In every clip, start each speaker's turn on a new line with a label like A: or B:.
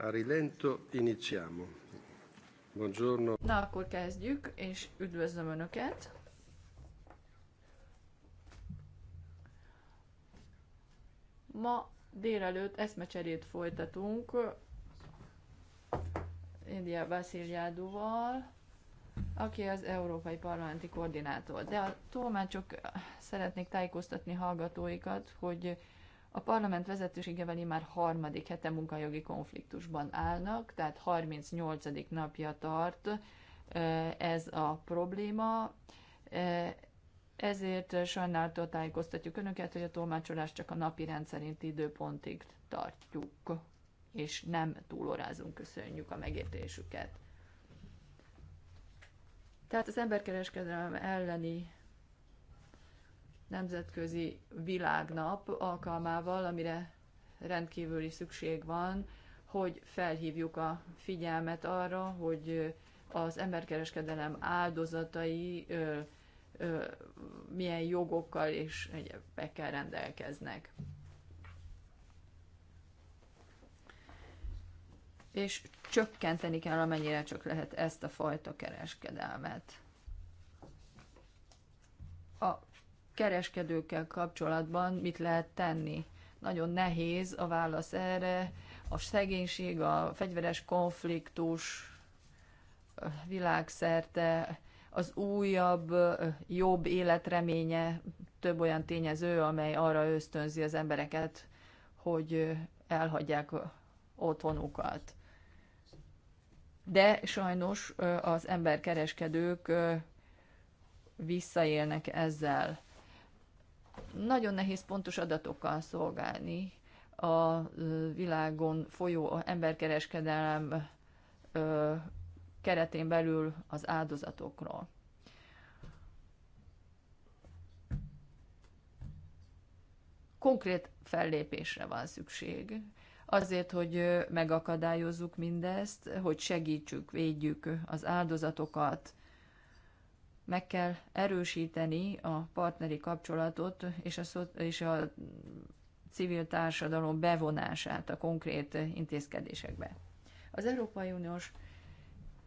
A: A rilento iniziamo. Buongiorno.
B: Na, akkor kezdjük, és üdvözlöm Önöket. Ma délelőtt eszmecserét folytatunk India Vasziliádúval, aki az Európai Parlamenti Koordinátor. De a tolmácsok szeretnék tájékoztatni hallgatóikat, hogy a parlament vezetőségevel már harmadik hete munkajogi konfliktusban állnak, tehát 38. napja tart ez a probléma. Ezért sajnálattal tájékoztatjuk Önöket, hogy a tolmácsolást csak a napi rendszerint időpontig tartjuk, és nem túlorázunk, köszönjük a megértésüket. Tehát az emberkereskedelem elleni nemzetközi világnap alkalmával, amire rendkívüli szükség van, hogy felhívjuk a figyelmet arra, hogy az emberkereskedelem áldozatai ö, ö, milyen jogokkal és egyebekkel rendelkeznek. És csökkenteni kell, amennyire csak lehet ezt a fajta kereskedelmet. A kereskedőkkel kapcsolatban mit lehet tenni. Nagyon nehéz a válasz erre. A szegénység, a fegyveres konfliktus világszerte, az újabb, jobb életreménye, több olyan tényező, amely arra ösztönzi az embereket, hogy elhagyják otthonukat. De sajnos az emberkereskedők visszaélnek ezzel. Nagyon nehéz pontos adatokkal szolgálni a világon folyó emberkereskedelem keretén belül az áldozatokról. Konkrét fellépésre van szükség, azért, hogy megakadályozzuk mindezt, hogy segítsük, védjük az áldozatokat, meg kell erősíteni a partneri kapcsolatot és a, és a civil társadalom bevonását a konkrét intézkedésekbe. Az Európai Uniós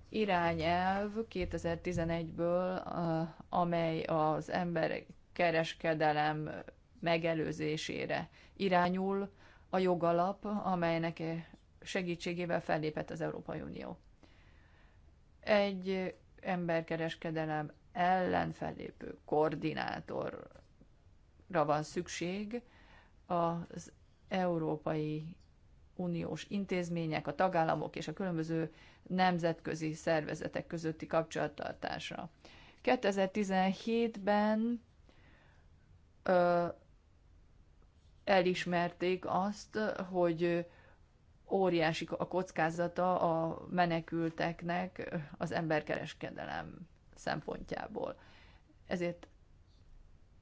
B: irányelv 2011-ből, amely az ember kereskedelem megelőzésére irányul, a jogalap, amelynek segítségével fellépett az Európai Unió. Egy emberkereskedelem ellenfelépő koordinátorra van szükség az Európai Uniós intézmények, a tagállamok és a különböző nemzetközi szervezetek közötti kapcsolattartásra. 2017-ben ö, elismerték azt, hogy óriási a kockázata a menekülteknek az emberkereskedelem szempontjából. Ezért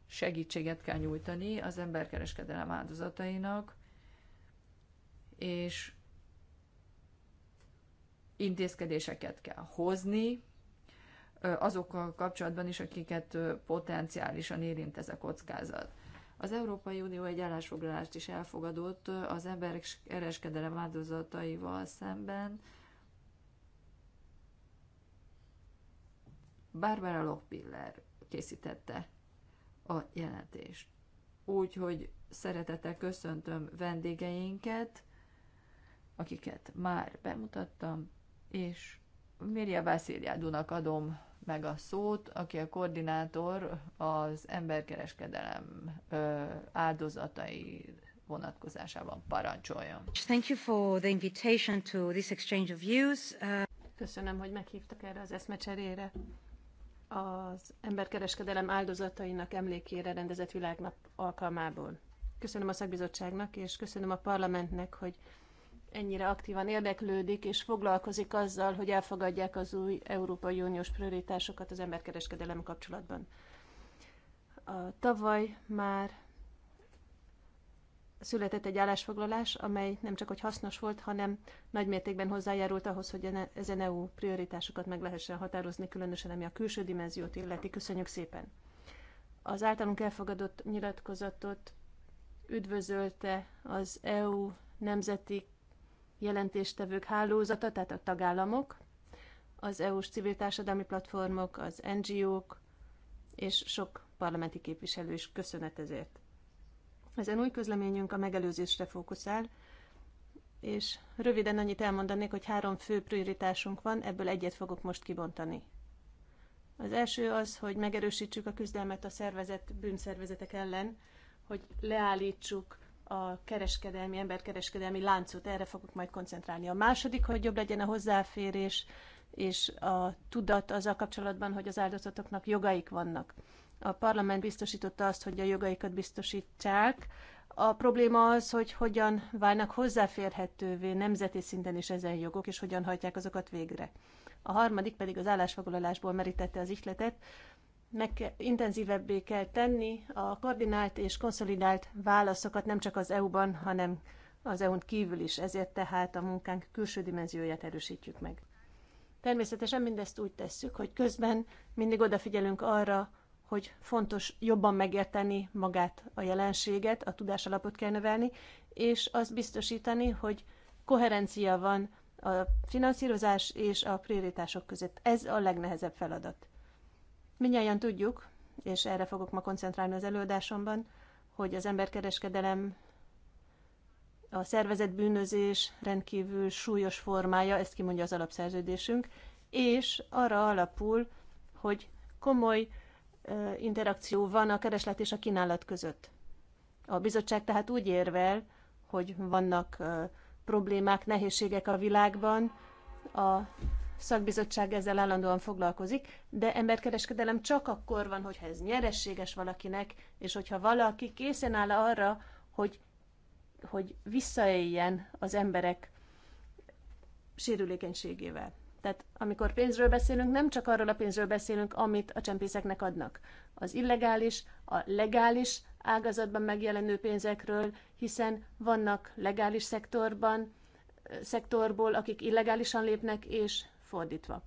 B: segítséget kell nyújtani az emberkereskedelem áldozatainak, és intézkedéseket kell hozni azokkal kapcsolatban is, akiket potenciálisan érint ez a kockázat. Az Európai Unió egy állásfoglalást is elfogadott az emberek áldozataival szemben, Barbara Lockpiller készítette a jelentést. Úgyhogy szeretettel köszöntöm vendégeinket, akiket már bemutattam, és Mirja Vásziliádunak adom meg a szót, aki a koordinátor az emberkereskedelem áldozatai vonatkozásában parancsoljon.
C: Thank you for the invitation to this exchange of views. Uh, Köszönöm, hogy meghívtak erre az eszmecserére az emberkereskedelem áldozatainak emlékére rendezett világnap alkalmából. Köszönöm a szakbizottságnak, és köszönöm a parlamentnek, hogy ennyire aktívan érdeklődik és foglalkozik azzal, hogy elfogadják az új Európai Uniós prioritásokat az emberkereskedelem kapcsolatban. A tavaly már született egy állásfoglalás, amely nem csak hogy hasznos volt, hanem nagy mértékben hozzájárult ahhoz, hogy ezen EU prioritásokat meg lehessen határozni, különösen ami a külső dimenziót illeti. Köszönjük szépen! Az általunk elfogadott nyilatkozatot üdvözölte az EU nemzeti jelentéstevők hálózata, tehát a tagállamok, az EU-s civil társadalmi platformok, az NGO-k és sok parlamenti képviselő is köszönet ezért. Ezen új közleményünk a megelőzésre fókuszál, és röviden annyit elmondanék, hogy három fő prioritásunk van, ebből egyet fogok most kibontani. Az első az, hogy megerősítsük a küzdelmet a szervezet bűnszervezetek ellen, hogy leállítsuk a kereskedelmi, emberkereskedelmi láncot, erre fogok majd koncentrálni. A második, hogy jobb legyen a hozzáférés és a tudat azzal kapcsolatban, hogy az áldozatoknak jogaik vannak. A parlament biztosította azt, hogy a jogaikat biztosítsák. A probléma az, hogy hogyan válnak hozzáférhetővé nemzeti szinten is ezen jogok, és hogyan hajtják azokat végre. A harmadik pedig az állásfoglalásból merítette az ihletet, meg intenzívebbé kell tenni a koordinált és konszolidált válaszokat nem csak az EU-ban, hanem az EU-n kívül is, ezért tehát a munkánk külső dimenzióját erősítjük meg. Természetesen mindezt úgy tesszük, hogy közben mindig odafigyelünk arra, hogy fontos jobban megérteni magát a jelenséget, a tudásalapot kell növelni, és azt biztosítani, hogy koherencia van a finanszírozás és a prioritások között. Ez a legnehezebb feladat. Mindjárt tudjuk, és erre fogok ma koncentrálni az előadásomban, hogy az emberkereskedelem, a szervezett bűnözés rendkívül súlyos formája, ezt kimondja az alapszerződésünk, és arra alapul, hogy komoly interakció van a kereslet és a kínálat között. A bizottság tehát úgy érvel, hogy vannak problémák, nehézségek a világban, a szakbizottság ezzel állandóan foglalkozik, de emberkereskedelem csak akkor van, hogyha ez nyerességes valakinek, és hogyha valaki készen áll arra, hogy, hogy visszaéljen az emberek sérülékenységével. Tehát amikor pénzről beszélünk, nem csak arról a pénzről beszélünk, amit a csempészeknek adnak. Az illegális, a legális ágazatban megjelenő pénzekről, hiszen vannak legális szektorban, szektorból, akik illegálisan lépnek, és fordítva.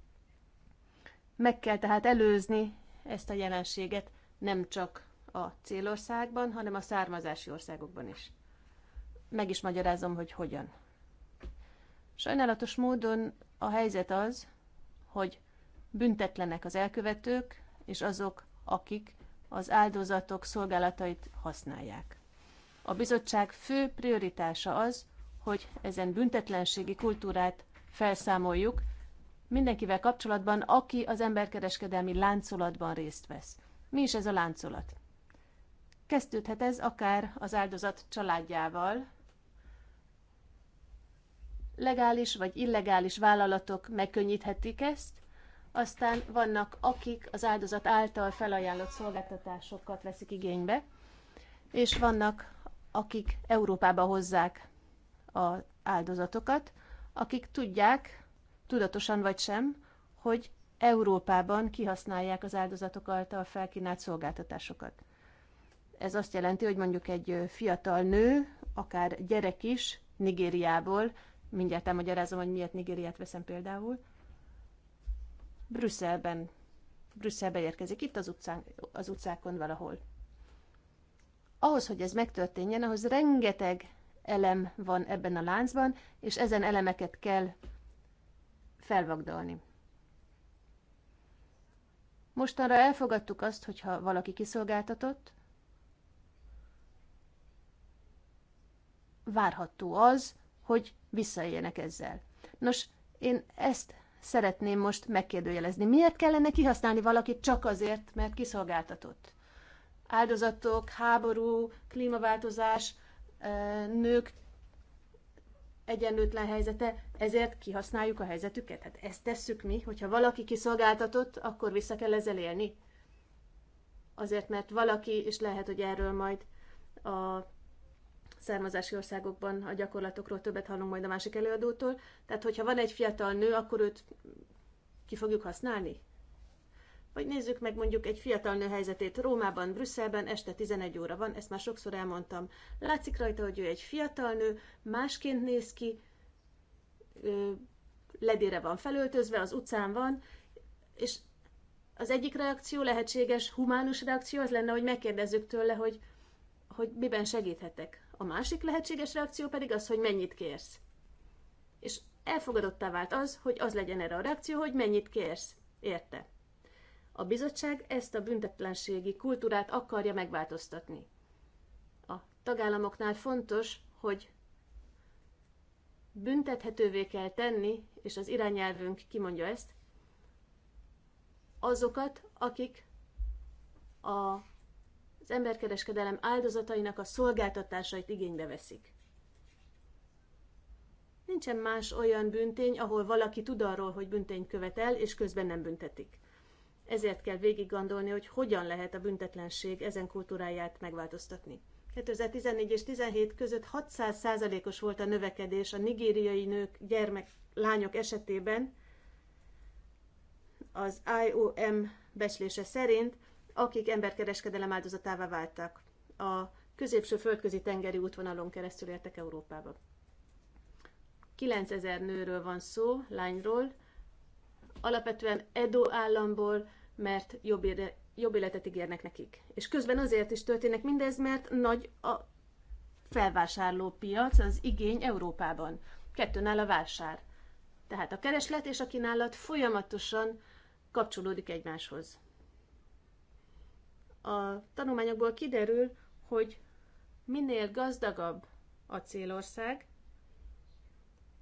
C: Meg kell tehát előzni ezt a jelenséget nem csak a célországban, hanem a származási országokban is. Meg is magyarázom, hogy hogyan. Sajnálatos módon a helyzet az, hogy büntetlenek az elkövetők és azok, akik az áldozatok szolgálatait használják. A bizottság fő prioritása az, hogy ezen büntetlenségi kultúrát felszámoljuk mindenkivel kapcsolatban, aki az emberkereskedelmi láncolatban részt vesz. Mi is ez a láncolat? Kezdődhet ez akár az áldozat családjával, legális vagy illegális vállalatok megkönnyíthetik ezt, aztán vannak, akik az áldozat által felajánlott szolgáltatásokat veszik igénybe, és vannak, akik Európába hozzák az áldozatokat, akik tudják, tudatosan vagy sem, hogy Európában kihasználják az áldozatok által felkínált szolgáltatásokat. Ez azt jelenti, hogy mondjuk egy fiatal nő, akár gyerek is Nigériából mindjárt elmagyarázom, hogy miért Nigériát veszem például, Brüsszelben, Brüsszelbe érkezik, itt az, utcán, az utcákon valahol. Ahhoz, hogy ez megtörténjen, ahhoz rengeteg elem van ebben a láncban, és ezen elemeket kell felvagdalni. Mostanra elfogadtuk azt, hogyha valaki kiszolgáltatott, várható az, hogy visszaéljenek ezzel. Nos, én ezt szeretném most megkérdőjelezni. Miért kellene kihasználni valakit csak azért, mert kiszolgáltatott? Áldozatok, háború, klímaváltozás, nők egyenlőtlen helyzete, ezért kihasználjuk a helyzetüket. Hát ezt tesszük mi, hogyha valaki kiszolgáltatott, akkor vissza kell ezzel élni. Azért, mert valaki, és lehet, hogy erről majd a származási országokban a gyakorlatokról többet hallunk majd a másik előadótól. Tehát, hogyha van egy fiatal nő, akkor őt ki fogjuk használni? Vagy nézzük meg mondjuk egy fiatal nő helyzetét Rómában, Brüsszelben, este 11 óra van, ezt már sokszor elmondtam. Látszik rajta, hogy ő egy fiatal nő, másként néz ki, ledére van felöltözve, az utcán van, és az egyik reakció, lehetséges humánus reakció az lenne, hogy megkérdezzük tőle, hogy, hogy miben segíthetek. A másik lehetséges reakció pedig az, hogy mennyit kérsz. És elfogadottá vált az, hogy az legyen erre a reakció, hogy mennyit kérsz. Érte? A bizottság ezt a büntetlenségi kultúrát akarja megváltoztatni. A tagállamoknál fontos, hogy büntethetővé kell tenni, és az irányelvünk kimondja ezt, azokat, akik a az emberkereskedelem áldozatainak a szolgáltatásait igénybe veszik. Nincsen más olyan büntény, ahol valaki tud arról, hogy büntényt követel, és közben nem büntetik. Ezért kell végig gondolni, hogy hogyan lehet a büntetlenség ezen kultúráját megváltoztatni. 2014 és 17 között 600%-os volt a növekedés a nigériai nők, gyermek, lányok esetében, az IOM beslése szerint, akik emberkereskedelem áldozatává váltak. A középső földközi tengeri útvonalon keresztül értek Európába. 9000 nőről van szó, lányról, alapvetően Edo államból, mert jobb, ére, jobb életet ígérnek nekik. És közben azért is történik mindez, mert nagy a felvásárló piac, az igény Európában. Kettőnál a vásár. Tehát a kereslet és a kínálat folyamatosan kapcsolódik egymáshoz. A tanulmányokból kiderül, hogy minél gazdagabb a célország,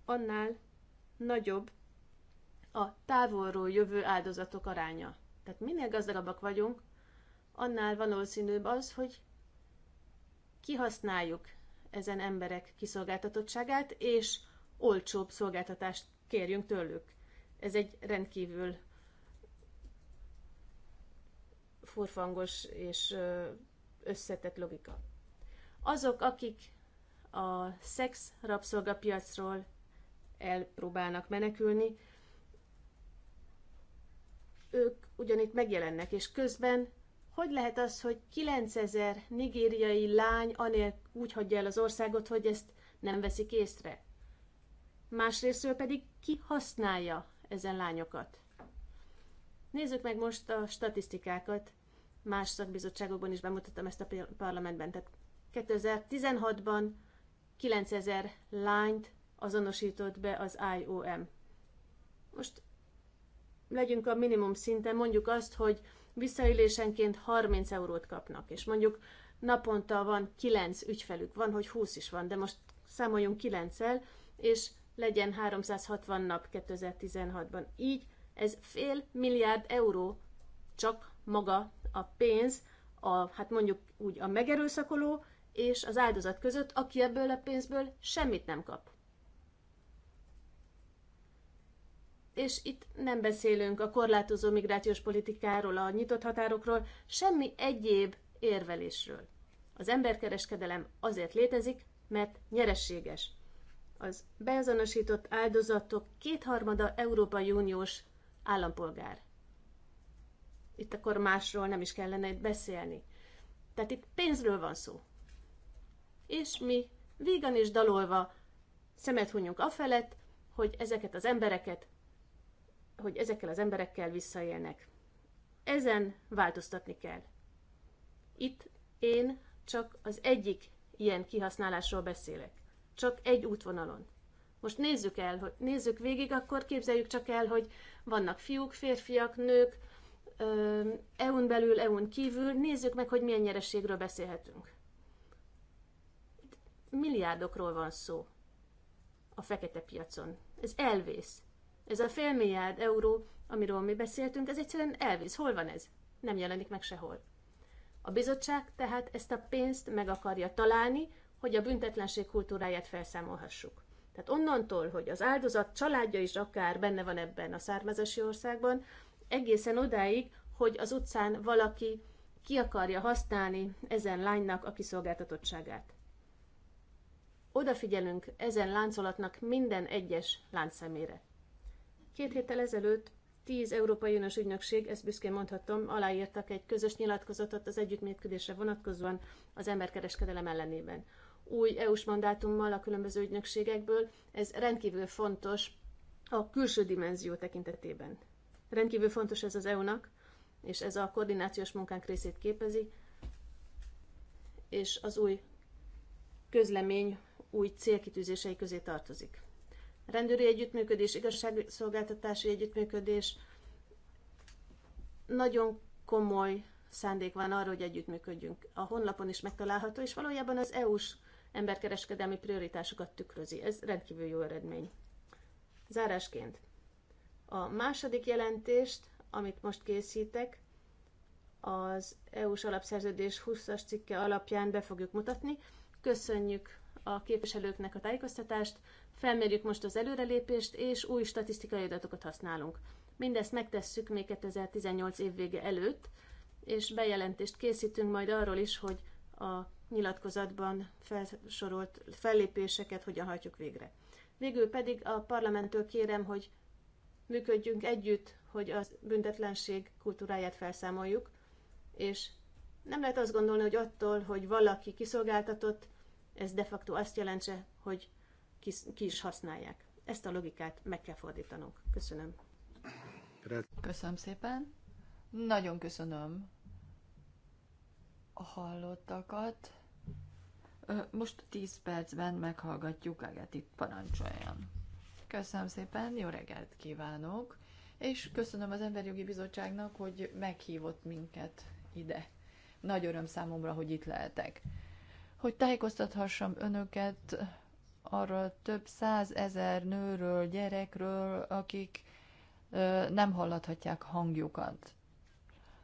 C: annál nagyobb a távolról jövő áldozatok aránya. Tehát minél gazdagabbak vagyunk, annál valószínűbb az, hogy kihasználjuk ezen emberek kiszolgáltatottságát, és olcsóbb szolgáltatást kérjünk tőlük. Ez egy rendkívül furfangos és összetett logika. Azok, akik a szex rabszolgapiacról elpróbálnak menekülni, ők ugyanitt megjelennek, és közben hogy lehet az, hogy 9000 nigériai lány anél úgy hagyja el az országot, hogy ezt nem veszik észre? Másrésztről pedig ki használja ezen lányokat? Nézzük meg most a statisztikákat más szakbizottságokban is bemutattam ezt a parlamentben. Tehát 2016-ban 9000 lányt azonosított be az IOM. Most legyünk a minimum szinten, mondjuk azt, hogy visszaélésenként 30 eurót kapnak, és mondjuk naponta van 9 ügyfelük, van, hogy 20 is van, de most számoljunk 9-el, és legyen 360 nap 2016-ban. Így ez fél milliárd euró csak maga a pénz a, hát mondjuk úgy a megerőszakoló és az áldozat között, aki ebből a pénzből semmit nem kap. És itt nem beszélünk a korlátozó migrációs politikáról, a nyitott határokról, semmi egyéb érvelésről. Az emberkereskedelem azért létezik, mert nyereséges. Az beazonosított áldozatok kétharmada Európai Uniós állampolgár itt akkor másról nem is kellene beszélni. Tehát itt pénzről van szó. És mi vígan és dalolva szemet hunyunk afelett, hogy ezeket az embereket, hogy ezekkel az emberekkel visszaélnek. Ezen változtatni kell. Itt én csak az egyik ilyen kihasználásról beszélek. Csak egy útvonalon. Most nézzük el, hogy nézzük végig, akkor képzeljük csak el, hogy vannak fiúk, férfiak, nők, EU-n belül, EU-n kívül, nézzük meg, hogy milyen nyereségről beszélhetünk. Milliárdokról van szó a fekete piacon. Ez elvész. Ez a fél milliárd euró, amiről mi beszéltünk, ez egyszerűen elvész. Hol van ez? Nem jelenik meg sehol. A bizottság tehát ezt a pénzt meg akarja találni, hogy a büntetlenség kultúráját felszámolhassuk. Tehát onnantól, hogy az áldozat családja is akár benne van ebben a származási országban, egészen odáig, hogy az utcán valaki ki akarja használni ezen lánynak a kiszolgáltatottságát. Odafigyelünk ezen láncolatnak minden egyes láncszemére. Két héttel ezelőtt tíz Európai Uniós ügynökség, ezt büszkén mondhatom, aláírtak egy közös nyilatkozatot az együttműködésre vonatkozóan az emberkereskedelem ellenében. Új EU-s mandátummal a különböző ügynökségekből ez rendkívül fontos a külső dimenzió tekintetében. Rendkívül fontos ez az EU-nak, és ez a koordinációs munkánk részét képezi, és az új közlemény új célkitűzései közé tartozik. Rendőri együttműködés, igazságszolgáltatási együttműködés, nagyon komoly szándék van arra, hogy együttműködjünk. A honlapon is megtalálható, és valójában az EU-s emberkereskedelmi prioritásokat tükrözi. Ez rendkívül jó eredmény. Zárásként. A második jelentést, amit most készítek, az EU-s alapszerződés 20-as cikke alapján be fogjuk mutatni. Köszönjük a képviselőknek a tájékoztatást, felmérjük most az előrelépést, és új statisztikai adatokat használunk. Mindezt megtesszük még 2018 évvége előtt, és bejelentést készítünk majd arról is, hogy a nyilatkozatban felsorolt fellépéseket hogyan hajtjuk végre. Végül pedig a parlamenttől kérem, hogy működjünk együtt, hogy a büntetlenség kultúráját felszámoljuk, és nem lehet azt gondolni, hogy attól, hogy valaki kiszolgáltatott, ez de facto azt jelentse, hogy ki, ki is használják. Ezt a logikát meg kell fordítanunk. Köszönöm.
B: Köszönöm szépen. Nagyon köszönöm a hallottakat. Most 10 percben meghallgatjuk itt parancsoljon. Köszönöm szépen, jó reggelt kívánok, és köszönöm az Emberjogi Bizottságnak, hogy meghívott minket ide. Nagy öröm számomra, hogy itt lehetek. Hogy tájékoztathassam önöket arra több százezer nőről, gyerekről, akik ö, nem hallathatják hangjukat.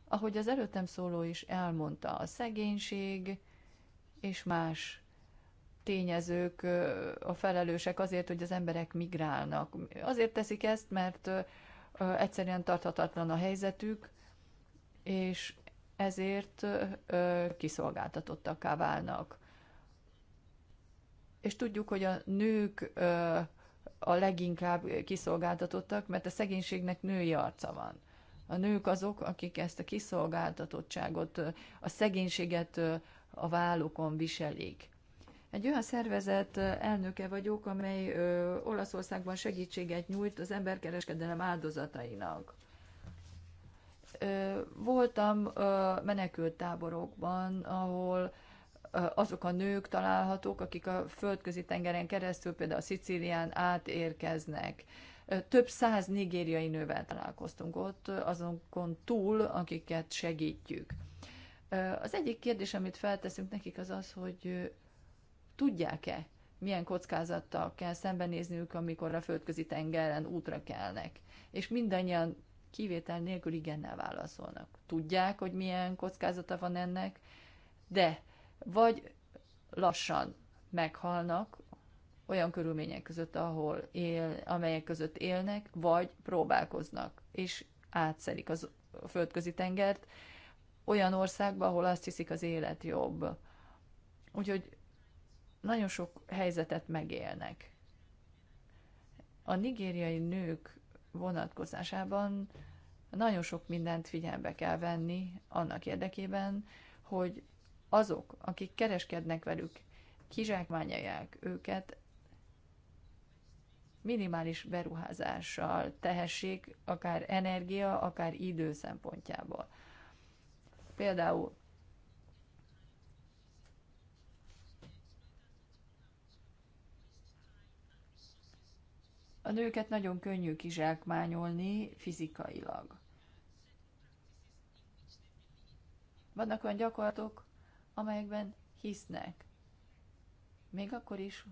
B: Ahogy az előttem szóló is elmondta, a szegénység és más tényezők a felelősek azért, hogy az emberek migrálnak. Azért teszik ezt, mert egyszerűen tarthatatlan a helyzetük, és ezért kiszolgáltatottakká válnak. És tudjuk, hogy a nők a leginkább kiszolgáltatottak, mert a szegénységnek női arca van. A nők azok, akik ezt a kiszolgáltatottságot, a szegénységet a vállukon viselik. Egy olyan szervezet elnöke vagyok, amely Olaszországban segítséget nyújt az emberkereskedelem áldozatainak. Voltam menekült táborokban, ahol azok a nők találhatók, akik a földközi tengeren keresztül, például a Szicílián átérkeznek. Több száz nigériai nővel találkoztunk ott, azonkon túl, akiket segítjük. Az egyik kérdés, amit felteszünk nekik, az az, hogy Tudják-e, milyen kockázattal kell szembenézniük, amikor a földközi tengeren útra kelnek? És mindannyian kivétel nélkül igennel válaszolnak. Tudják, hogy milyen kockázata van ennek, de vagy lassan meghalnak olyan körülmények között, ahol él, amelyek között élnek, vagy próbálkoznak, és átszelik az földközi tengert olyan országba, ahol azt hiszik az élet jobb. Úgyhogy nagyon sok helyzetet megélnek. A nigériai nők vonatkozásában nagyon sok mindent figyelbe kell venni annak érdekében, hogy azok, akik kereskednek velük, kizsákmányolják őket, minimális beruházással tehessék, akár energia, akár idő szempontjából. Például A nőket nagyon könnyű kizsákmányolni fizikailag. Vannak olyan gyakorlatok, amelyekben hisznek. Még akkor is,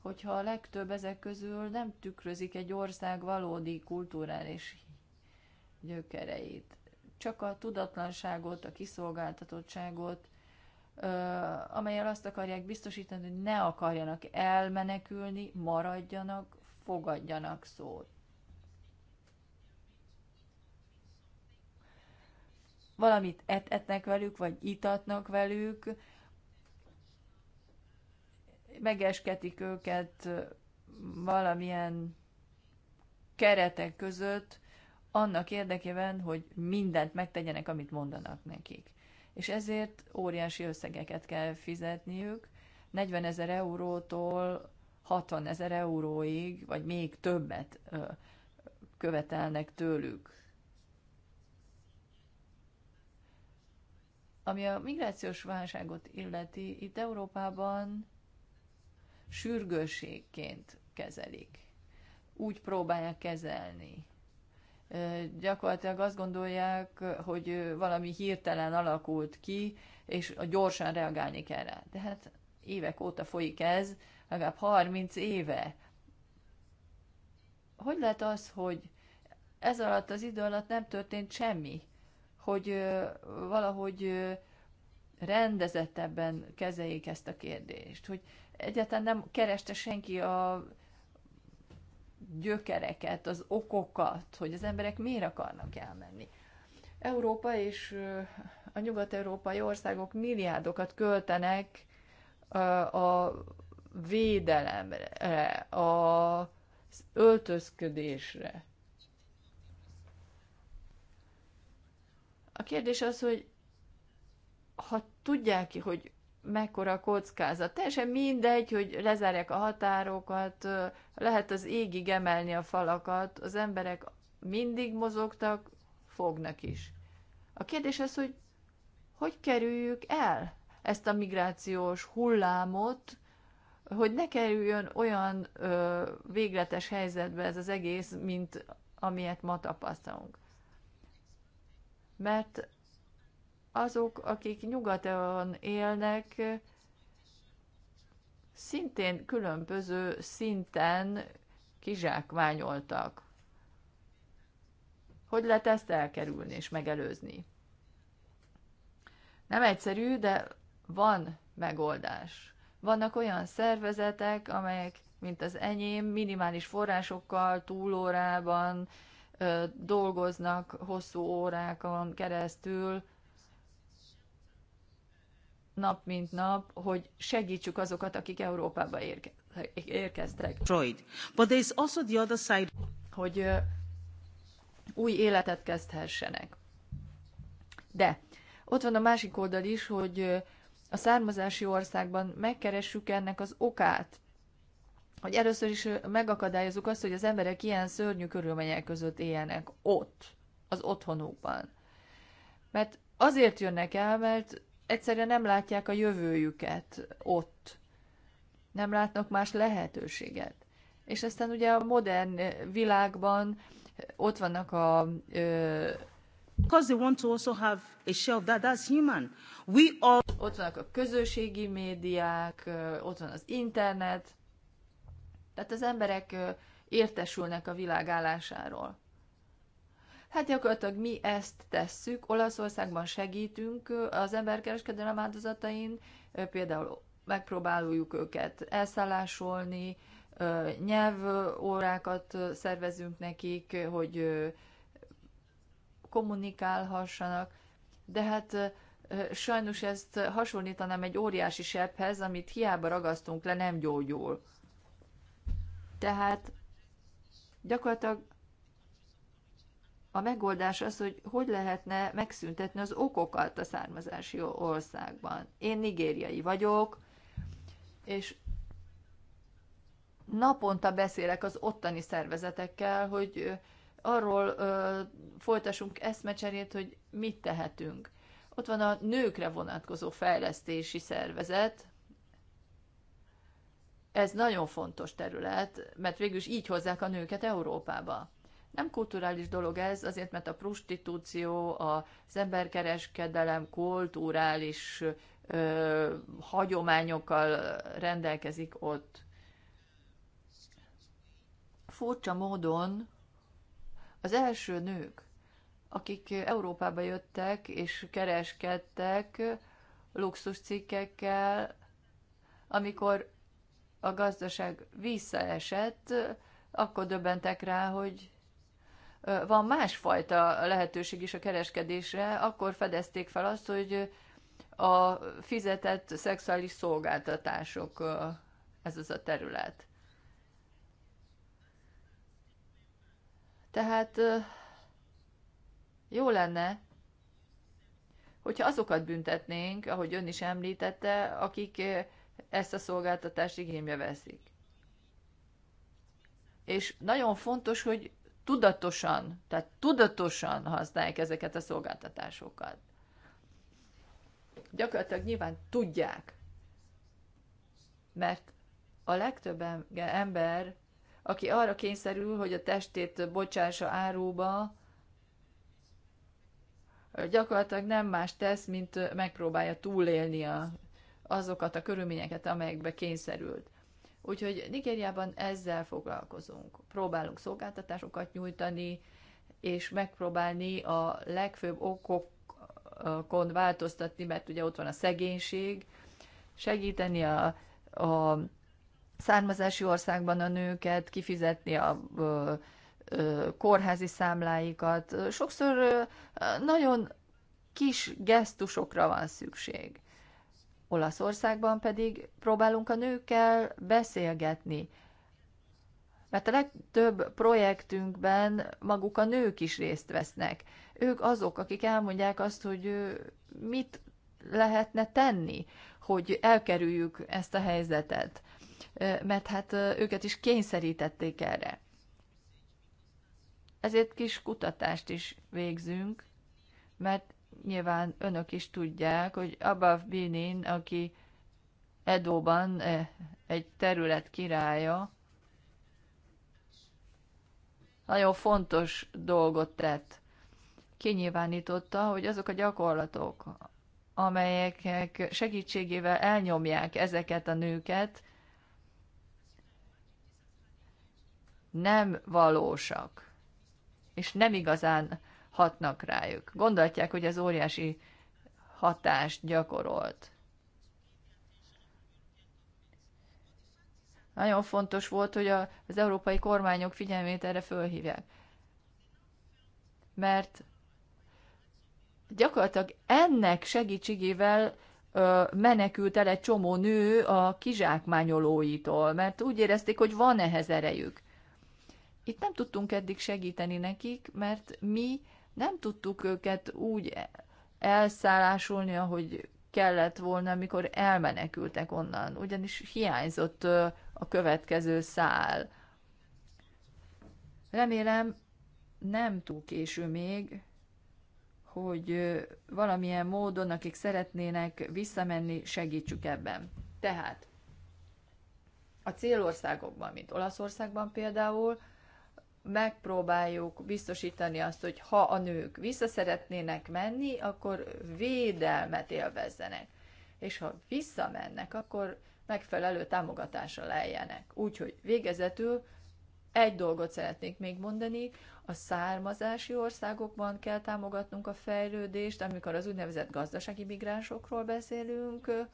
B: hogyha a legtöbb ezek közül nem tükrözik egy ország valódi kulturális gyökereit. Csak a tudatlanságot, a kiszolgáltatottságot, amelyel azt akarják biztosítani, hogy ne akarjanak elmenekülni, maradjanak fogadjanak szót. Valamit etetnek velük, vagy itatnak velük, megesketik őket valamilyen keretek között, annak érdekében, hogy mindent megtegyenek, amit mondanak nekik. És ezért óriási összegeket kell fizetniük, 40 ezer eurótól 60 ezer euróig, vagy még többet követelnek tőlük. Ami a migrációs válságot illeti, itt Európában sürgőségként kezelik. Úgy próbálják kezelni. Gyakorlatilag azt gondolják, hogy valami hirtelen alakult ki, és gyorsan reagálni kell rá. De hát évek óta folyik ez, legalább 30 éve. Hogy lehet az, hogy ez alatt az idő alatt nem történt semmi, hogy valahogy rendezettebben kezeljék ezt a kérdést, hogy egyáltalán nem kereste senki a gyökereket, az okokat, hogy az emberek miért akarnak elmenni. Európa és a nyugat-európai országok milliárdokat költenek a védelemre, eh, az öltözködésre. A kérdés az, hogy ha tudják ki, hogy mekkora a kockázat. Teljesen mindegy, hogy lezárják a határokat, eh, lehet az égig emelni a falakat, az emberek mindig mozogtak, fognak is. A kérdés az, hogy hogy kerüljük el ezt a migrációs hullámot, hogy ne kerüljön olyan ö, végletes helyzetbe ez az egész, mint amilyet ma tapasztalunk. Mert azok, akik nyugaton élnek, szintén különböző szinten kizsákmányoltak. Hogy lehet ezt elkerülni és megelőzni? Nem egyszerű, de van megoldás. Vannak olyan szervezetek, amelyek, mint az enyém, minimális forrásokkal, túlórában ö, dolgoznak hosszú órákon keresztül, nap mint nap, hogy segítsük azokat, akik Európába érke érkeztek. But there is also the other side. Hogy ö, új életet kezdhessenek. De ott van a másik oldal is, hogy a származási országban megkeressük ennek az okát, hogy először is megakadályozunk azt, hogy az emberek ilyen szörnyű körülmények között éljenek ott, az otthonukban. Mert azért jönnek el, mert egyszerűen nem látják a jövőjüket ott. Nem látnak más lehetőséget. És aztán ugye a modern világban ott vannak a ö, Because they want to also have a share of that, that's human. We all... Ott vannak a közösségi médiák, ott van az internet, tehát az emberek értesülnek a világ állásáról. Hát gyakorlatilag mi ezt tesszük, Olaszországban segítünk az emberkereskedelem áldozatain, például megpróbáljuk őket elszállásolni, nyelvórákat szervezünk nekik, hogy kommunikálhassanak. De hát sajnos ezt hasonlítanám egy óriási sebhez, amit hiába ragasztunk le, nem gyógyul. Tehát gyakorlatilag a megoldás az, hogy hogy lehetne megszüntetni az okokat a származási országban. Én nigériai vagyok, és naponta beszélek az ottani szervezetekkel, hogy arról ö, folytassunk eszmecserét, hogy mit tehetünk. Ott van a nőkre vonatkozó fejlesztési szervezet. Ez nagyon fontos terület, mert végül is így hozzák a nőket Európába. Nem kulturális dolog ez, azért mert a prostitúció, az emberkereskedelem kulturális ö, hagyományokkal rendelkezik ott. Furcsa módon az első nők, akik Európába jöttek és kereskedtek luxuscikkekkel, amikor a gazdaság visszaesett, akkor döbbentek rá, hogy van másfajta lehetőség is a kereskedésre, akkor fedezték fel azt, hogy a fizetett szexuális szolgáltatások ez az a terület. Tehát jó lenne, hogyha azokat büntetnénk, ahogy ön is említette, akik ezt a szolgáltatást igénybe veszik. És nagyon fontos, hogy tudatosan, tehát tudatosan használják ezeket a szolgáltatásokat. Gyakorlatilag nyilván tudják, mert a legtöbb ember aki arra kényszerül, hogy a testét bocsássa áróba, gyakorlatilag nem más tesz, mint megpróbálja túlélni a, azokat a körülményeket, amelyekbe kényszerült. Úgyhogy Nigériában ezzel foglalkozunk. Próbálunk szolgáltatásokat nyújtani, és megpróbálni a legfőbb okokon változtatni, mert ugye ott van a szegénység, segíteni a, a származási országban a nőket, kifizetni a ö, ö, kórházi számláikat. Sokszor ö, nagyon kis gesztusokra van szükség. Olaszországban pedig próbálunk a nőkkel beszélgetni, mert a legtöbb projektünkben maguk a nők is részt vesznek. Ők azok, akik elmondják azt, hogy mit lehetne tenni, hogy elkerüljük ezt a helyzetet mert hát őket is kényszerítették erre. Ezért kis kutatást is végzünk, mert nyilván önök is tudják, hogy Abba Binin, aki Edóban egy terület királya, nagyon fontos dolgot tett. Kinyilvánította, hogy azok a gyakorlatok, amelyek segítségével elnyomják ezeket a nőket, nem valósak, és nem igazán hatnak rájuk. Gondolják, hogy az óriási hatást gyakorolt. Nagyon fontos volt, hogy az európai kormányok figyelmét erre fölhívják. Mert gyakorlatilag ennek segítségével ö, menekült el egy csomó nő a kizsákmányolóitól, mert úgy érezték, hogy van ehhez erejük. Itt nem tudtunk eddig segíteni nekik, mert mi nem tudtuk őket úgy elszállásolni, ahogy kellett volna, amikor elmenekültek onnan, ugyanis hiányzott a következő szál. Remélem, nem túl késő még, hogy valamilyen módon, akik szeretnének visszamenni, segítsük ebben. Tehát a célországokban, mint Olaszországban például, megpróbáljuk biztosítani azt, hogy ha a nők vissza szeretnének menni, akkor védelmet élvezzenek. És ha visszamennek, akkor megfelelő támogatásra lejjenek. Úgyhogy végezetül egy dolgot szeretnék még mondani, a származási országokban kell támogatnunk a fejlődést, amikor az úgynevezett gazdasági migránsokról beszélünk,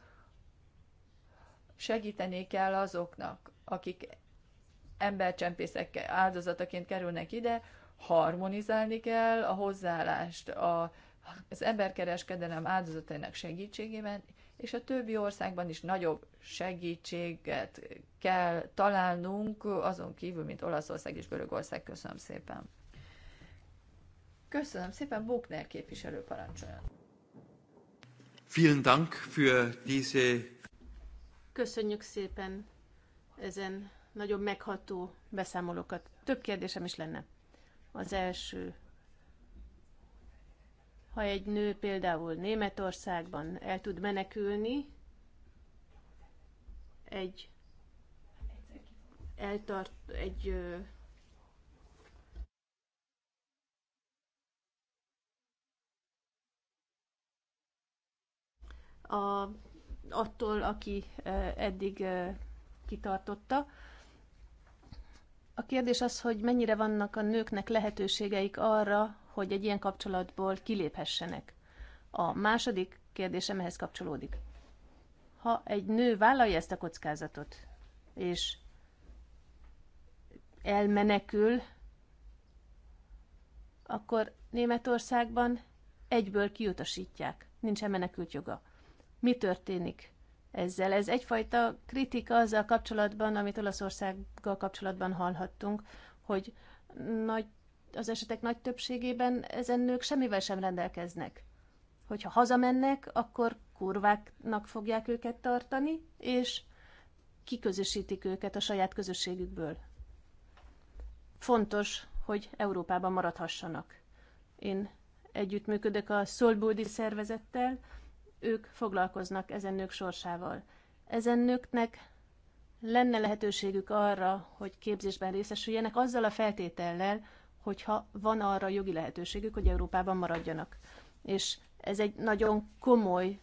B: segíteni kell azoknak, akik embercsempészek áldozataként kerülnek ide, harmonizálni kell a hozzáállást a, az emberkereskedelem áldozatainak segítségében, és a többi országban is nagyobb segítséget kell találnunk, azon kívül, mint Olaszország és Görögország. Köszönöm szépen. Köszönöm szépen, Buchner képviselő parancsoljon.
A: Vielen Dank für diese...
C: Köszönjük szépen ezen nagyobb megható beszámolókat. Több kérdésem is lenne. Az első, ha egy nő például Németországban el tud menekülni, egy eltart, egy a, attól, aki eddig kitartotta, a kérdés az, hogy mennyire vannak a nőknek lehetőségeik arra, hogy egy ilyen kapcsolatból kiléphessenek. A második kérdésem ehhez kapcsolódik. Ha egy nő vállalja ezt a kockázatot, és elmenekül, akkor Németországban egyből kiutasítják. Nincsen menekült joga. Mi történik ezzel. Ez egyfajta kritika azzal kapcsolatban, amit Olaszországgal kapcsolatban hallhattunk, hogy nagy, az esetek nagy többségében ezen nők semmivel sem rendelkeznek. Hogyha hazamennek, akkor kurváknak fogják őket tartani, és kiközösítik őket a saját közösségükből. Fontos, hogy Európában maradhassanak. Én együttműködök a Szolbódi szervezettel, ők foglalkoznak ezen nők sorsával. Ezen nőknek lenne lehetőségük arra, hogy képzésben részesüljenek, azzal a feltétellel, hogyha van arra jogi lehetőségük, hogy Európában maradjanak. És ez egy nagyon komoly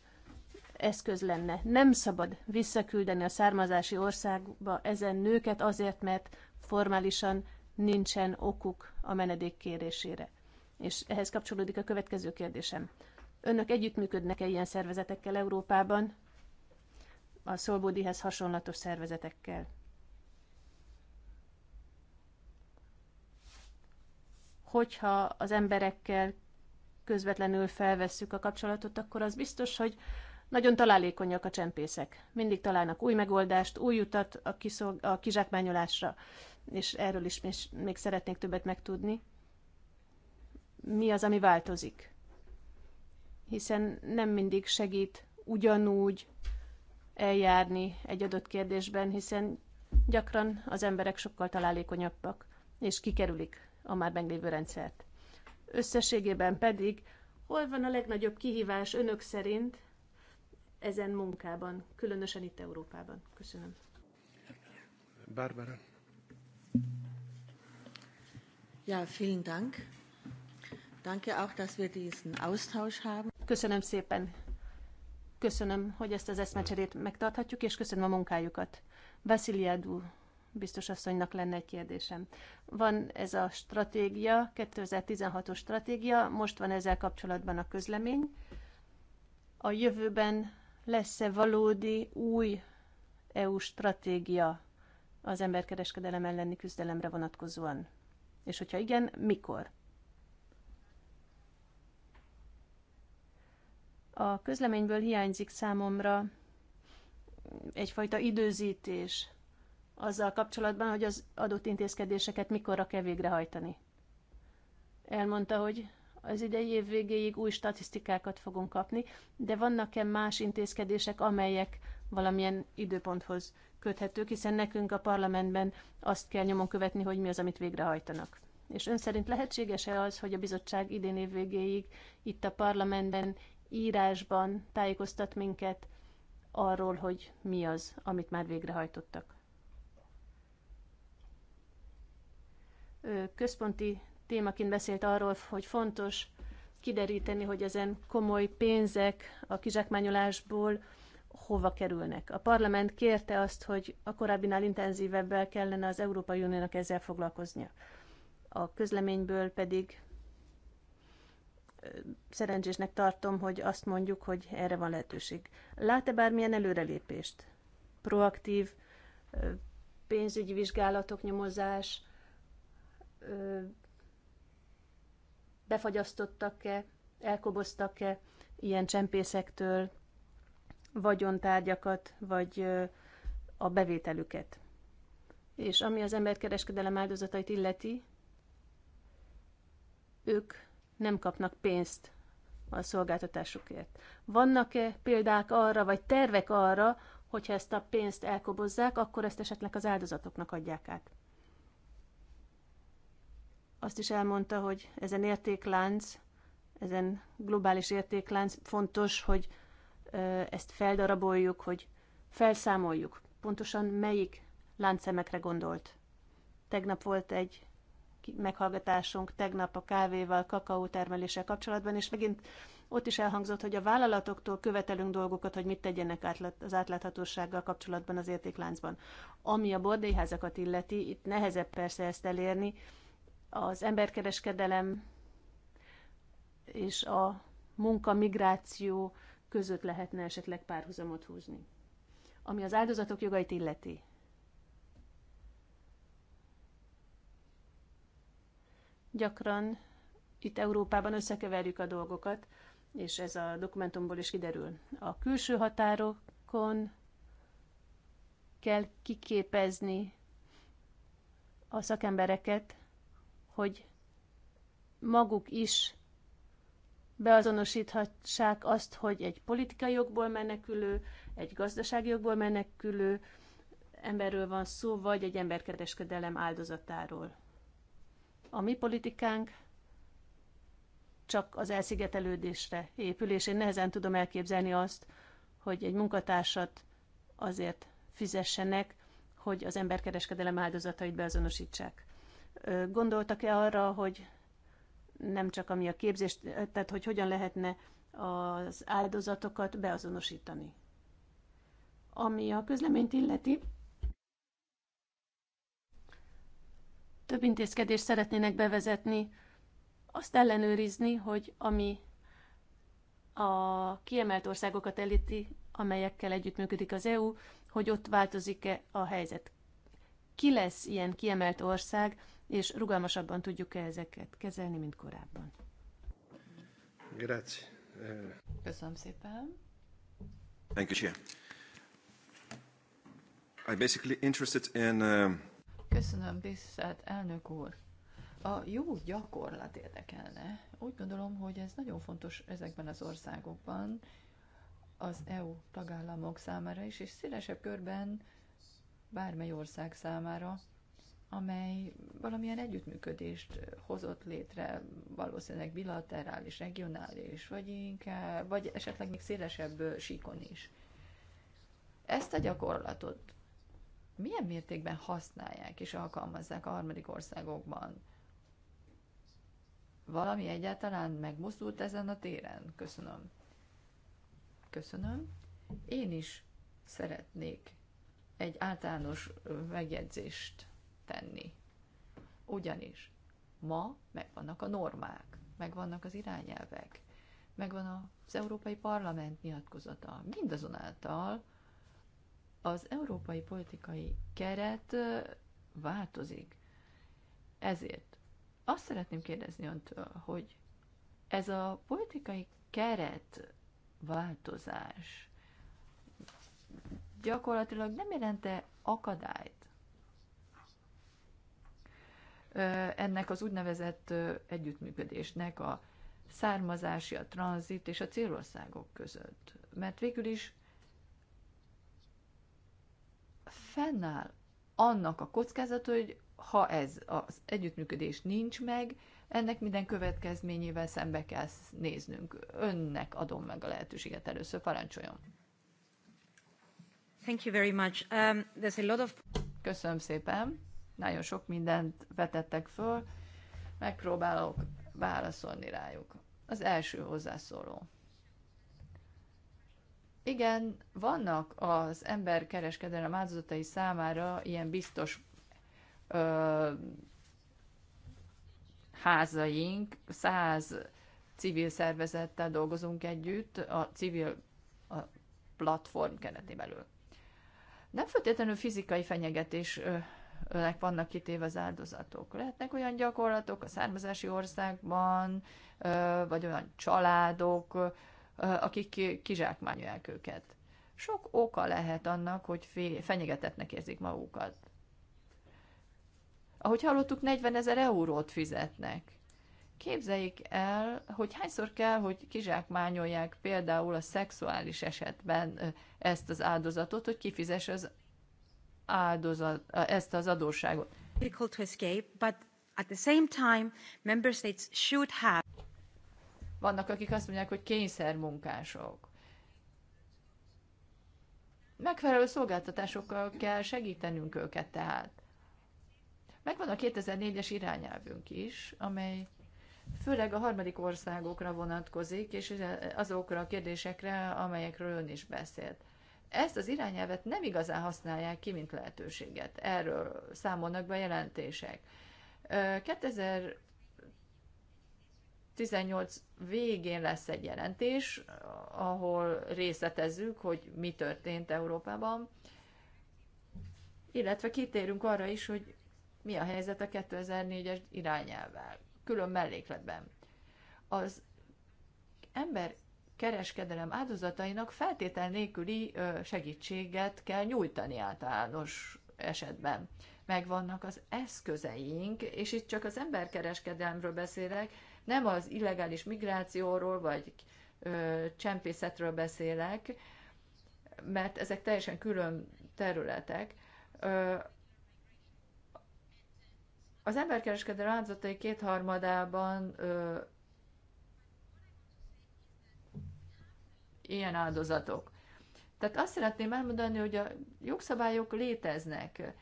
C: eszköz lenne. Nem szabad visszaküldeni a származási országba ezen nőket azért, mert formálisan nincsen okuk a menedék kérésére. És ehhez kapcsolódik a következő kérdésem. Önök együttműködnek-e ilyen szervezetekkel Európában, a Szolbódihez hasonlatos szervezetekkel? Hogyha az emberekkel közvetlenül felvesszük a kapcsolatot, akkor az biztos, hogy nagyon találékonyak a csempészek. Mindig találnak új megoldást, új utat a, kiszol- a kizsákmányolásra, és erről is még szeretnék többet megtudni. Mi az, ami változik? hiszen nem mindig segít ugyanúgy eljárni egy adott kérdésben, hiszen gyakran az emberek sokkal találékonyabbak, és kikerülik a már meglévő rendszert. Összességében pedig hol van a legnagyobb kihívás önök szerint ezen munkában, különösen itt Európában? Köszönöm. Barbara. Ja, vielen Dank. Danke auch, dass wir diesen Austausch haben. Köszönöm szépen. Köszönöm, hogy ezt az eszmecserét megtarthatjuk, és köszönöm a munkájukat. Vasiliadú biztos asszonynak lenne egy kérdésem. Van ez a stratégia, 2016-os stratégia, most van ezzel kapcsolatban a közlemény. A jövőben lesz-e valódi új EU stratégia az emberkereskedelem elleni küzdelemre vonatkozóan? És hogyha igen, mikor? A közleményből hiányzik számomra egyfajta időzítés azzal kapcsolatban, hogy az adott intézkedéseket mikorra kell végrehajtani. Elmondta, hogy az idei év végéig új statisztikákat fogunk kapni, de vannak-e más intézkedések, amelyek valamilyen időponthoz köthetők, hiszen nekünk a parlamentben azt kell nyomon követni, hogy mi az, amit végrehajtanak. És ön szerint lehetséges-e az, hogy a bizottság idén év végéig itt a parlamentben írásban tájékoztat minket arról, hogy mi az, amit már végrehajtottak. Ő központi témaként beszélt arról, hogy fontos kideríteni, hogy ezen komoly pénzek a kizsákmányolásból hova kerülnek. A parlament kérte azt, hogy a korábbinál intenzívebbel kellene az Európai Uniónak ezzel foglalkoznia. A közleményből pedig szerencsésnek tartom, hogy azt mondjuk, hogy erre van lehetőség. Lát-e bármilyen előrelépést? Proaktív pénzügyi vizsgálatok, nyomozás, befagyasztottak-e, elkoboztak-e ilyen csempészektől vagyontárgyakat, vagy a bevételüket. És ami az emberkereskedelem áldozatait illeti, ők nem kapnak pénzt a szolgáltatásukért. Vannak-e példák arra, vagy tervek arra, hogyha ezt a pénzt elkobozzák, akkor ezt esetleg az áldozatoknak adják át? Azt is elmondta, hogy ezen értéklánc, ezen globális értéklánc fontos, hogy ezt feldaraboljuk, hogy felszámoljuk. Pontosan melyik láncszemekre gondolt? Tegnap volt egy meghallgatásunk tegnap a kávéval, kakaó termeléssel kapcsolatban, és megint ott is elhangzott, hogy a vállalatoktól követelünk dolgokat, hogy mit tegyenek az átláthatósággal kapcsolatban az értékláncban. Ami a bordélyházakat illeti, itt nehezebb persze ezt elérni. Az emberkereskedelem és a munkamigráció között lehetne esetleg párhuzamot húzni. Ami az áldozatok jogait illeti, Gyakran itt Európában összekeverjük a dolgokat, és ez a dokumentumból is kiderül. A külső határokon kell kiképezni a szakembereket, hogy maguk is beazonosíthassák azt, hogy egy politikai jogból menekülő, egy gazdasági jogból menekülő emberről van szó, vagy egy emberkereskedelem áldozatáról. A mi politikánk csak az elszigetelődésre épül, és én nehezen tudom elképzelni azt, hogy egy munkatársat azért fizessenek, hogy az emberkereskedelem áldozatait beazonosítsák. Gondoltak-e arra, hogy nem csak ami a képzést, tehát hogy hogyan lehetne az áldozatokat beazonosítani? Ami a közleményt illeti, Több intézkedést szeretnének bevezetni, azt ellenőrizni, hogy ami a kiemelt országokat elíti, amelyekkel együttműködik az EU, hogy ott változik-e a helyzet. Ki lesz ilyen kiemelt ország, és rugalmasabban tudjuk-e ezeket kezelni, mint korábban? Grazie. Köszönöm szépen. Thank you, Chair. I'm basically interested in uh,
B: Köszönöm, tisztelt elnök úr. A jó gyakorlat érdekelne. Úgy gondolom, hogy ez nagyon fontos ezekben az országokban, az EU tagállamok számára is, és szélesebb körben bármely ország számára, amely valamilyen együttműködést hozott létre, valószínűleg bilaterális, regionális, vagy inkább, vagy esetleg még szélesebb síkon is. Ezt a gyakorlatot milyen mértékben használják és alkalmazzák a harmadik országokban? Valami egyáltalán megmozdult ezen a téren? Köszönöm. Köszönöm. Én is szeretnék egy általános megjegyzést tenni. Ugyanis ma megvannak a normák, megvannak az irányelvek, megvan az Európai Parlament nyilatkozata. Mindazonáltal az európai politikai keret változik. Ezért azt szeretném kérdezni öntől, hogy ez a politikai keret változás gyakorlatilag nem jelente akadályt ennek az úgynevezett együttműködésnek a származási, a tranzit és a célországok között. Mert végül is fennáll annak a kockázata, hogy ha ez az együttműködés nincs meg, ennek minden következményével szembe kell néznünk. Önnek adom meg a lehetőséget először, parancsoljon. Thank you very much. Um, there's a lot of... Köszönöm szépen. Nagyon sok mindent vetettek föl. Megpróbálok válaszolni rájuk. Az első hozzászóló. Igen, vannak az kereskedelem áldozatai számára ilyen biztos ö, házaink, száz civil szervezettel dolgozunk együtt a civil a platform keretében belül. Nem feltétlenül fizikai fenyegetésnek vannak kitéve az áldozatok. Lehetnek olyan gyakorlatok a származási országban, vagy olyan családok, akik kizsákmányolják őket. Sok oka lehet annak, hogy fenyegetetnek érzik magukat. Ahogy hallottuk, 40 ezer eurót fizetnek. Képzeljék el, hogy hányszor kell, hogy kizsákmányolják például a szexuális esetben ezt az áldozatot, hogy kifizes az áldozat, ezt az adósságot. Vannak, akik azt mondják, hogy kényszermunkások. Megfelelő szolgáltatásokkal kell segítenünk őket tehát. Megvan a 2004-es irányelvünk is, amely főleg a harmadik országokra vonatkozik, és azokra a kérdésekre, amelyekről ön is beszélt. Ezt az irányelvet nem igazán használják ki, mint lehetőséget. Erről számolnak be jelentések. 2000 2018 végén lesz egy jelentés, ahol részletezzük, hogy mi történt Európában, illetve kitérünk arra is, hogy mi a helyzet a 2004-es irányelvvel, külön mellékletben. Az ember kereskedelem áldozatainak feltétel nélküli segítséget kell nyújtani általános esetben megvannak az eszközeink, és itt csak az emberkereskedelemről beszélek, nem az illegális migrációról vagy ö, csempészetről beszélek, mert ezek teljesen külön területek. Ö, az emberkereskedelem áldozatai kétharmadában ö, ilyen áldozatok. Tehát azt szeretném elmondani, hogy a jogszabályok léteznek.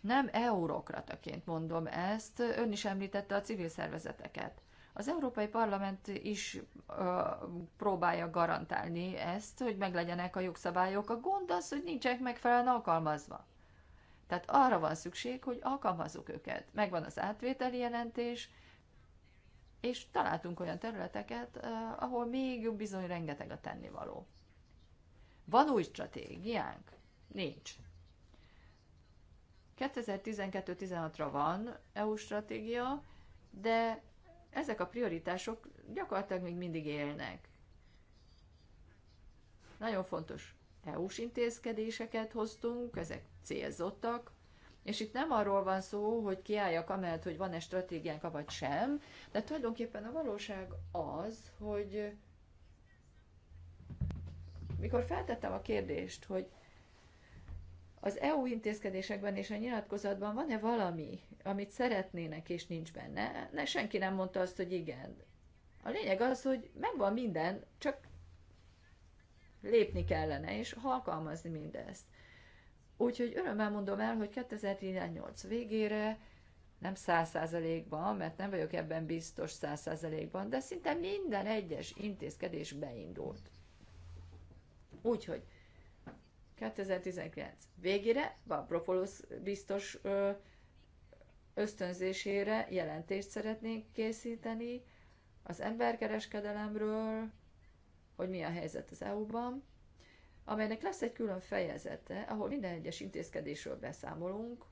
B: Nem eurokrataként mondom ezt, ön is említette a civil szervezeteket. Az Európai Parlament is ö, próbálja garantálni ezt, hogy meglegyenek a jogszabályok. A gond az, hogy nincsenek megfelelően alkalmazva. Tehát arra van szükség, hogy alkalmazzuk őket. Megvan az átvételi jelentés, és találtunk olyan területeket, ö, ahol még bizony rengeteg a tennivaló. Van új stratégiánk? Nincs. 2012-16-ra van EU stratégia, de ezek a prioritások gyakorlatilag még mindig élnek. Nagyon fontos EU-s intézkedéseket hoztunk, ezek célzottak, és itt nem arról van szó, hogy kiálljak amellett, hogy van-e stratégiánk, vagy sem, de tulajdonképpen a valóság az, hogy mikor feltettem a kérdést, hogy az EU intézkedésekben és a nyilatkozatban van-e valami, amit szeretnének és nincs benne? Ne, senki nem mondta azt, hogy igen. A lényeg az, hogy megvan minden, csak lépni kellene, és alkalmazni mindezt. Úgyhogy örömmel mondom el, hogy 2018 végére nem száz százalékban, mert nem vagyok ebben biztos száz százalékban, de szinte minden egyes intézkedés beindult. Úgyhogy 2019 végére Vapropoulos biztos ösztönzésére jelentést szeretnénk készíteni az emberkereskedelemről, hogy mi a helyzet az EU-ban, amelynek lesz egy külön fejezete, ahol minden egyes intézkedésről beszámolunk,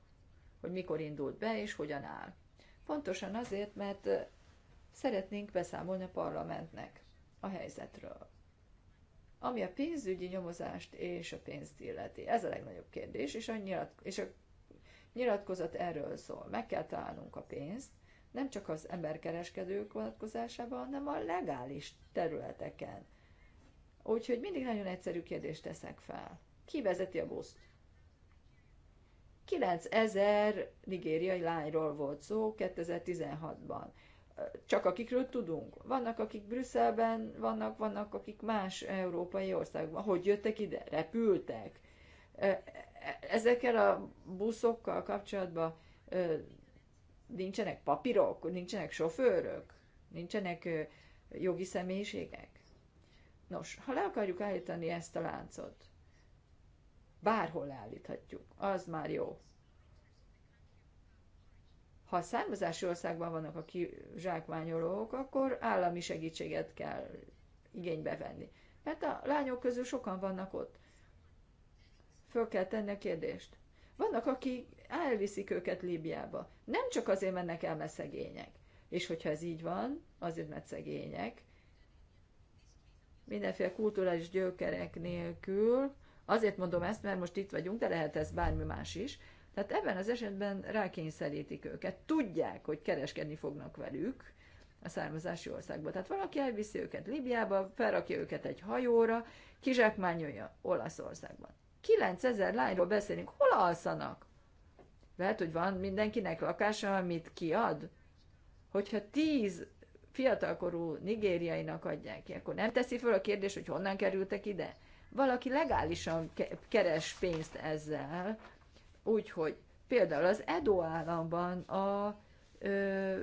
B: hogy mikor indult be és hogyan áll. Pontosan azért, mert szeretnénk beszámolni a parlamentnek a helyzetről ami a pénzügyi nyomozást és a pénzt illeti. Ez a legnagyobb kérdés, és a, nyilat, és a nyilatkozat erről szól. Meg kell találnunk a pénzt, nem csak az emberkereskedők vonatkozásában, hanem a legális területeken. Úgyhogy mindig nagyon egyszerű kérdést teszek fel. Ki vezeti a buszt? 9000 nigériai lányról volt szó 2016-ban csak akikről tudunk. Vannak, akik Brüsszelben vannak, vannak, akik más európai országban. Hogy jöttek ide? Repültek. Ezekkel a buszokkal kapcsolatban nincsenek papírok, nincsenek sofőrök, nincsenek jogi személyiségek. Nos, ha le akarjuk állítani ezt a láncot, bárhol állíthatjuk, az már jó. Ha származási országban vannak a kizsákmányolók, akkor állami segítséget kell igénybe venni. Mert a lányok közül sokan vannak ott. Föl kell tenni a kérdést. Vannak, akik elviszik őket Líbiába. Nem csak azért mennek el, mert szegények. És hogyha ez így van, azért, mert szegények, mindenféle kulturális gyökerek nélkül, azért mondom ezt, mert most itt vagyunk, de lehet ez bármi más is, tehát ebben az esetben rákényszerítik őket. Tudják, hogy kereskedni fognak velük a származási országba. Tehát valaki elviszi őket Libiába, felrakja őket egy hajóra, kizsákmányolja Olaszországban. 9000 lányról beszélünk, hol alszanak? Lehet, hogy van mindenkinek lakása, amit kiad? Hogyha 10 fiatalkorú nigériainak adják ki, akkor nem teszi fel a kérdés, hogy honnan kerültek ide? Valaki legálisan keres pénzt ezzel, Úgyhogy például az Edo államban a, ö,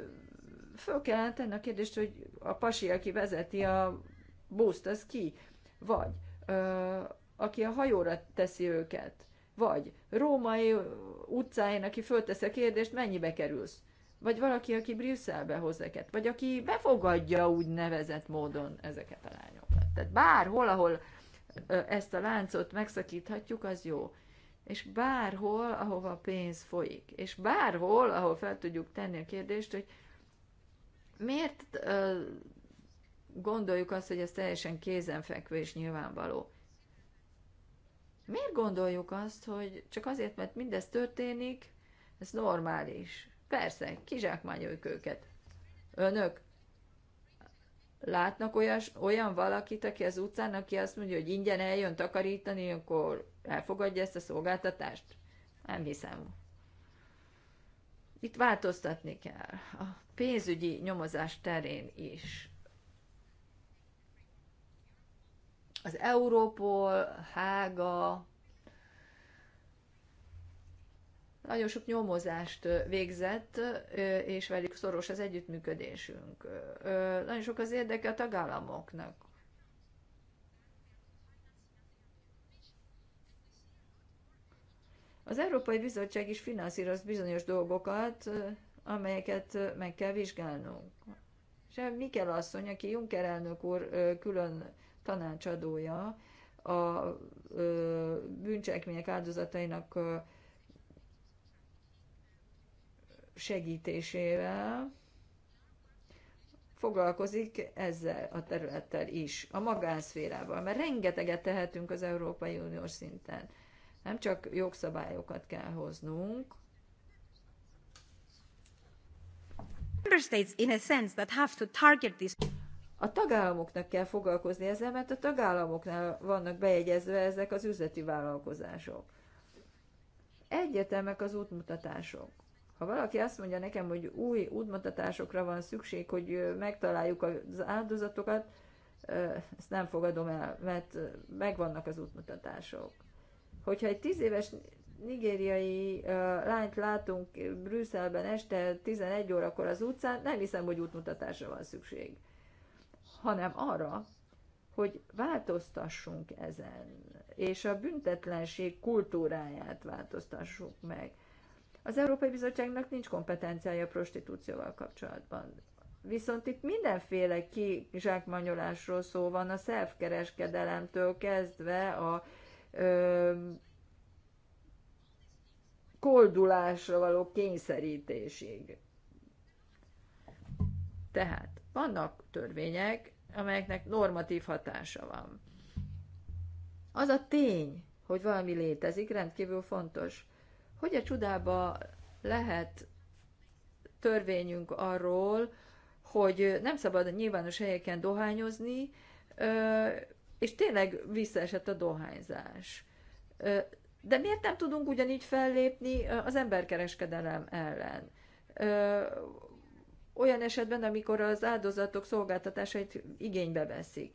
B: föl kellene tenni a kérdést, hogy a pasi, aki vezeti a buszt, az ki? Vagy ö, aki a hajóra teszi őket? Vagy római utcáin, aki fölteszi a kérdést, mennyibe kerülsz? Vagy valaki, aki Brüsszelbe hoz ezeket? Vagy aki befogadja úgy nevezett módon ezeket a lányokat? Tehát bárhol, ahol ezt a láncot megszakíthatjuk, az jó és bárhol, ahova a pénz folyik, és bárhol, ahol fel tudjuk tenni a kérdést, hogy miért ö, gondoljuk azt, hogy ez teljesen kézenfekvő és nyilvánvaló. Miért gondoljuk azt, hogy csak azért, mert mindez történik, ez normális. Persze, kizsákmányoljuk őket. Önök látnak olyas, olyan valakit, aki az utcán, aki azt mondja, hogy ingyen eljön takarítani, akkor elfogadja ezt a szolgáltatást? Nem hiszem. Itt változtatni kell a pénzügyi nyomozás terén is. Az Európol, Hága, nagyon sok nyomozást végzett, és velük szoros az együttműködésünk. Nagyon sok az érdeke a tagállamoknak. Az Európai Bizottság is finanszíroz bizonyos dolgokat, amelyeket meg kell vizsgálnunk. És Mikkel asszony, aki Juncker elnök úr külön tanácsadója, a bűncselekmények áldozatainak segítésével foglalkozik ezzel a területtel is, a magánszférával, mert rengeteget tehetünk az Európai Uniós szinten. Nem csak jogszabályokat kell hoznunk, a tagállamoknak kell foglalkozni ezzel, mert a tagállamoknál vannak bejegyezve ezek az üzleti vállalkozások. Egyetemek az útmutatások. Ha valaki azt mondja nekem, hogy új útmutatásokra van szükség, hogy megtaláljuk az áldozatokat, ezt nem fogadom el, mert megvannak az útmutatások. Hogyha egy tíz éves nigériai uh, lányt látunk Brüsszelben este 11 órakor az utcán, nem hiszem, hogy útmutatásra van szükség, hanem arra, hogy változtassunk ezen, és a büntetlenség kultúráját változtassuk meg. Az Európai Bizottságnak nincs kompetenciája a prostitúcióval kapcsolatban. Viszont itt mindenféle kizsákmányolásról szó van, a szervkereskedelemtől kezdve a koldulásra való kényszerítésig. Tehát vannak törvények, amelyeknek normatív hatása van. Az a tény, hogy valami létezik, rendkívül fontos. Hogy a csodába lehet törvényünk arról, hogy nem szabad nyilvános helyeken dohányozni, és tényleg visszaesett a dohányzás. De miért nem tudunk ugyanígy fellépni az emberkereskedelem ellen? Olyan esetben, amikor az áldozatok szolgáltatásait igénybe veszik.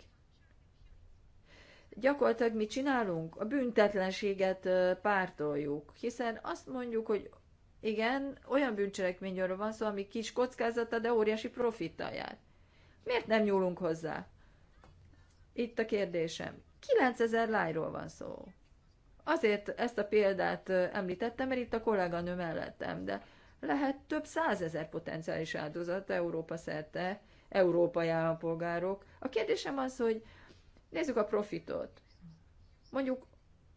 B: Gyakorlatilag mit csinálunk? A büntetlenséget pártoljuk, hiszen azt mondjuk, hogy igen, olyan bűncselekményről van szó, ami kis kockázata, de óriási profittal jár. Miért nem nyúlunk hozzá? itt a kérdésem. 9000 lányról van szó. Azért ezt a példát említettem, mert itt a kolléganő mellettem, de lehet több százezer potenciális áldozat Európa szerte, európai állampolgárok. A kérdésem az, hogy nézzük a profitot. Mondjuk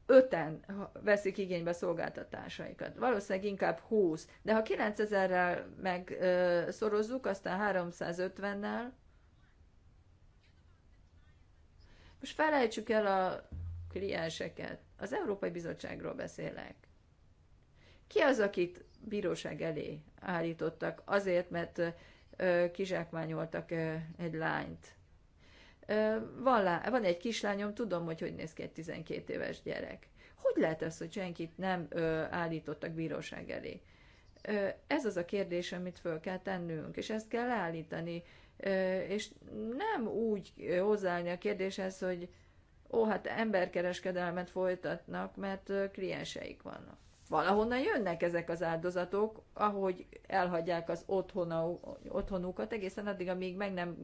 B: öten veszik igénybe szolgáltatásaikat. Valószínűleg inkább 20, de ha 9000-rel megszorozzuk, aztán 350-nel, Most felejtsük el a klienseket. Az Európai Bizottságról beszélek. Ki az, akit bíróság elé állítottak azért, mert kizsákmányoltak egy lányt? van, lá, van egy kislányom, tudom, hogy hogy néz ki egy 12 éves gyerek. Hogy lehet ez, hogy senkit nem ö, állítottak bíróság elé? Ö, ez az a kérdés, amit föl kell tennünk, és ezt kell állítani és nem úgy hozzáállni a kérdéshez, hogy ó, hát emberkereskedelmet folytatnak, mert klienseik vannak. Valahonnan jönnek ezek az áldozatok, ahogy elhagyják az otthona, otthonukat, egészen addig, amíg meg nem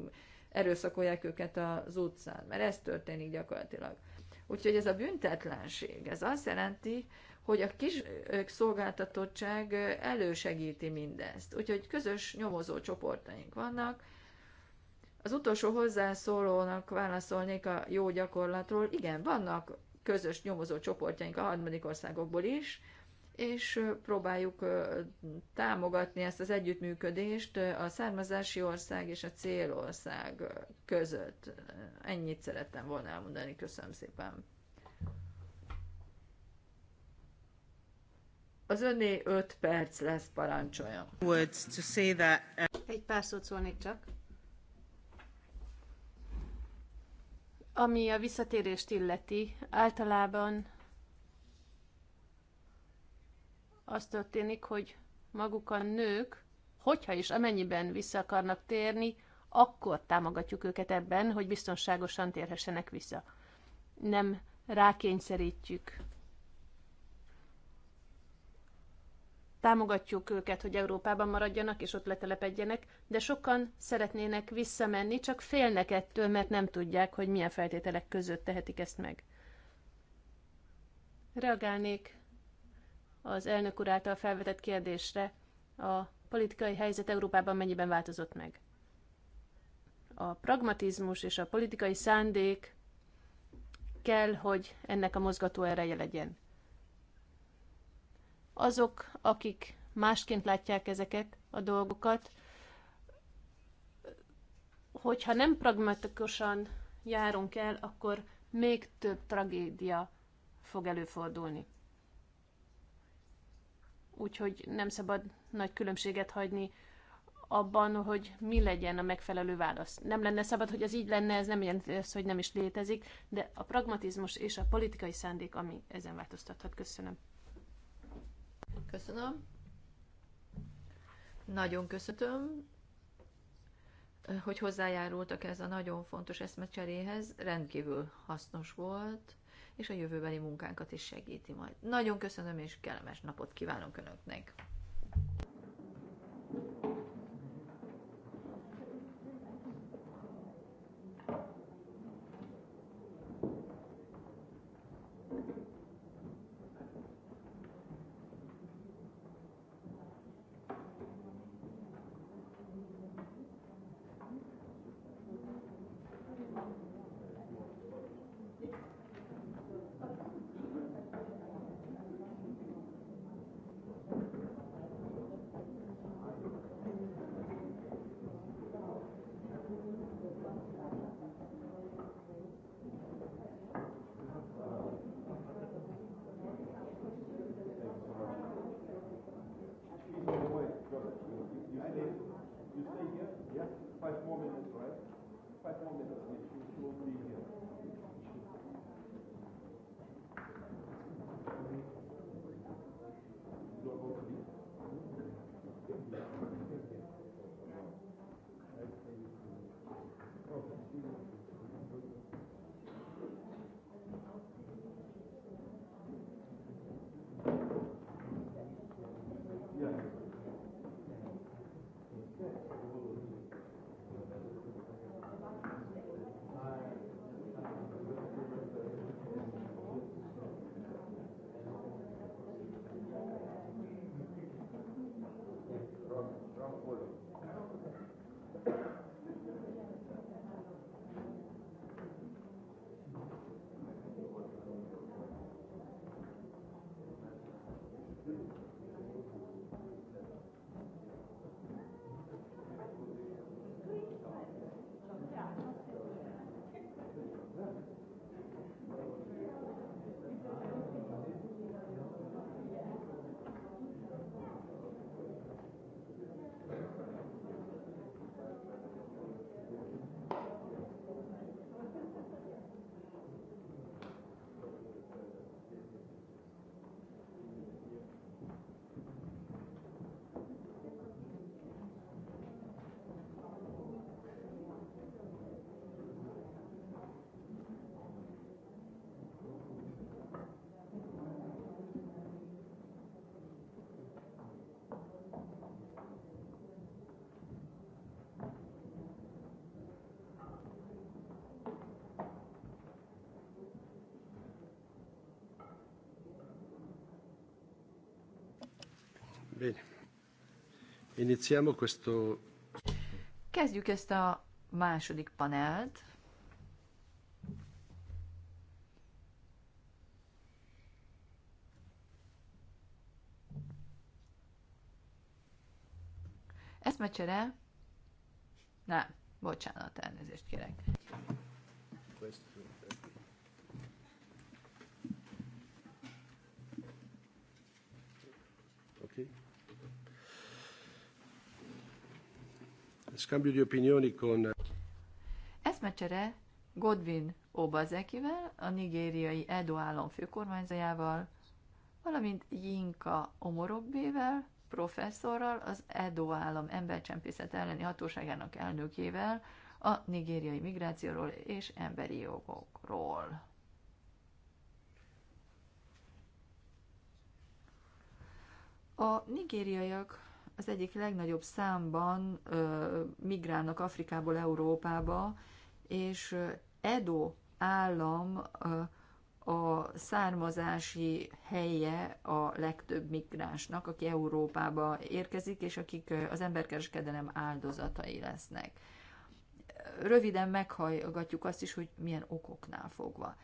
B: erőszakolják őket az utcán, mert ez történik gyakorlatilag. Úgyhogy ez a büntetlenség, ez azt jelenti, hogy a kis szolgáltatottság elősegíti mindezt. Úgyhogy közös nyomozó csoportaink vannak, az utolsó hozzászólónak válaszolnék a jó gyakorlatról. Igen, vannak közös nyomozó csoportjaink a harmadik országokból is, és próbáljuk támogatni ezt az együttműködést a származási ország és a célország között. Ennyit szerettem volna elmondani. Köszönöm szépen. Az öné 5 perc lesz, parancsoljon. Uh, Egy
C: pár szót szólnék csak Ami a visszatérést illeti, általában az történik, hogy maguk a nők, hogyha is amennyiben vissza akarnak térni, akkor támogatjuk őket ebben, hogy biztonságosan térhessenek vissza. Nem rákényszerítjük támogatjuk őket, hogy Európában maradjanak és ott letelepedjenek, de sokan szeretnének visszamenni, csak félnek ettől, mert nem tudják, hogy milyen feltételek között tehetik ezt meg. Reagálnék az elnök úr által felvetett kérdésre, a politikai helyzet Európában mennyiben változott meg. A pragmatizmus és a politikai szándék kell, hogy ennek a mozgató ereje legyen. Azok, akik másként látják ezeket a dolgokat, hogyha nem pragmatikusan járunk el, akkor még több tragédia fog előfordulni. Úgyhogy nem szabad nagy különbséget hagyni abban, hogy mi legyen a megfelelő válasz. Nem lenne szabad, hogy ez így lenne, ez nem jelenti azt, hogy nem is létezik, de a pragmatizmus és a politikai szándék, ami ezen változtathat. Köszönöm. Köszönöm. Nagyon köszönöm,
B: hogy hozzájárultak ez a nagyon fontos eszmecseréhez. Rendkívül hasznos volt, és a jövőbeli munkánkat is segíti majd. Nagyon köszönöm, és kellemes napot kívánok Önöknek!
D: Pas de manque
A: Bene. Iniziamo questo...
B: Kezdjük ezt a második panelt. Eszmecsere? Nem, bocsánat, elnézést kérek.
A: scambio di opinioni con... Eh,
B: Eszmecsere Godwin Obazekivel, a nigériai Edo állam főkormányzójával, valamint Jinka Omorobbével, professzorral, az Edo állam embercsempészet elleni hatóságának elnökével, a nigériai migrációról és emberi jogokról. A nigériaiak az egyik legnagyobb számban ö, migrálnak Afrikából Európába, és Edo állam ö, a származási helye a legtöbb migránsnak, aki Európába érkezik, és akik az emberkereskedelem áldozatai lesznek. Röviden meghallgatjuk azt is, hogy milyen okoknál fogva.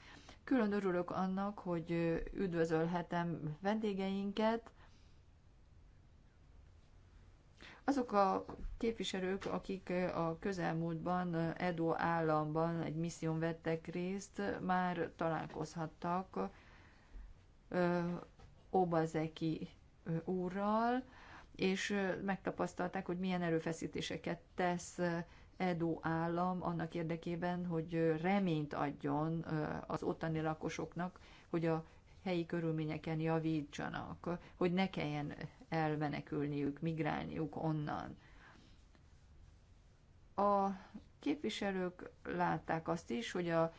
B: Külön örülök annak, hogy üdvözölhetem vendégeinket, azok a képviselők, akik a közelmúltban Edo államban egy misszión vettek részt, már találkozhattak Obazeki úrral, és megtapasztalták, hogy milyen erőfeszítéseket tesz Edo állam annak érdekében, hogy reményt adjon az ottani lakosoknak, hogy a helyi körülményeken javítsanak, hogy ne kelljen elmenekülniük, migrálniuk onnan. A képviselők látták azt is, hogy a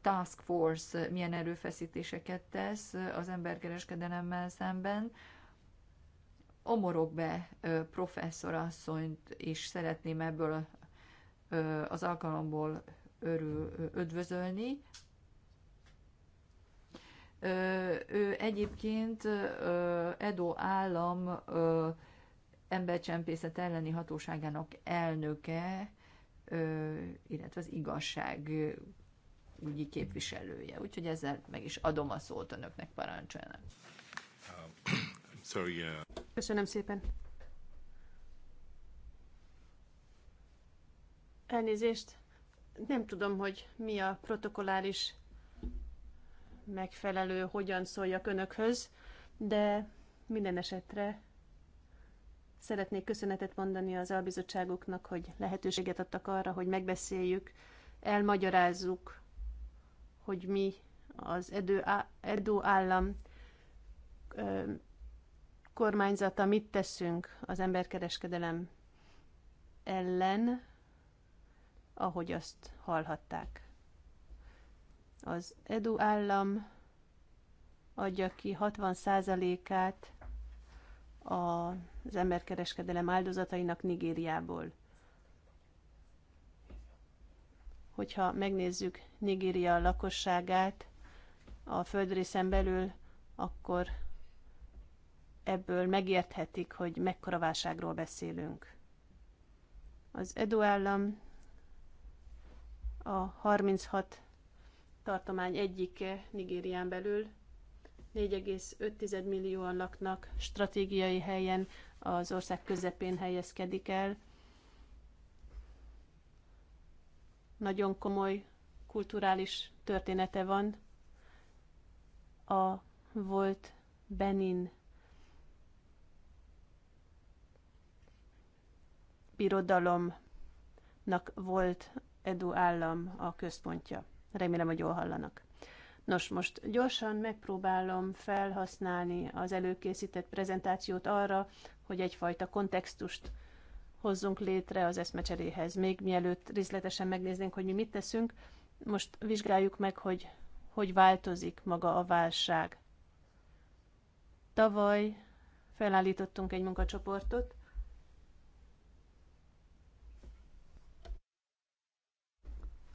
B: Task Force milyen erőfeszítéseket tesz az emberkereskedelemmel szemben. be professzorasszonyt és szeretném ebből az alkalomból örül, ödvözölni, ő egyébként Edo állam embercsempészet elleni hatóságának elnöke, illetve az igazság ügyi képviselője. Úgyhogy ezzel meg is adom a szót önöknek parancsolnak. Um, sorry, uh...
C: Köszönöm szépen. Elnézést. Nem tudom, hogy mi a protokollális megfelelő, hogyan szóljak önökhöz, de minden esetre szeretnék köszönetet mondani az albizottságoknak, hogy lehetőséget adtak arra, hogy megbeszéljük, elmagyarázzuk, hogy mi az Edo állam kormányzata mit teszünk az emberkereskedelem ellen, ahogy azt hallhatták. Az EDU állam adja ki 60%-át az emberkereskedelem áldozatainak Nigériából. Hogyha megnézzük Nigéria lakosságát a földrészen belül, akkor ebből megérthetik, hogy mekkora válságról beszélünk. Az Edo állam a 36 tartomány egyik Nigérián belül. 4,5 millióan laknak stratégiai helyen, az ország közepén helyezkedik el. Nagyon komoly kulturális története van. A volt Benin birodalomnak volt Edu állam a központja. Remélem, hogy jól hallanak. Nos, most gyorsan megpróbálom felhasználni az előkészített prezentációt arra, hogy egyfajta kontextust hozzunk létre az eszmecseréhez. Még mielőtt részletesen megnéznénk, hogy mi mit teszünk, most vizsgáljuk meg, hogy hogy változik maga a válság. Tavaly felállítottunk egy munkacsoportot,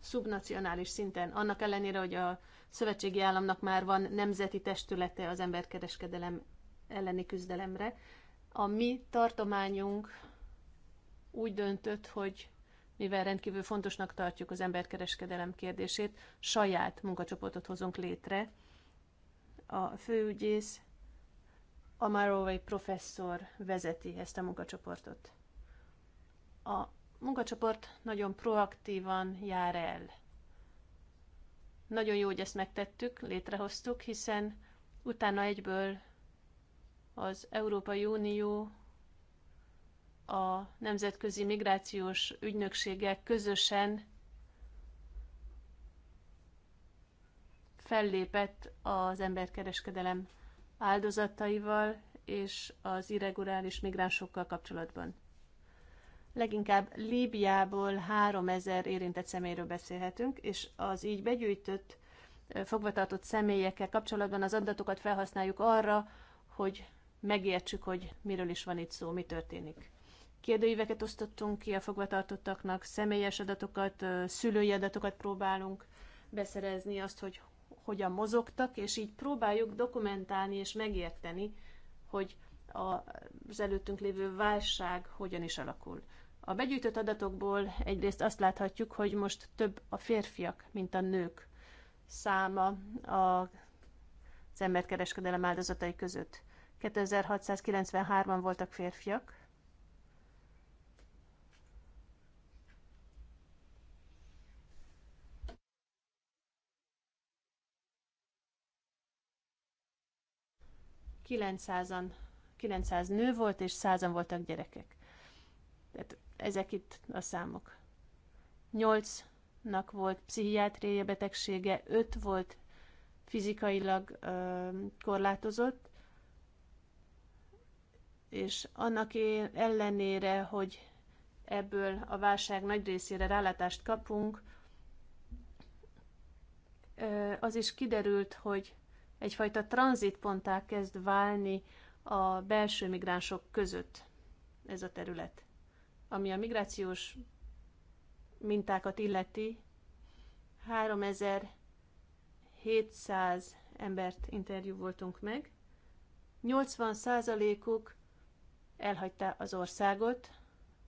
C: szubnacionális szinten, annak ellenére, hogy a szövetségi államnak már van nemzeti testülete az emberkereskedelem elleni küzdelemre. A mi tartományunk úgy döntött, hogy mivel rendkívül fontosnak tartjuk az emberkereskedelem kérdését, saját munkacsoportot hozunk létre. A főügyész Amarovai professzor vezeti ezt a munkacsoportot. A munkacsoport nagyon proaktívan jár el. Nagyon jó, hogy ezt megtettük, létrehoztuk, hiszen utána egyből az Európai Unió a nemzetközi migrációs ügynökségek közösen fellépett az emberkereskedelem áldozataival és az irreguláris migránsokkal kapcsolatban leginkább Líbiából 3000 érintett személyről beszélhetünk, és az így begyűjtött fogvatartott személyekkel kapcsolatban az adatokat felhasználjuk arra, hogy megértsük, hogy miről is van itt szó, mi történik. Kérdőíveket osztottunk ki a fogvatartottaknak, személyes adatokat, szülői adatokat próbálunk beszerezni, azt, hogy hogyan mozogtak, és így próbáljuk dokumentálni és megérteni, hogy az előttünk lévő válság hogyan is alakul. A begyűjtött adatokból egyrészt azt láthatjuk, hogy most több a férfiak, mint a nők száma az emberkereskedelem áldozatai között. 2693-an voltak férfiak, kilencszázan 900 nő volt, és százan voltak gyerekek. Tehát ezek itt a számok. 8-nak volt pszichiátriai betegsége, 5 volt fizikailag ö, korlátozott, és annak ellenére, hogy ebből a válság nagy részére rálátást kapunk, az is kiderült, hogy egyfajta tranzitponttá kezd válni a belső migránsok között ez a terület. Ami a migrációs mintákat illeti, 3700 embert interjú voltunk meg. 80%-uk elhagyta az országot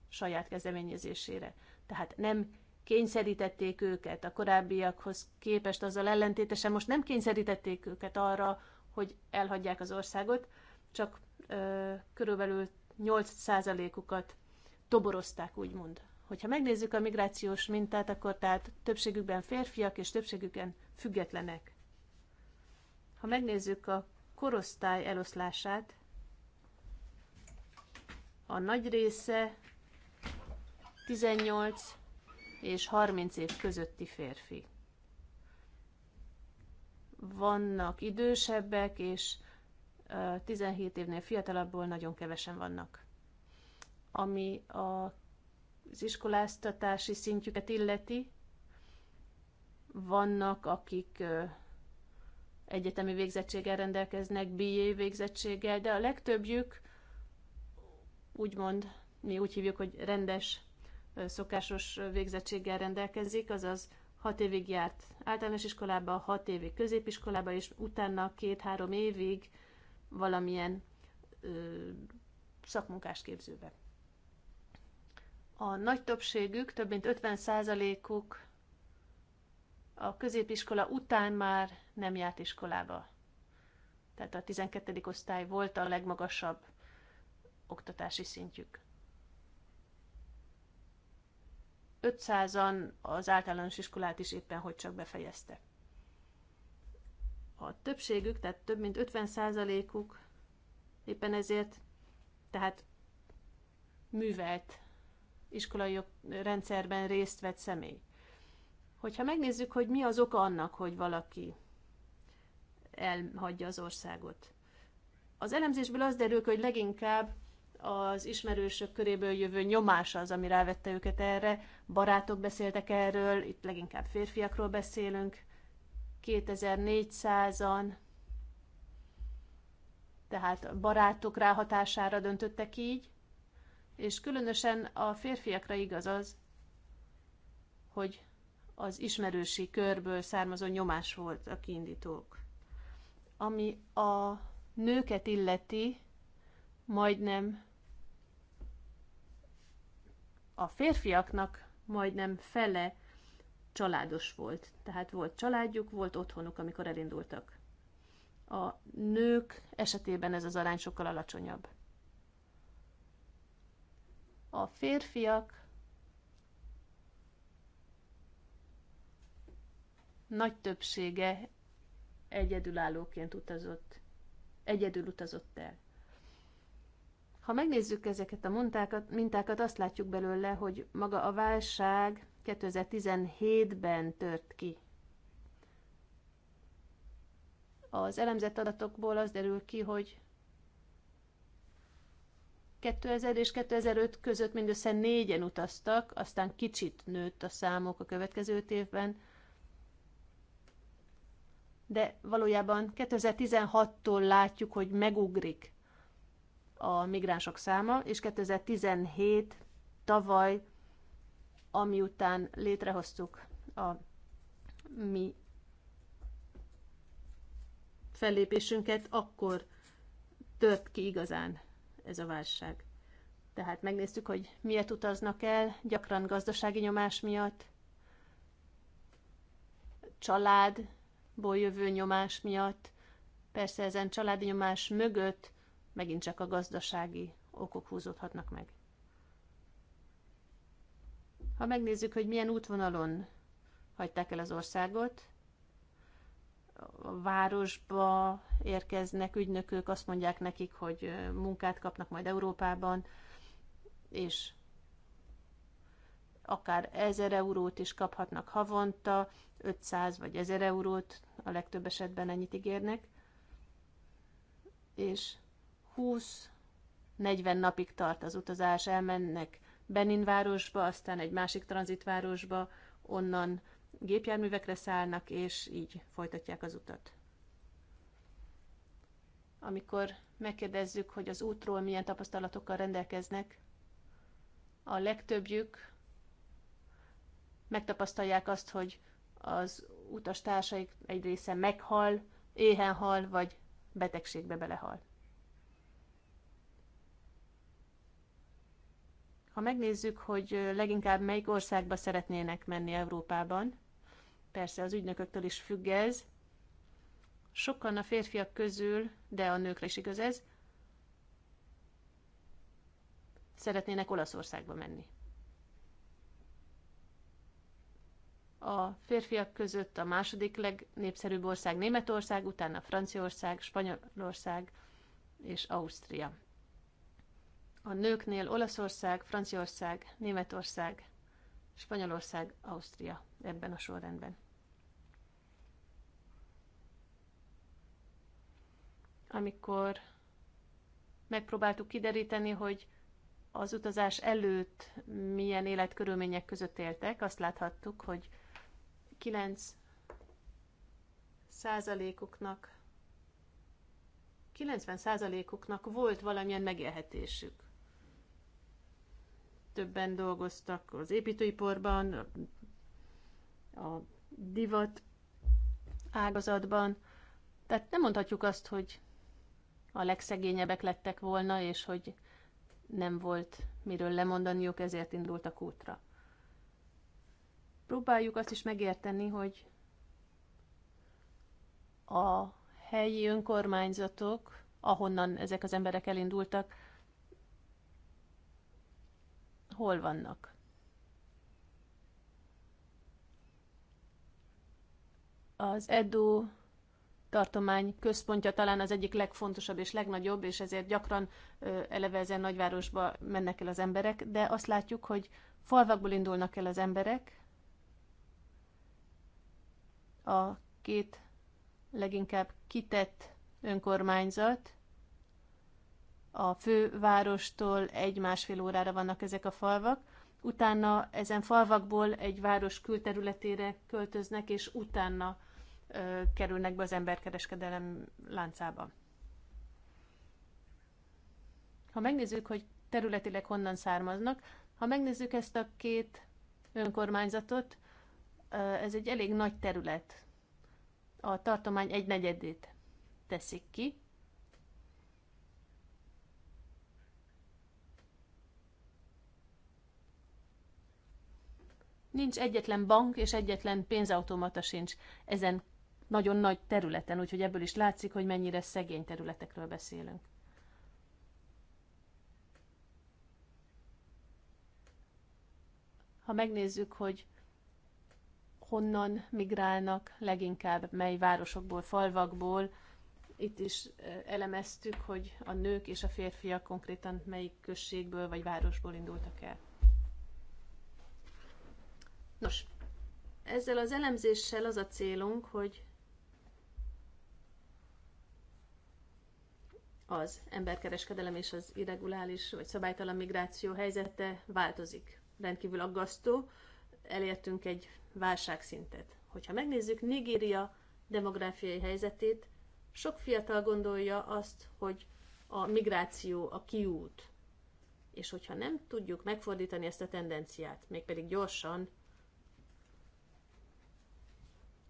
C: saját kezdeményezésére. Tehát nem kényszerítették őket a korábbiakhoz képest azzal ellentétesen, most nem kényszerítették őket arra, hogy elhagyják az országot, csak ö, körülbelül 8%-ukat toborozták, úgymond. Hogyha megnézzük a migrációs mintát, akkor tehát többségükben férfiak és többségükben függetlenek. Ha megnézzük a korosztály eloszlását, a nagy része 18 és 30 év közötti férfi. Vannak idősebbek, és 17 évnél fiatalabból nagyon kevesen vannak ami a, az iskoláztatási szintjüket illeti. Vannak, akik egyetemi végzettséggel rendelkeznek, BA végzettséggel, de a legtöbbjük úgymond, mi úgy hívjuk, hogy rendes, szokásos végzettséggel rendelkezik, azaz 6 évig járt általános iskolába, 6 évig középiskolába, és utána 2-3 évig valamilyen ö, szakmunkás képzőbe. A nagy többségük, több mint 50%-uk a középiskola után már nem járt iskolába. Tehát a 12. osztály volt a legmagasabb oktatási szintjük. 500-an az általános iskolát is éppen hogy csak befejezte. A többségük, tehát több mint 50%-uk éppen ezért, tehát művelt iskolai rendszerben részt vett személy. Hogyha megnézzük, hogy mi az oka annak, hogy valaki elhagyja az országot. Az elemzésből az derül, hogy leginkább az ismerősök köréből jövő nyomás az, ami rávette őket erre. Barátok beszéltek erről, itt leginkább férfiakról beszélünk, 2400-an, tehát barátok ráhatására döntöttek így, és különösen a férfiakra igaz az, hogy az ismerősi körből származó nyomás volt a kiindítók. Ami a nőket illeti, majdnem a férfiaknak majdnem fele családos volt. Tehát volt családjuk, volt otthonuk, amikor elindultak. A nők esetében ez az arány sokkal alacsonyabb a férfiak nagy többsége egyedülállóként utazott, egyedül utazott el. Ha megnézzük ezeket a mintákat, mintákat, azt látjuk belőle, hogy maga a válság 2017-ben tört ki. Az elemzett adatokból az derül ki, hogy 2000 és 2005 között mindössze négyen utaztak, aztán kicsit nőtt a számok a következő évben, de valójában 2016-tól látjuk, hogy megugrik a migránsok száma, és 2017 tavaly, amiután létrehoztuk a mi fellépésünket, akkor tört ki igazán ez a válság. Tehát megnéztük, hogy miért utaznak el, gyakran gazdasági nyomás miatt, családból jövő nyomás miatt, persze ezen családi nyomás mögött megint csak a gazdasági okok húzódhatnak meg. Ha megnézzük, hogy milyen útvonalon hagyták el az országot, a városba érkeznek ügynökök, azt mondják nekik, hogy munkát kapnak majd Európában, és akár 1000 eurót is kaphatnak havonta, 500 vagy 1000 eurót, a legtöbb esetben ennyit ígérnek, és 20-40 napig tart az utazás, elmennek Benin városba, aztán egy másik tranzitvárosba, onnan gépjárművekre szállnak, és így folytatják az utat. Amikor megkérdezzük, hogy az útról milyen tapasztalatokkal rendelkeznek, a legtöbbjük megtapasztalják azt, hogy az utastársaik egy része meghal, éhen hal, vagy betegségbe belehal. Ha megnézzük, hogy leginkább melyik országba szeretnének menni Európában, persze az ügynököktől is függ ez, sokan a férfiak közül, de a nőkre is igaz ez, szeretnének Olaszországba menni. a férfiak között a második legnépszerűbb ország Németország, utána Franciaország, Spanyolország és Ausztria. A nőknél Olaszország, Franciaország, Németország, Spanyolország, Ausztria ebben a sorrendben. Amikor megpróbáltuk kideríteni, hogy az utazás előtt milyen életkörülmények között éltek, azt láthattuk, hogy 9 százalékuknak 90 százalékuknak volt valamilyen megélhetésük többen dolgoztak az építőiporban, a divat ágazatban. Tehát nem mondhatjuk azt, hogy a legszegényebbek lettek volna, és hogy nem volt miről lemondaniuk, ezért indultak útra. Próbáljuk azt is megérteni, hogy a helyi önkormányzatok, ahonnan ezek az emberek elindultak, hol vannak. Az EDU tartomány központja talán az egyik legfontosabb és legnagyobb, és ezért gyakran eleve ezen nagyvárosba mennek el az emberek, de azt látjuk, hogy falvakból indulnak el az emberek, a két leginkább kitett önkormányzat, a fővárostól egy-másfél órára vannak ezek a falvak, utána ezen falvakból egy város külterületére költöznek, és utána ö, kerülnek be az emberkereskedelem láncába. Ha megnézzük, hogy területileg honnan származnak, ha megnézzük ezt a két önkormányzatot, ö, ez egy elég nagy terület. A tartomány egy negyedét teszik ki, Nincs egyetlen bank és egyetlen pénzautomata sincs ezen nagyon nagy területen, úgyhogy ebből is látszik, hogy mennyire szegény területekről beszélünk. Ha megnézzük, hogy honnan migrálnak leginkább, mely városokból, falvakból, itt is elemeztük, hogy a nők és a férfiak konkrétan melyik községből vagy városból indultak el. Nos, ezzel az elemzéssel az a célunk, hogy az emberkereskedelem és az irregulális vagy szabálytalan migráció helyzete változik. Rendkívül aggasztó, elértünk egy válságszintet. Hogyha megnézzük Nigéria demográfiai helyzetét, sok fiatal gondolja azt, hogy a migráció a kiút. És hogyha nem tudjuk megfordítani ezt a tendenciát, mégpedig gyorsan,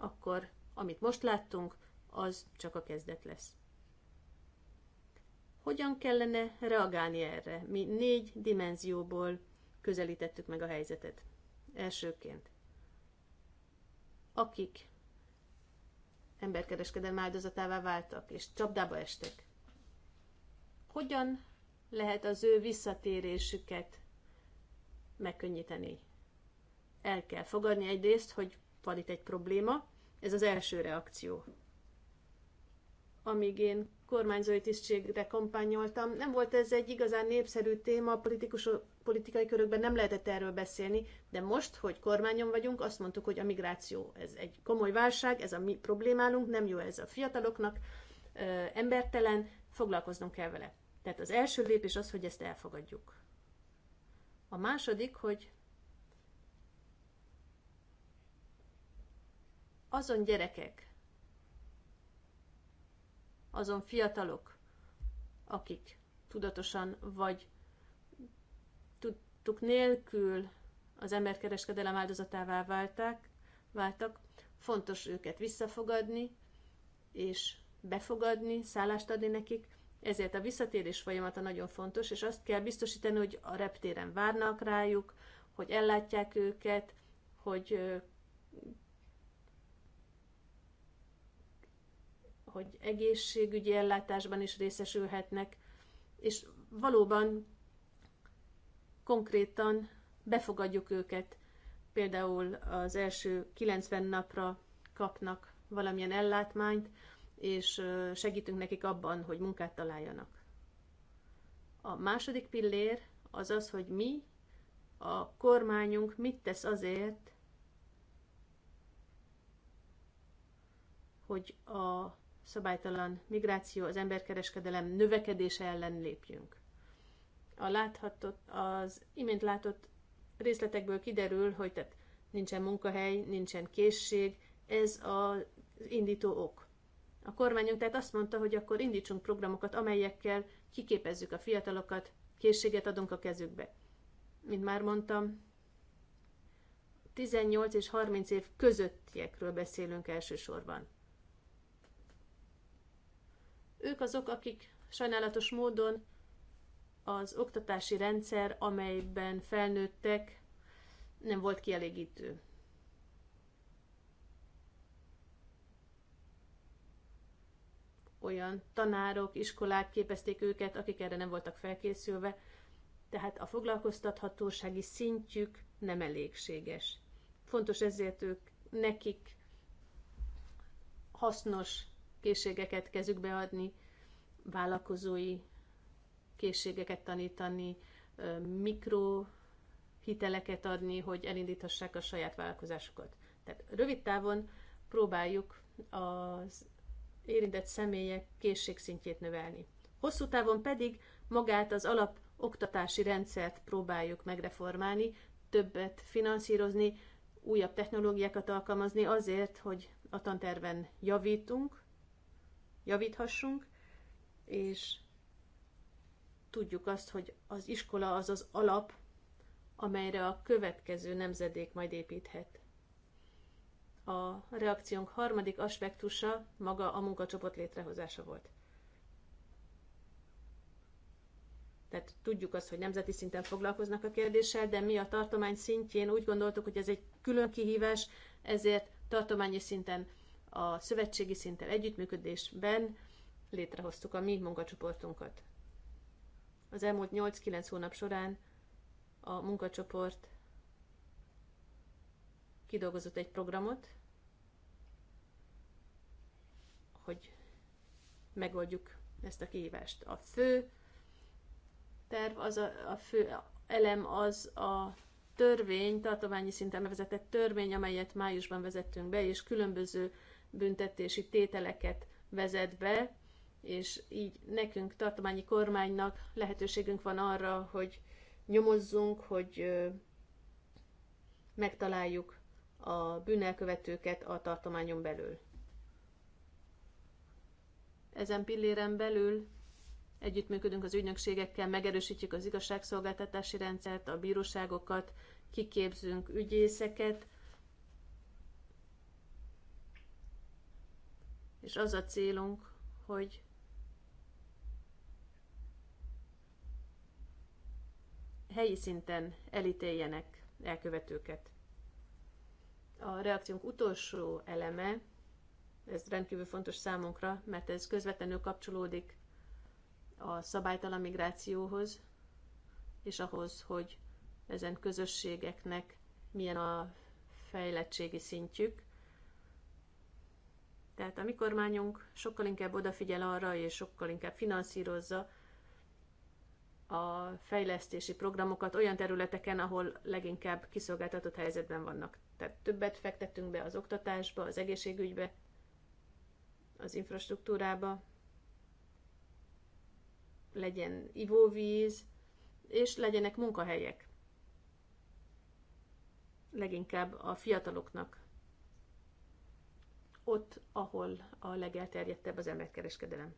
C: akkor amit most láttunk, az csak a kezdet lesz. Hogyan kellene reagálni erre? Mi négy dimenzióból közelítettük meg a helyzetet. Elsőként, akik emberkereskedelm áldozatává váltak és csapdába estek, hogyan lehet az ő visszatérésüket megkönnyíteni? El kell fogadni egyrészt, hogy van itt egy probléma. Ez az első reakció. Amíg én kormányzói tisztségre kampányoltam, nem volt ez egy igazán népszerű téma, politikus, politikai körökben nem lehetett erről beszélni, de most, hogy kormányon vagyunk, azt mondtuk, hogy a migráció ez egy komoly válság, ez a mi problémálunk, nem jó ez a fiataloknak, embertelen, foglalkoznunk kell vele. Tehát az első lépés az, hogy ezt elfogadjuk. A második, hogy azon gyerekek, azon fiatalok, akik tudatosan vagy tudtuk nélkül az emberkereskedelem áldozatává válták, váltak, fontos őket visszafogadni, és befogadni, szállást adni nekik, ezért a visszatérés folyamata nagyon fontos, és azt kell biztosítani, hogy a reptéren várnak rájuk, hogy ellátják őket, hogy hogy egészségügyi ellátásban is részesülhetnek, és valóban konkrétan befogadjuk őket. Például az első 90 napra kapnak valamilyen ellátmányt, és segítünk nekik abban, hogy munkát találjanak. A második pillér az az, hogy mi, a kormányunk mit tesz azért, hogy a szabálytalan migráció, az emberkereskedelem növekedése ellen lépjünk. A láthatott, az imént látott részletekből kiderül, hogy tehát nincsen munkahely, nincsen készség, ez az indító ok. A kormányunk tehát azt mondta, hogy akkor indítsunk programokat, amelyekkel kiképezzük a fiatalokat, készséget adunk a kezükbe. Mint már mondtam, 18 és 30 év közöttiekről beszélünk elsősorban. Ők azok, akik sajnálatos módon az oktatási rendszer, amelyben felnőttek, nem volt kielégítő. Olyan tanárok, iskolák képezték őket, akik erre nem voltak felkészülve, tehát a foglalkoztathatósági szintjük nem elégséges. Fontos ezért ők nekik hasznos készségeket kezükbe adni, vállalkozói készségeket tanítani, mikro hiteleket adni, hogy elindíthassák a saját vállalkozásukat. Tehát rövid távon próbáljuk az érintett személyek készségszintjét növelni. Hosszú távon pedig magát az alap oktatási rendszert próbáljuk megreformálni, többet finanszírozni, újabb technológiákat alkalmazni azért, hogy a tanterven javítunk, javíthassunk, és tudjuk azt, hogy az iskola az az alap, amelyre a következő nemzedék majd építhet. A reakciónk harmadik aspektusa maga a munkacsoport létrehozása volt. Tehát tudjuk azt, hogy nemzeti szinten foglalkoznak a kérdéssel, de mi a tartomány szintjén úgy gondoltuk, hogy ez egy külön kihívás, ezért tartományi szinten a szövetségi szinten együttműködésben létrehoztuk a mi munkacsoportunkat. Az elmúlt 8-9 hónap során a munkacsoport kidolgozott egy programot, hogy megoldjuk ezt a kihívást. A fő terv, az a, a fő elem az a törvény, tartományi szinten vezetett törvény, amelyet májusban vezettünk be, és különböző büntetési tételeket vezet be, és így nekünk, tartományi kormánynak lehetőségünk van arra, hogy nyomozzunk, hogy megtaláljuk a bűnelkövetőket a tartományon belül. Ezen pilléren belül együttműködünk az ügynökségekkel, megerősítjük az igazságszolgáltatási rendszert, a bíróságokat, kiképzünk ügyészeket, és az a célunk, hogy helyi szinten elítéljenek elkövetőket. A reakciónk utolsó eleme, ez rendkívül fontos számunkra, mert ez közvetlenül kapcsolódik a szabálytalan migrációhoz, és ahhoz, hogy ezen közösségeknek milyen a fejlettségi szintjük, tehát a mi kormányunk sokkal inkább odafigyel arra, és sokkal inkább finanszírozza a fejlesztési programokat olyan területeken, ahol leginkább kiszolgáltatott helyzetben vannak. Tehát többet fektetünk be az oktatásba, az egészségügybe, az infrastruktúrába, legyen ivóvíz, és legyenek munkahelyek. Leginkább a fiataloknak ott, ahol a legelterjedtebb az emberkereskedelem.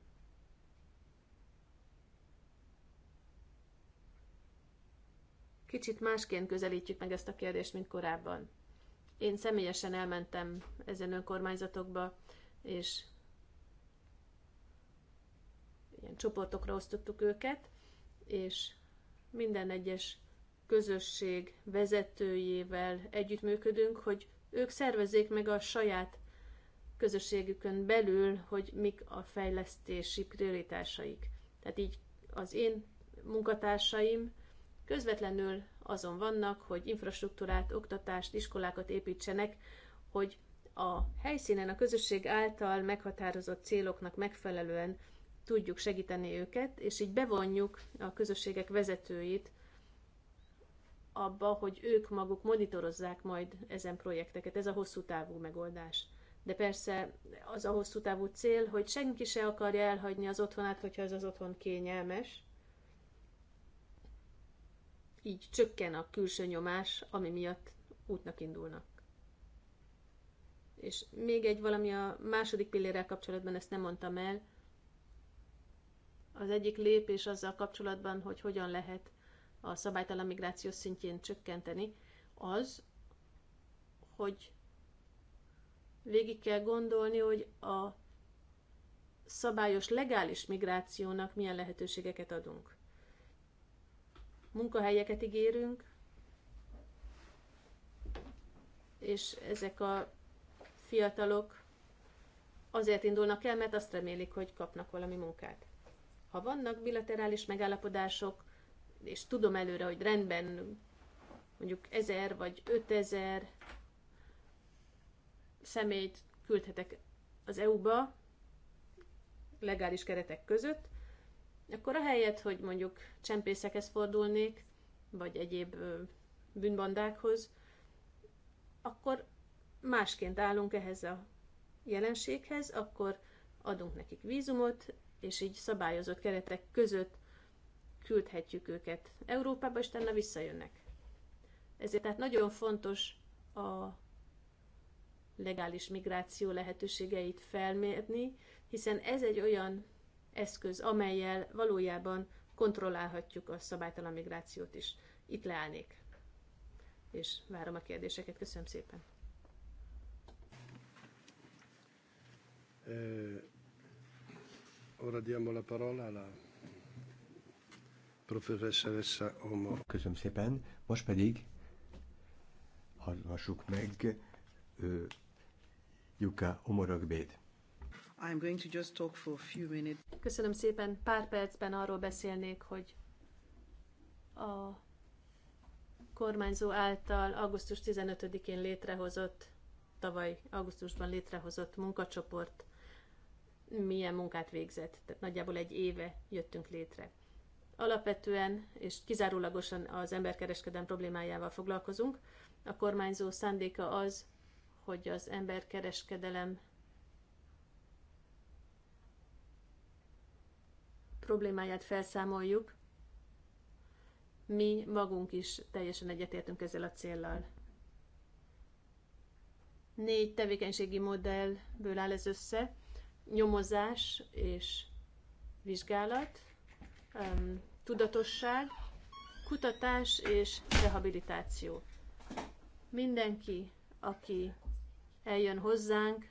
C: Kicsit másként közelítjük meg ezt a kérdést, mint korábban. Én személyesen elmentem ezen önkormányzatokba, és ilyen csoportokra osztottuk őket, és minden egyes közösség vezetőjével együttműködünk, hogy ők szervezzék meg a saját közösségükön belül, hogy mik a fejlesztési prioritásaik. Tehát így az én munkatársaim közvetlenül azon vannak, hogy infrastruktúrát, oktatást, iskolákat építsenek, hogy a helyszínen a közösség által meghatározott céloknak megfelelően tudjuk segíteni őket, és így bevonjuk a közösségek vezetőit abba, hogy ők maguk monitorozzák majd ezen projekteket. Ez a hosszú távú megoldás de persze az a hosszú távú cél, hogy senki se akarja elhagyni az otthonát, hogyha ez az otthon kényelmes. Így csökken a külső nyomás, ami miatt útnak indulnak. És még egy valami a második pillérrel kapcsolatban, ezt nem mondtam el. Az egyik lépés azzal kapcsolatban, hogy hogyan lehet a szabálytalan migráció szintjén csökkenteni, az, hogy végig kell gondolni, hogy a szabályos legális migrációnak milyen lehetőségeket adunk. Munkahelyeket ígérünk, és ezek a fiatalok azért indulnak el, mert azt remélik, hogy kapnak valami munkát. Ha vannak bilaterális megállapodások, és tudom előre, hogy rendben mondjuk 1000 vagy 5000 személyt küldhetek az EU-ba legális keretek között, akkor a helyet, hogy mondjuk csempészekhez fordulnék, vagy egyéb bűnbandákhoz, akkor másként állunk ehhez a jelenséghez, akkor adunk nekik vízumot, és így szabályozott keretek között küldhetjük őket Európába, és tenne visszajönnek. Ezért tehát nagyon fontos a legális migráció lehetőségeit felmérni, hiszen ez egy olyan eszköz, amelyel valójában kontrollálhatjuk a szabálytalan migrációt is. Itt leállnék, és várom a kérdéseket. Köszönöm szépen.
A: Eh, ora diamo la parola alla professoressa Omo. Köszönöm szépen. Most pedig hallgassuk meg Juka Omorogbét. I'm going to just talk for a few minutes.
C: Köszönöm szépen. Pár percben arról beszélnék, hogy a kormányzó által augusztus 15-én létrehozott, tavaly augusztusban létrehozott munkacsoport milyen munkát végzett. Tehát nagyjából egy éve jöttünk létre. Alapvetően és kizárólagosan az emberkereskedelem problémájával foglalkozunk. A kormányzó szándéka az, hogy az emberkereskedelem problémáját felszámoljuk, mi magunk is teljesen egyetértünk ezzel a céllal. Négy tevékenységi modellből áll ez össze, nyomozás és vizsgálat, tudatosság, kutatás és rehabilitáció. Mindenki, aki eljön hozzánk.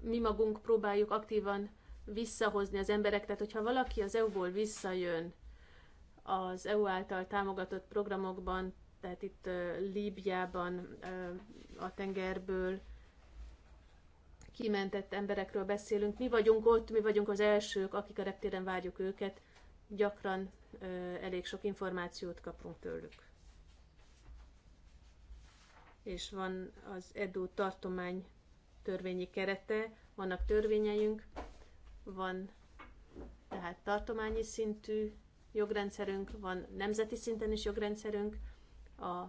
C: Mi magunk próbáljuk aktívan visszahozni az emberek, tehát hogyha valaki az EU-ból visszajön az EU által támogatott programokban, tehát itt Líbiában a tengerből kimentett emberekről beszélünk. Mi vagyunk ott, mi vagyunk az elsők, akik a reptéren várjuk őket, gyakran elég sok információt kapunk tőlük és van az EDU tartomány törvényi kerete, vannak törvényeink, van tehát tartományi szintű jogrendszerünk, van nemzeti szinten is jogrendszerünk, a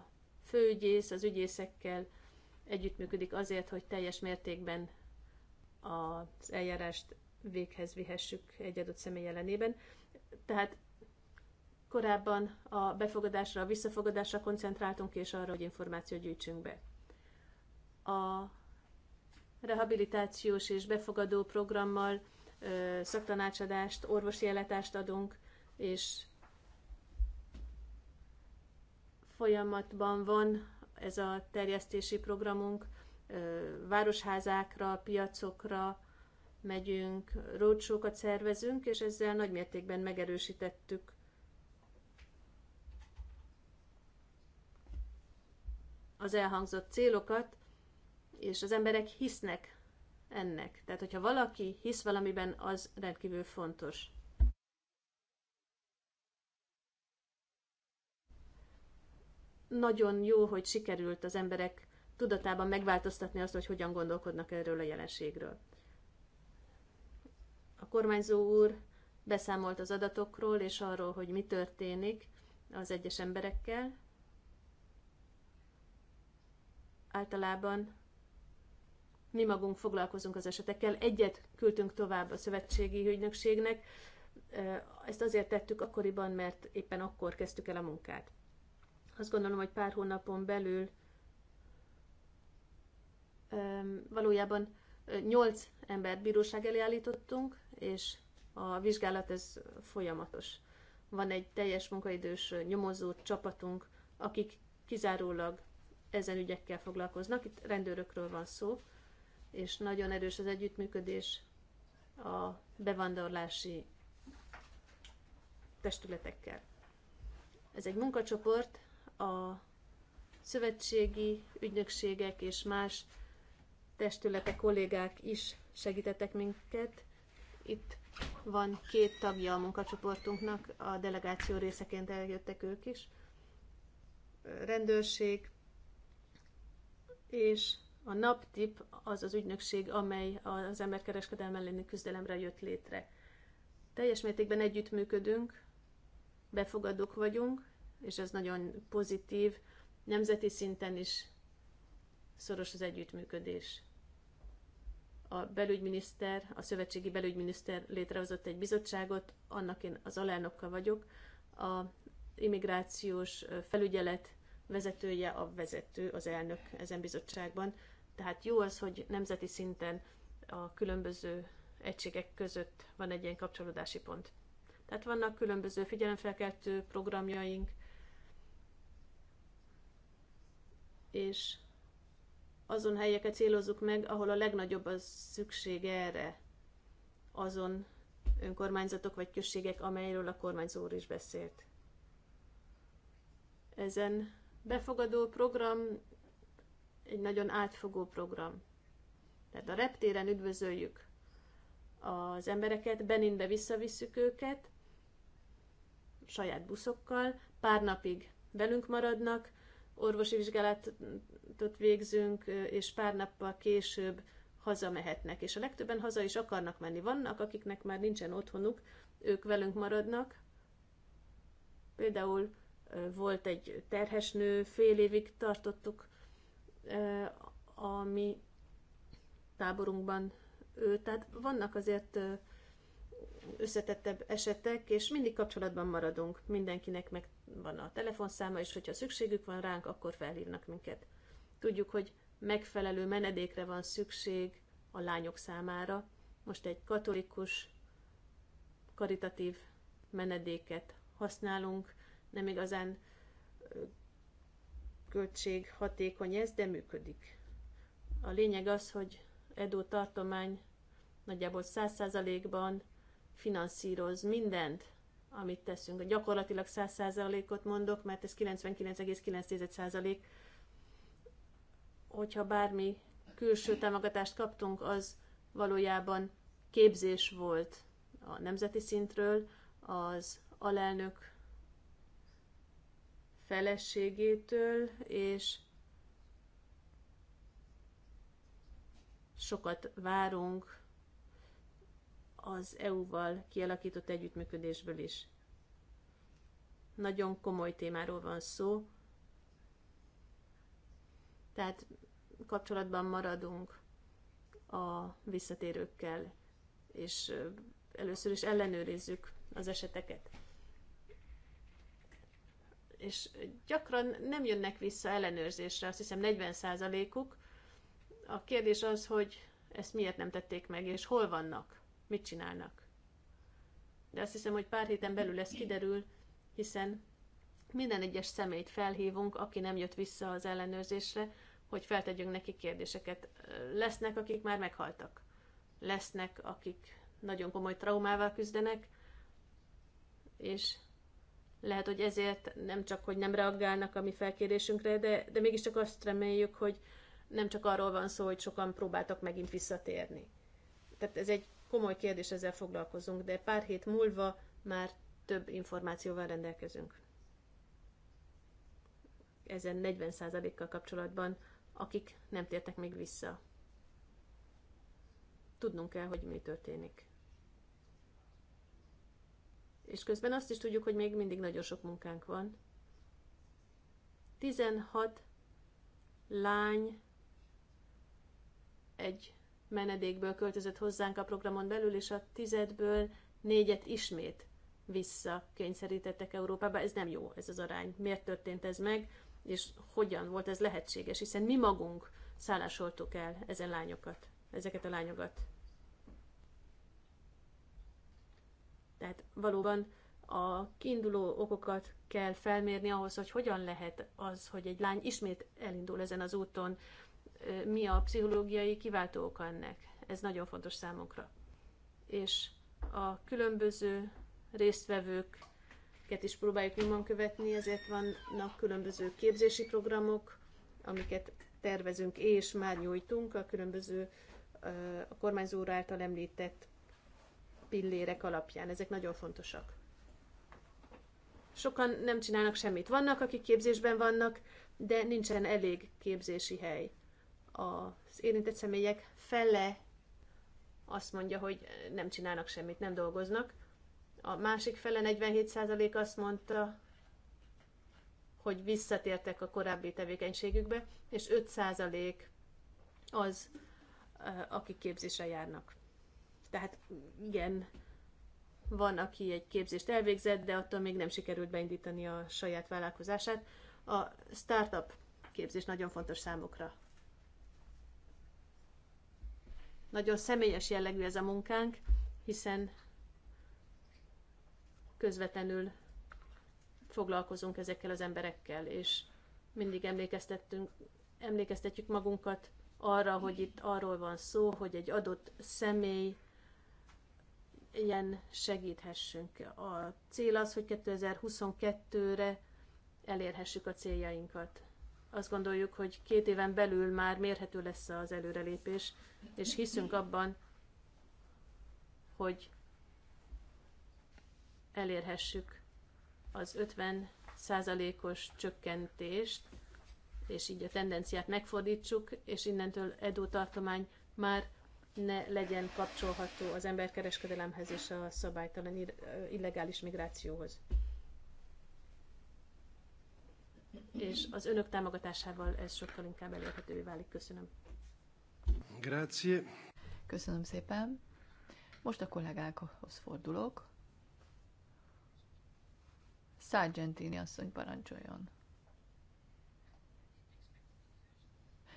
C: főügyész az ügyészekkel együttműködik azért, hogy teljes mértékben az eljárást véghez vihessük egy adott személy ellenében. Tehát Korábban a befogadásra, a visszafogadásra koncentráltunk, és arra, hogy információt gyűjtsünk be. A rehabilitációs és befogadó programmal szaktanácsadást, orvosi ellátást adunk, és folyamatban van ez a terjesztési programunk, városházákra, piacokra megyünk, roadshow szervezünk, és ezzel nagymértékben megerősítettük az elhangzott célokat, és az emberek hisznek ennek. Tehát, hogyha valaki hisz valamiben, az rendkívül fontos. Nagyon jó, hogy sikerült az emberek tudatában megváltoztatni azt, hogy hogyan gondolkodnak erről a jelenségről. A kormányzó úr beszámolt az adatokról és arról, hogy mi történik az egyes emberekkel, általában mi magunk foglalkozunk az esetekkel. Egyet küldtünk tovább a szövetségi ügynökségnek, ezt azért tettük akkoriban, mert éppen akkor kezdtük el a munkát. Azt gondolom, hogy pár hónapon belül valójában nyolc embert bíróság elé állítottunk, és a vizsgálat ez folyamatos. Van egy teljes munkaidős nyomozó csapatunk, akik kizárólag ezen ügyekkel foglalkoznak. Itt rendőrökről van szó, és nagyon erős az együttműködés a bevándorlási testületekkel. Ez egy munkacsoport a szövetségi ügynökségek és más testületek, kollégák is segítettek minket. Itt van két tagja a munkacsoportunknak, a delegáció részeként eljöttek ők is. Rendőrség, és a NAPTIP az az ügynökség, amely az emberkereskedelem elleni küzdelemre jött létre. Teljes mértékben együttműködünk, befogadók vagyunk, és ez nagyon pozitív, nemzeti szinten is szoros az együttműködés. A belügyminiszter, a szövetségi belügyminiszter létrehozott egy bizottságot, annak én az alelnokka vagyok, a immigrációs felügyelet vezetője, a vezető, az elnök ezen bizottságban. Tehát jó az, hogy nemzeti szinten a különböző egységek között van egy ilyen kapcsolódási pont. Tehát vannak különböző figyelemfelkeltő programjaink, és azon helyeket célozzuk meg, ahol a legnagyobb az szükség erre, azon önkormányzatok vagy községek, amelyről a kormányzó úr is beszélt. Ezen befogadó program egy nagyon átfogó program. Tehát a reptéren üdvözöljük az embereket, Beninbe visszavisszük őket, saját buszokkal, pár napig velünk maradnak, orvosi vizsgálatot végzünk, és pár nappal később hazamehetnek. És a legtöbben haza is akarnak menni. Vannak, akiknek már nincsen otthonuk, ők velünk maradnak. Például volt egy terhes nő, fél évig tartottuk a mi táborunkban ő. Tehát vannak azért összetettebb esetek, és mindig kapcsolatban maradunk. Mindenkinek meg van a telefonszáma, és hogyha szükségük van ránk, akkor felhívnak minket. Tudjuk, hogy megfelelő menedékre van szükség a lányok számára. Most egy katolikus, karitatív menedéket használunk, nem igazán költség hatékony ez, de működik. A lényeg az, hogy Edo tartomány nagyjából 100%-ban finanszíroz mindent, amit teszünk. Gyakorlatilag 100%-ot mondok, mert ez 99,9%. Hogyha bármi külső támogatást kaptunk, az valójában képzés volt a nemzeti szintről, az alelnök feleségétől, és sokat várunk az EU-val kialakított együttműködésből is. Nagyon komoly témáról van szó, tehát kapcsolatban maradunk a visszatérőkkel, és először is ellenőrizzük az eseteket és gyakran nem jönnek vissza ellenőrzésre, azt hiszem 40%-uk. A kérdés az, hogy ezt miért nem tették meg, és hol vannak, mit csinálnak. De azt hiszem, hogy pár héten belül ez kiderül, hiszen minden egyes személyt felhívunk, aki nem jött vissza az ellenőrzésre, hogy feltegyünk neki kérdéseket. Lesznek, akik már meghaltak. Lesznek, akik nagyon komoly traumával küzdenek, és lehet, hogy ezért nem csak, hogy nem reagálnak a mi felkérésünkre, de, de mégiscsak azt reméljük, hogy nem csak arról van szó, hogy sokan próbáltak megint visszatérni. Tehát ez egy komoly kérdés, ezzel foglalkozunk, de pár hét múlva már több információval rendelkezünk. Ezen 40%-kal kapcsolatban, akik nem tértek még vissza. Tudnunk kell, hogy mi történik. És közben azt is tudjuk, hogy még mindig nagyon sok munkánk van. 16 lány egy menedékből költözött hozzánk a programon belül, és a tizedből négyet ismét vissza kényszerítettek Európába. Ez nem jó, ez az arány. Miért történt ez meg, és hogyan volt ez lehetséges, hiszen mi magunk szállásoltuk el ezen lányokat, ezeket a lányokat. Tehát valóban a kiinduló okokat kell felmérni ahhoz, hogy hogyan lehet az, hogy egy lány ismét elindul ezen az úton, mi a pszichológiai kiváltó oka ennek. Ez nagyon fontos számunkra. És a különböző résztvevőket is próbáljuk nyomon követni, ezért vannak különböző képzési programok, amiket tervezünk és már nyújtunk a különböző a kormányzóra által említett pillérek alapján. Ezek nagyon fontosak. Sokan nem csinálnak semmit. Vannak, akik képzésben vannak, de nincsen elég képzési hely. Az érintett személyek fele azt mondja, hogy nem csinálnak semmit, nem dolgoznak. A másik fele 47% azt mondta, hogy visszatértek a korábbi tevékenységükbe, és 5% az, eh, akik képzésre járnak. Tehát igen, van, aki egy képzést elvégzett, de attól még nem sikerült beindítani a saját vállalkozását. A startup képzés nagyon fontos számukra. Nagyon személyes jellegű ez a munkánk, hiszen közvetlenül foglalkozunk ezekkel az emberekkel, és mindig emlékeztettünk, emlékeztetjük magunkat arra, hogy itt arról van szó, hogy egy adott személy ilyen segíthessünk. A cél az, hogy 2022-re elérhessük a céljainkat. Azt gondoljuk, hogy két éven belül már mérhető lesz az előrelépés, és hiszünk abban, hogy elérhessük az 50 százalékos csökkentést, és így a tendenciát megfordítsuk, és innentől Edo tartomány már ne legyen kapcsolható az emberkereskedelemhez és a szabálytalan illegális migrációhoz. És az önök támogatásával ez sokkal inkább elérhetővé válik. Köszönöm.
B: Grazie. Köszönöm szépen. Most a kollégákhoz fordulok. Sargentini asszony parancsoljon.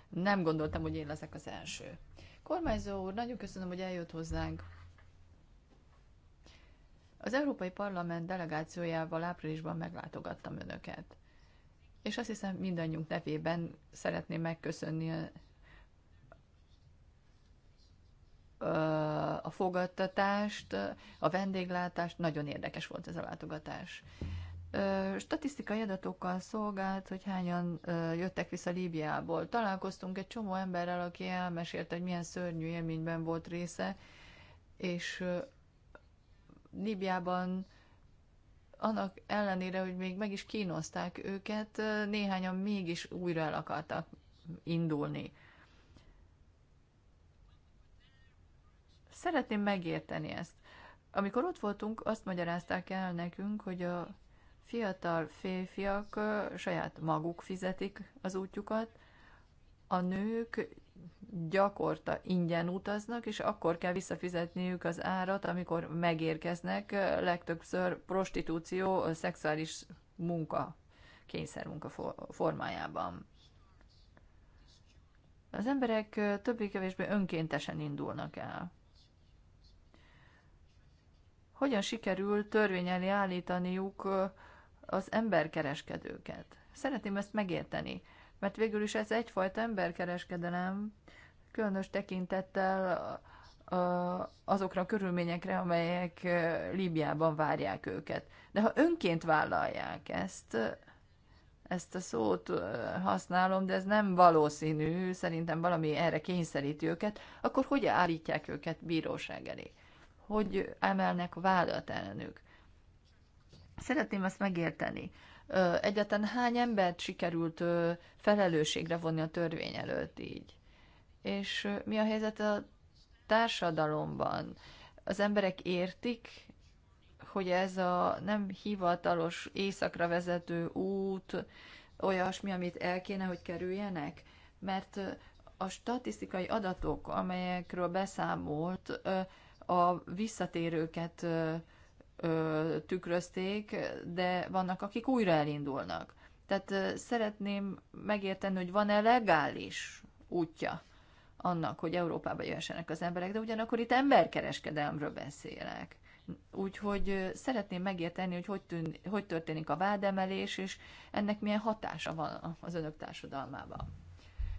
B: Nem gondoltam, hogy én leszek az első. Kormányzó úr, nagyon köszönöm, hogy eljött hozzánk. Az Európai Parlament delegációjával áprilisban meglátogattam önöket. És azt hiszem mindannyiunk nevében szeretném megköszönni a fogadtatást, a vendéglátást, nagyon érdekes volt ez a látogatás statisztikai adatokkal szolgált, hogy hányan jöttek vissza Líbiából. Találkoztunk egy csomó emberrel, aki elmesélte, hogy milyen szörnyű élményben volt része, és Líbiában annak ellenére, hogy még meg is kínozták őket, néhányan mégis újra el akartak indulni. Szeretném megérteni ezt. Amikor ott voltunk, azt magyarázták el nekünk, hogy a fiatal férfiak saját maguk fizetik az útjukat, a nők gyakorta ingyen utaznak, és akkor kell visszafizetniük az árat, amikor megérkeznek, legtöbbször prostitúció, szexuális munka, kényszermunka formájában. Az emberek többé-kevésbé önkéntesen indulnak el. Hogyan sikerül törvény elé állítaniuk az emberkereskedőket. Szeretném ezt megérteni, mert végül is ez egyfajta emberkereskedelem, különös tekintettel azokra a körülményekre, amelyek Líbiában várják őket. De ha önként vállalják ezt, ezt a szót használom, de ez nem valószínű, szerintem valami erre kényszeríti őket, akkor hogy állítják őket bíróság elé? Hogy emelnek vádat ellenük? Szeretném ezt megérteni. Egyetlen hány embert sikerült felelősségre vonni a törvény előtt így? És mi a helyzet a társadalomban? Az emberek értik, hogy ez a nem hivatalos északra vezető út olyasmi, amit el kéne, hogy kerüljenek? Mert a statisztikai adatok, amelyekről beszámolt, a visszatérőket ö, tükrözték, de vannak, akik újra elindulnak. Tehát ö, szeretném megérteni, hogy van-e legális útja annak, hogy Európába jöhessenek az emberek, de ugyanakkor itt emberkereskedelmről beszélek. Úgyhogy szeretném megérteni, hogy hogy, tűn, hogy történik a vádemelés, és ennek milyen hatása van az önök társadalmában.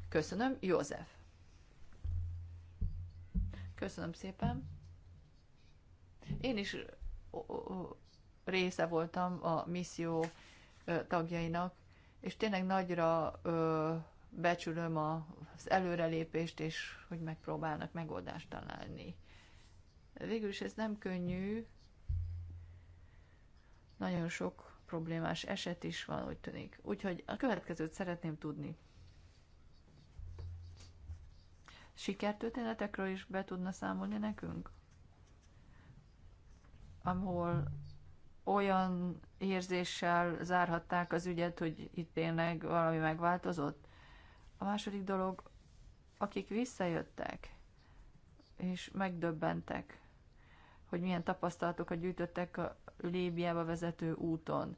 B: Köszönöm, József. Köszönöm szépen. Én is része voltam a misszió tagjainak, és tényleg nagyra becsülöm az előrelépést, és hogy megpróbálnak megoldást találni. Végül is ez nem könnyű, nagyon sok problémás eset is van, úgy tűnik. Úgyhogy a következőt szeretném tudni. Sikertörténetekről is be tudna számolni nekünk? ahol olyan érzéssel zárhatták az ügyet, hogy itt tényleg valami megváltozott. A második dolog, akik visszajöttek, és megdöbbentek, hogy milyen tapasztalatokat gyűjtöttek a Líbiába vezető úton.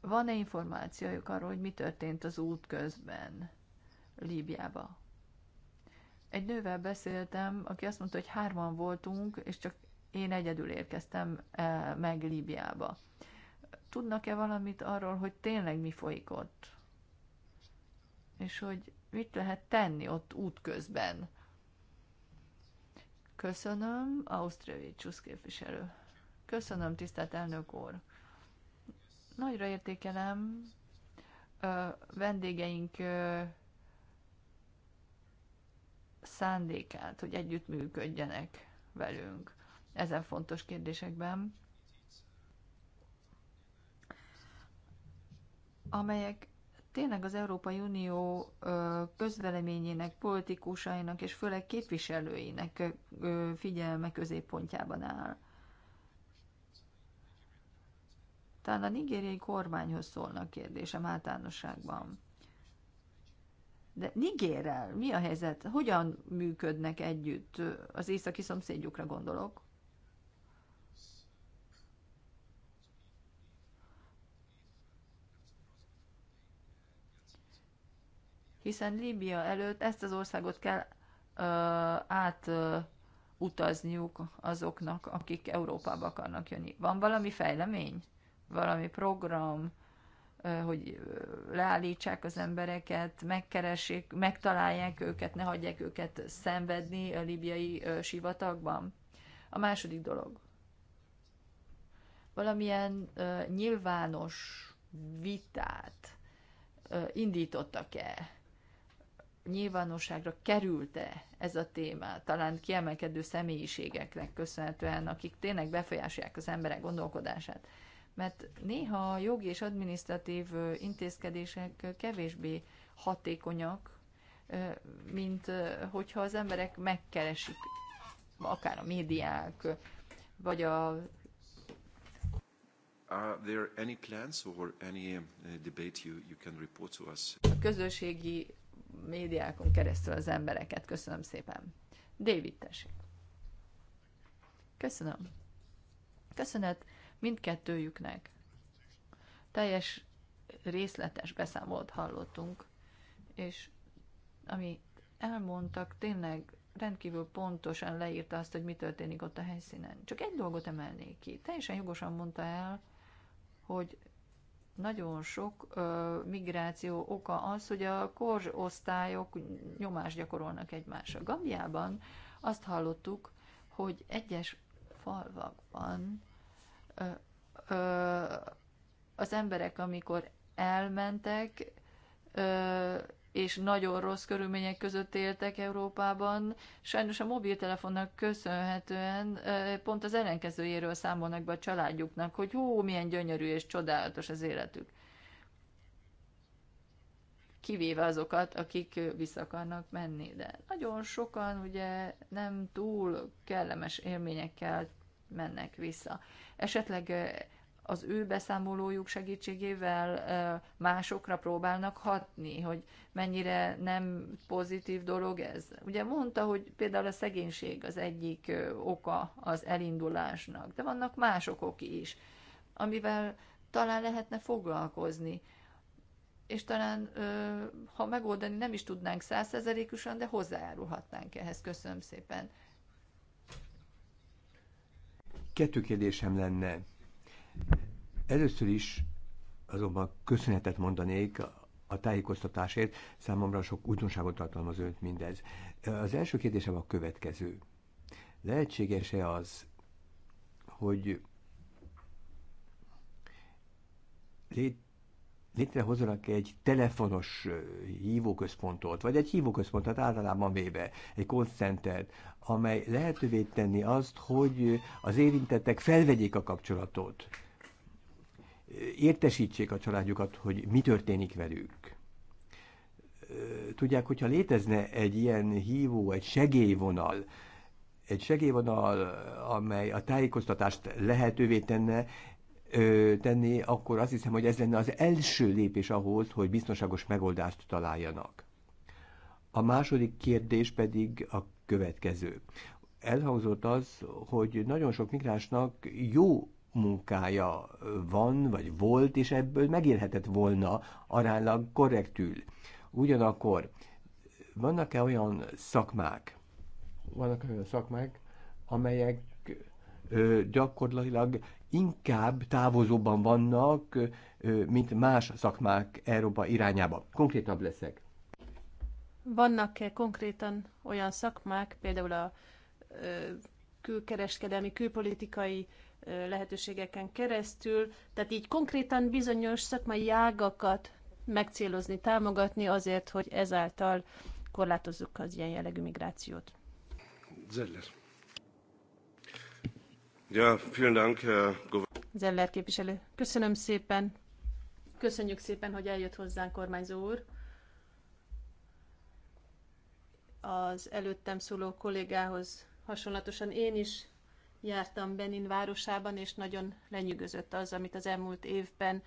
B: Van-e információjuk arról, hogy mi történt az út közben Líbiába? Egy nővel beszéltem, aki azt mondta, hogy hárman voltunk, és csak én egyedül érkeztem eh, meg Líbiába. Tudnak-e valamit arról, hogy tényleg mi folyik ott? És hogy mit lehet tenni ott útközben? Köszönöm, Ausztrevicsus képviselő. Köszönöm, tisztelt elnök úr. Nagyra értékelem ö, vendégeink ö, szándékát, hogy együttműködjenek velünk ezen fontos kérdésekben, amelyek tényleg az Európai Unió közveleményének, politikusainak és főleg képviselőinek figyelme középpontjában áll. Talán a nigériai kormányhoz szólnak kérdésem általánosságban. De Nigérrel mi a helyzet? Hogyan működnek együtt? Az északi szomszédjukra gondolok. Hiszen Líbia előtt ezt az országot kell ö, át ö, utazniuk azoknak, akik Európába akarnak jönni. Van valami fejlemény? Valami program? hogy leállítsák az embereket, megkeressék, megtalálják őket, ne hagyják őket szenvedni a libiai sivatagban? A második dolog. Valamilyen nyilvános vitát indítottak-e? Nyilvánosságra került-e ez a téma? Talán kiemelkedő személyiségeknek köszönhetően, akik tényleg befolyásolják az emberek gondolkodását mert néha a jogi és adminisztratív intézkedések kevésbé hatékonyak, mint hogyha az emberek megkeresik, akár a médiák, vagy a
A: Are there any plans or any uh, debate you, you can report to us?
B: A közösségi médiákon keresztül az embereket. Köszönöm szépen. David, tessék. Köszönöm. Köszönet mindkettőjüknek. Teljes részletes beszámolt hallottunk, és ami elmondtak, tényleg rendkívül pontosan leírta azt, hogy mi történik ott a helyszínen. Csak egy dolgot emelnék ki. Teljesen jogosan mondta el, hogy nagyon sok ö, migráció oka az, hogy a osztályok nyomást gyakorolnak egymásra. Gambiában azt hallottuk, hogy egyes falvakban az emberek, amikor elmentek, és nagyon rossz körülmények között éltek Európában. Sajnos a mobiltelefonnak köszönhetően pont az ellenkezőjéről számolnak be a családjuknak, hogy hú, milyen gyönyörű és csodálatos az életük. Kivéve azokat, akik vissza akarnak menni. De nagyon sokan ugye nem túl kellemes élményekkel mennek vissza. Esetleg az ő beszámolójuk segítségével másokra próbálnak hatni, hogy mennyire nem pozitív dolog ez. Ugye mondta, hogy például a szegénység az egyik oka az elindulásnak, de vannak más okok is, amivel talán lehetne foglalkozni. És talán, ha megoldani nem is tudnánk százszerzelékosan, de hozzájárulhatnánk ehhez. Köszönöm szépen.
A: Kettő kérdésem lenne. Először is azonban köszönetet mondanék a tájékoztatásért, számomra sok újdonságot tartalmaz önt mindez. Az első kérdésem a következő. Lehetséges-e az, hogy lét, létrehozzanak egy telefonos hívóközpontot, vagy egy hívóközpontot általában véve, egy call amely lehetővé tenni azt, hogy az érintettek felvegyék a kapcsolatot, értesítsék a családjukat, hogy mi történik velük. Tudják, hogyha létezne egy ilyen hívó, egy segélyvonal, egy segélyvonal, amely a tájékoztatást lehetővé tenne, tenni, akkor azt hiszem, hogy ez lenne az első lépés ahhoz, hogy biztonságos megoldást találjanak. A második kérdés pedig a következő. Elhangzott az, hogy nagyon sok migránsnak jó munkája van, vagy volt, és ebből megélhetett volna aránylag korrektül. Ugyanakkor vannak-e olyan szakmák, vannak -e olyan szakmák, amelyek ö, gyakorlatilag inkább távozóban vannak, mint más szakmák Európa irányába. Konkrétabb leszek.
C: Vannak-e konkrétan olyan szakmák, például a külkereskedelmi, külpolitikai lehetőségeken keresztül, tehát így konkrétan bizonyos szakmai ágakat megcélozni, támogatni azért, hogy ezáltal korlátozzuk az ilyen jellegű migrációt.
D: Zeller.
A: Ja, vielen Dank, Herr
C: Zeller képviselő. Köszönöm szépen. Köszönjük szépen, hogy eljött hozzánk, kormányzó úr. Az előttem szóló kollégához hasonlatosan én is jártam Benin városában, és nagyon lenyűgözött az, amit az elmúlt évben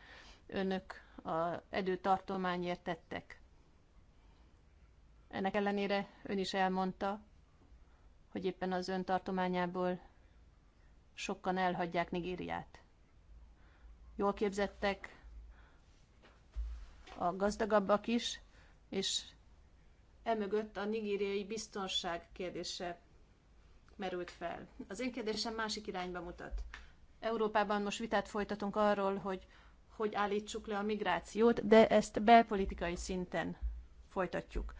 C: önök a edőtartományért tettek. Ennek ellenére ön is elmondta, hogy éppen az ön tartományából sokan elhagyják Nigériát. Jól képzettek a gazdagabbak is, és emögött a nigériai biztonság kérdése merült fel. Az én kérdésem másik irányba mutat. Európában most vitát folytatunk arról, hogy hogy állítsuk le a migrációt, de ezt belpolitikai szinten folytatjuk.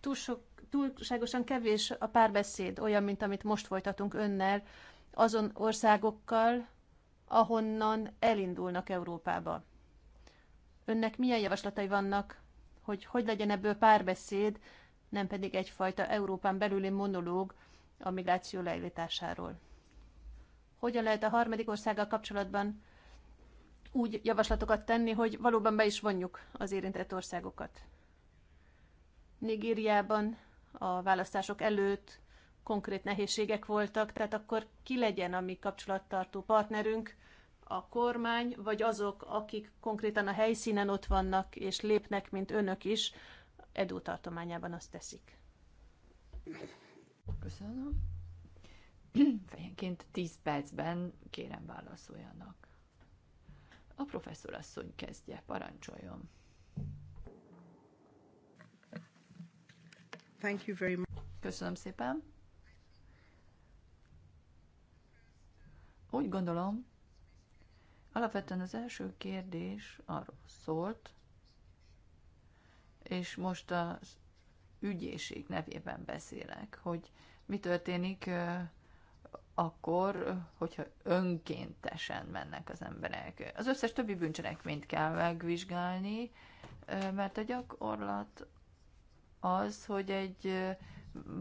C: Túl sok, túlságosan kevés a párbeszéd, olyan, mint amit most folytatunk önnel azon országokkal, ahonnan elindulnak Európába. Önnek milyen javaslatai vannak, hogy hogy legyen ebből párbeszéd, nem pedig egyfajta Európán belüli monológ a migráció leállításáról? Hogyan lehet a harmadik országgal kapcsolatban úgy javaslatokat tenni, hogy valóban be is vonjuk az érintett országokat? Nigériában a választások előtt konkrét nehézségek voltak, tehát akkor ki legyen a mi kapcsolattartó partnerünk, a kormány, vagy azok, akik konkrétan a helyszínen ott vannak és lépnek, mint önök is, Edo tartományában azt teszik. Köszönöm.
B: Fejenként 10 percben kérem válaszoljanak. A professzor asszony kezdje, parancsoljon. Thank you very much. Köszönöm szépen. Úgy gondolom, alapvetően az első kérdés arról szólt, és most az ügyészség nevében beszélek, hogy mi történik akkor, hogyha önkéntesen mennek az emberek. Az összes többi bűncselekményt kell megvizsgálni, mert a gyakorlat az, hogy egy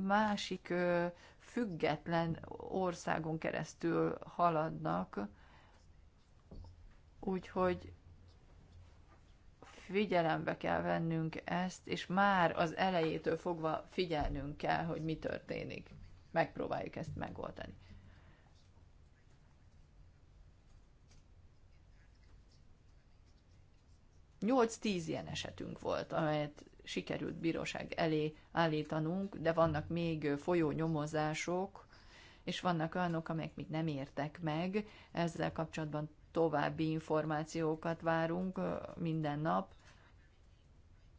B: másik független országon keresztül haladnak, úgyhogy figyelembe kell vennünk ezt, és már az elejétől fogva figyelnünk kell, hogy mi történik. Megpróbáljuk ezt megoldani. Nyolc-tíz ilyen esetünk volt, amelyet sikerült bíróság elé állítanunk, de vannak még folyó nyomozások, és vannak olyanok, amelyek még nem értek meg. Ezzel kapcsolatban további információkat várunk minden nap,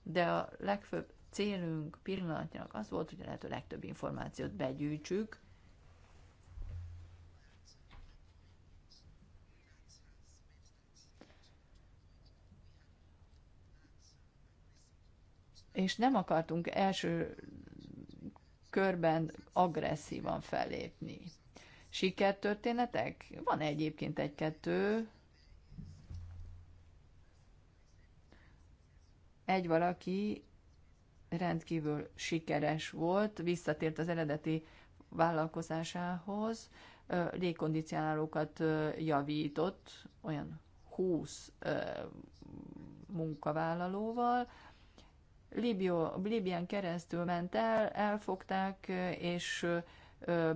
B: de a legfőbb célunk pillanatnyilag az volt, hogy a lehető legtöbb információt begyűjtsük, és nem akartunk első körben agresszívan fellépni. Sikertörténetek? Van -e egyébként egy-kettő. Egy valaki rendkívül sikeres volt, visszatért az eredeti vállalkozásához, légkondicionálókat javított, olyan 20 munkavállalóval, Libio, Libyán keresztül ment el, elfogták és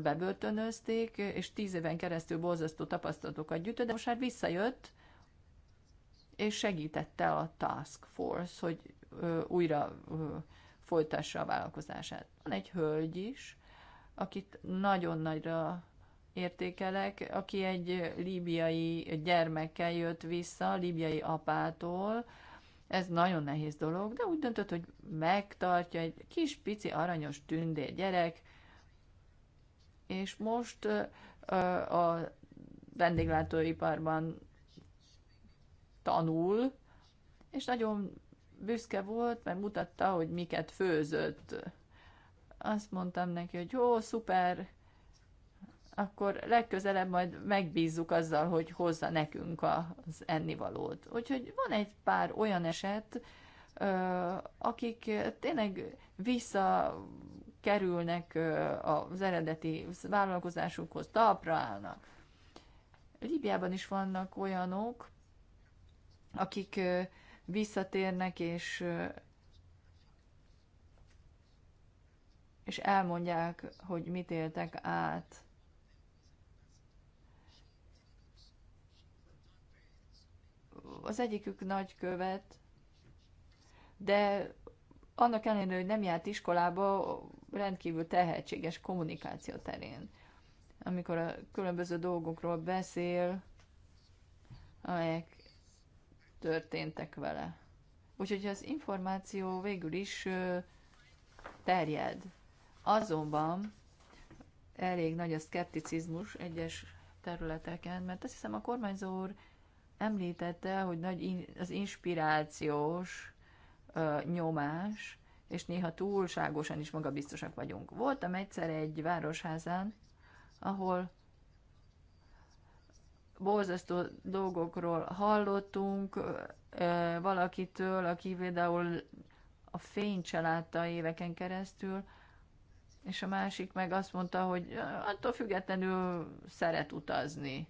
B: bebörtönözték, és tíz éven keresztül borzasztó tapasztalatokat gyűjtött, de most már visszajött, és segítette a Task Force, hogy újra folytassa a vállalkozását. Van egy hölgy is, akit nagyon nagyra értékelek, aki egy líbiai gyermekkel jött vissza, líbiai apától, ez nagyon nehéz dolog, de úgy döntött, hogy megtartja egy kis pici aranyos tündér gyerek, és most a vendéglátóiparban tanul, és nagyon büszke volt, mert mutatta, hogy miket főzött. Azt mondtam neki, hogy jó, szuper, akkor legközelebb majd megbízzuk azzal, hogy hozza nekünk az ennivalót. Úgyhogy van egy pár olyan eset, akik tényleg visszakerülnek az eredeti vállalkozásukhoz, talpra állnak. Líbiában is vannak olyanok, akik visszatérnek és és elmondják, hogy mit éltek át. az egyikük nagykövet, de annak ellenére, hogy nem járt iskolába, rendkívül tehetséges kommunikáció terén. Amikor a különböző dolgokról beszél, amelyek történtek vele. Úgyhogy az információ végül is terjed. Azonban elég nagy a szkepticizmus egyes területeken, mert azt hiszem a kormányzó úr említette, hogy nagy az inspirációs ö, nyomás, és néha túlságosan is magabiztosak vagyunk. Voltam egyszer egy városházán, ahol borzasztó dolgokról hallottunk ö, valakitől, aki például a fényt se látta éveken keresztül, és a másik meg azt mondta, hogy attól függetlenül szeret utazni.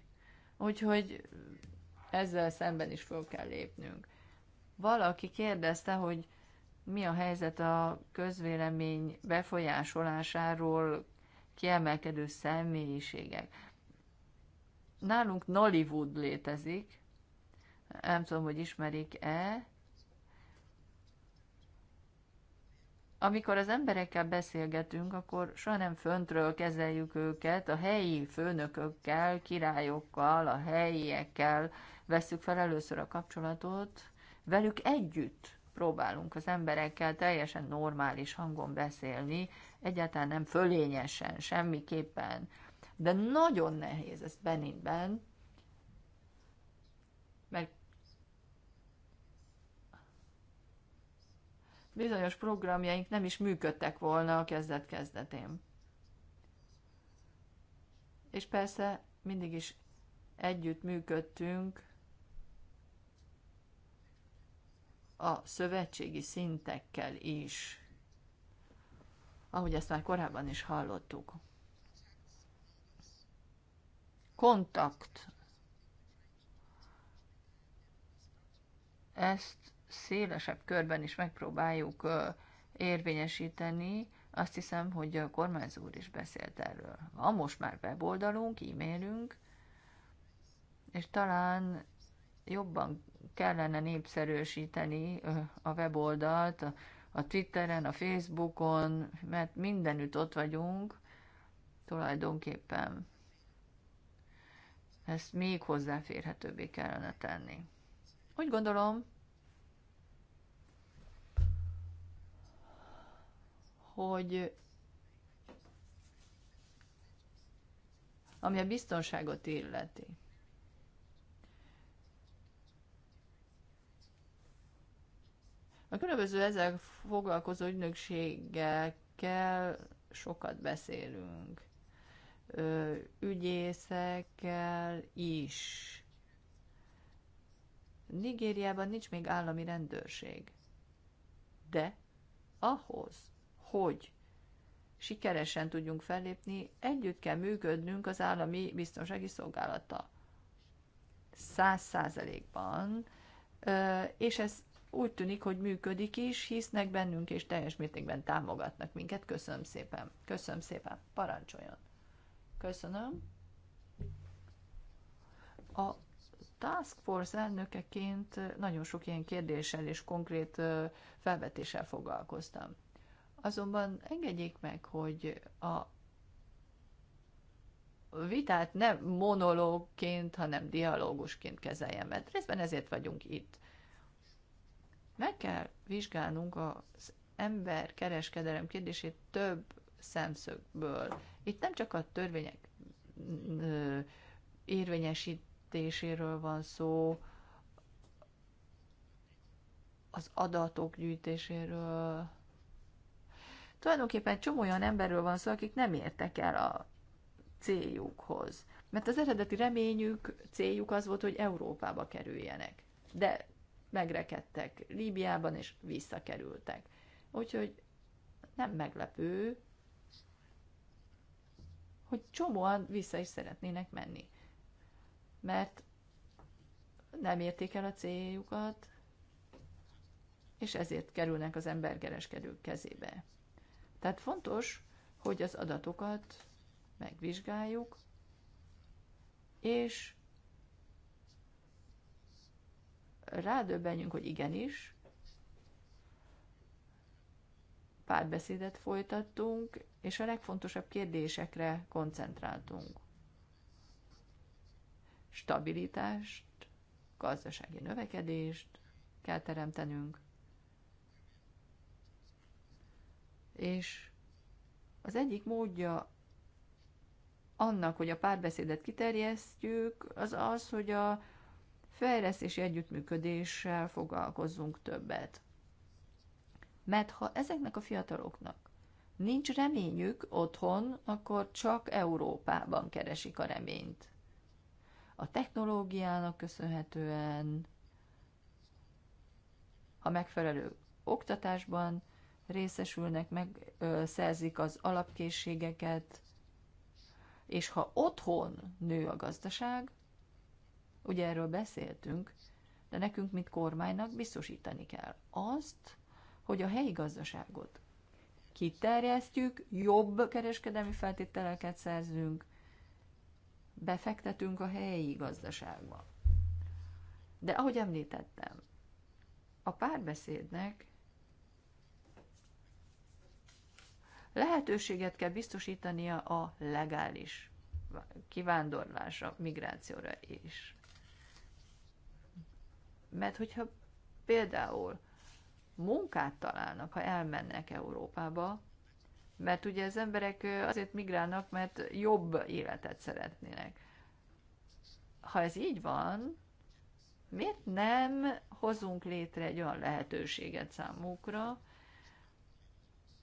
B: Úgyhogy ezzel szemben is föl kell lépnünk. Valaki kérdezte, hogy mi a helyzet a közvélemény befolyásolásáról kiemelkedő személyiségek. Nálunk Nollywood létezik, nem tudom, hogy ismerik-e. Amikor az emberekkel beszélgetünk, akkor soha nem föntről kezeljük őket, a helyi főnökökkel, királyokkal, a helyiekkel veszük fel először a kapcsolatot, velük együtt próbálunk az emberekkel teljesen normális hangon beszélni, egyáltalán nem fölényesen, semmiképpen, de nagyon nehéz ez Beninben, mert bizonyos programjaink nem is működtek volna a kezdet-kezdetén. És persze mindig is együtt működtünk a szövetségi szintekkel is, ahogy ezt már korábban is hallottuk. Kontakt. Ezt szélesebb körben is megpróbáljuk érvényesíteni. Azt hiszem, hogy a kormányzó úr is beszélt erről. Van most már weboldalunk, e-mailünk, és talán jobban kellene népszerűsíteni a weboldalt, a Twitteren, a Facebookon, mert mindenütt ott vagyunk tulajdonképpen. Ezt még hozzáférhetőbbé kellene tenni. Úgy gondolom, hogy ami a biztonságot illeti. A különböző ezzel foglalkozó ügynökségekkel sokat beszélünk. Ügyészekkel is. Nigériában nincs még állami rendőrség. De ahhoz, hogy sikeresen tudjunk fellépni, együtt kell működnünk az állami biztonsági szolgálata. Száz százalékban, és ez úgy tűnik, hogy működik is, hisznek bennünk, és teljes mértékben támogatnak minket. Köszönöm szépen. Köszönöm szépen. Parancsoljon. Köszönöm. A Task Force elnökeként nagyon sok ilyen kérdéssel és konkrét felvetéssel foglalkoztam. Azonban engedjék meg, hogy a vitát nem monológként, hanem dialógusként kezeljem, mert részben ezért vagyunk itt. Meg kell vizsgálnunk az ember kereskedelem kérdését több szemszögből. Itt nem csak a törvények érvényesítéséről van szó, az adatok gyűjtéséről. Tulajdonképpen csomó olyan emberről van szó, akik nem értek el a céljukhoz. Mert az eredeti reményük, céljuk az volt, hogy Európába kerüljenek. De megrekedtek Líbiában, és visszakerültek. Úgyhogy nem meglepő, hogy csomóan vissza is szeretnének menni. Mert nem érték el a céljukat, és ezért kerülnek az emberkereskedők kezébe. Tehát fontos, hogy az adatokat megvizsgáljuk, és rádöbbenjünk, hogy igenis, párbeszédet folytattunk, és a legfontosabb kérdésekre koncentráltunk. Stabilitást, gazdasági növekedést kell teremtenünk, és az egyik módja annak, hogy a párbeszédet kiterjesztjük, az az, hogy a fejlesztési együttműködéssel foglalkozzunk többet. Mert ha ezeknek a fiataloknak nincs reményük otthon, akkor csak Európában keresik a reményt. A technológiának köszönhetően, ha megfelelő oktatásban részesülnek, megszerzik az alapkészségeket, és ha otthon nő a gazdaság, Ugye erről beszéltünk, de nekünk, mint kormánynak biztosítani kell azt, hogy a helyi gazdaságot kiterjesztjük, jobb kereskedelmi feltételeket szerzünk, befektetünk a helyi gazdaságba. De ahogy említettem, a párbeszédnek lehetőséget kell biztosítania a legális kivándorlásra, migrációra is. Mert hogyha például munkát találnak, ha elmennek Európába, mert ugye az emberek azért migrálnak, mert jobb életet szeretnének. Ha ez így van, miért nem hozunk létre egy olyan lehetőséget számukra,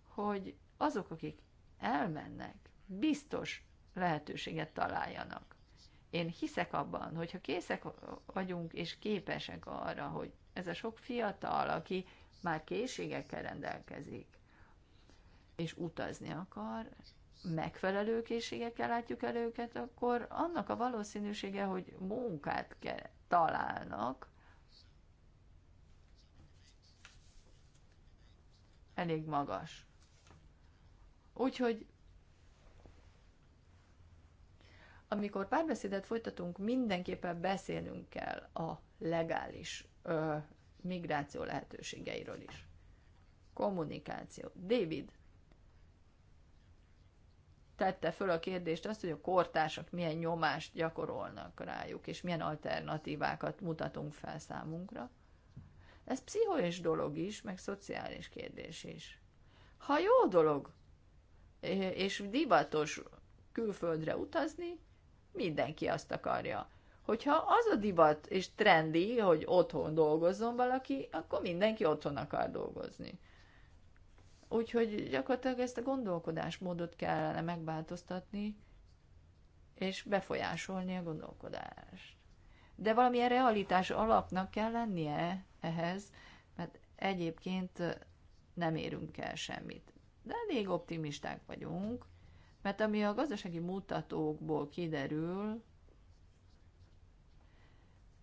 B: hogy azok, akik elmennek, biztos lehetőséget találjanak. Én hiszek abban, hogyha készek vagyunk és képesek arra, hogy ez a sok fiatal, aki már készségekkel rendelkezik, és utazni akar, megfelelő készségekkel látjuk el őket, akkor annak a valószínűsége, hogy munkát kell, találnak, elég magas. Úgyhogy Amikor párbeszédet folytatunk, mindenképpen beszélnünk kell a legális ö, migráció lehetőségeiről is. Kommunikáció. David tette föl a kérdést azt, hogy a kortársak milyen nyomást gyakorolnak rájuk, és milyen alternatívákat mutatunk fel számunkra. Ez pszichoés dolog is, meg szociális kérdés is. Ha jó dolog, és divatos külföldre utazni, Mindenki azt akarja. Hogyha az a divat és trendi, hogy otthon dolgozzon valaki, akkor mindenki otthon akar dolgozni. Úgyhogy gyakorlatilag ezt a gondolkodásmódot kellene megváltoztatni, és befolyásolni a gondolkodást. De valamilyen realitás alapnak kell lennie ehhez, mert egyébként nem érünk el semmit. De elég optimisták vagyunk, mert ami a gazdasági mutatókból kiderül,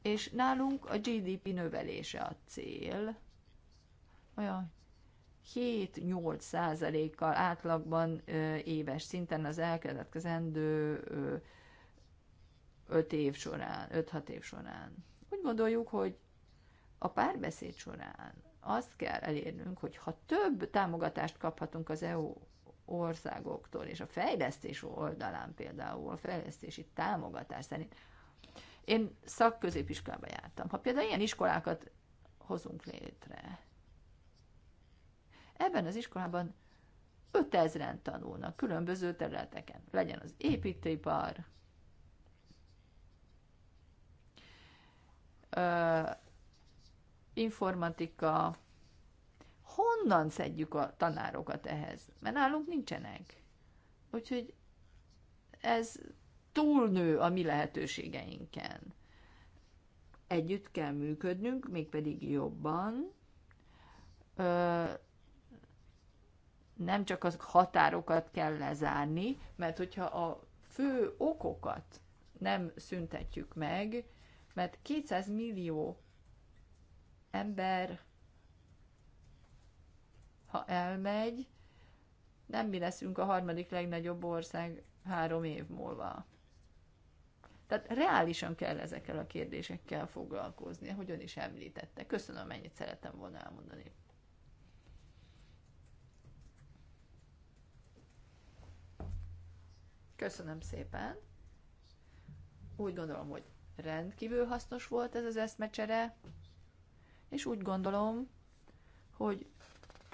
B: és nálunk a GDP növelése a cél, olyan 7-8 százalékkal átlagban éves szinten az elkövetkezendő 5 év során, 5-6 év során. Úgy gondoljuk, hogy a párbeszéd során azt kell elérnünk, hogy ha több támogatást kaphatunk az EU országoktól, és a fejlesztés oldalán például, a fejlesztési támogatás szerint. Én szakközépiskolába jártam. Ha például ilyen iskolákat hozunk létre, ebben az iskolában 5000-en tanulnak különböző területeken. Legyen az építőipar, informatika, honnan szedjük a tanárokat ehhez? Mert nálunk nincsenek. Úgyhogy ez túlnő a mi lehetőségeinken. Együtt kell működnünk, mégpedig jobban. Ö, nem csak a határokat kell lezárni, mert hogyha a fő okokat nem szüntetjük meg, mert 200 millió ember ha elmegy, nem mi leszünk a harmadik legnagyobb ország három év múlva. Tehát reálisan kell ezekkel a kérdésekkel foglalkozni, ahogy ön is említette. Köszönöm, mennyit szerettem volna elmondani. Köszönöm szépen. Úgy gondolom, hogy rendkívül hasznos volt ez az eszmecsere, és úgy gondolom, hogy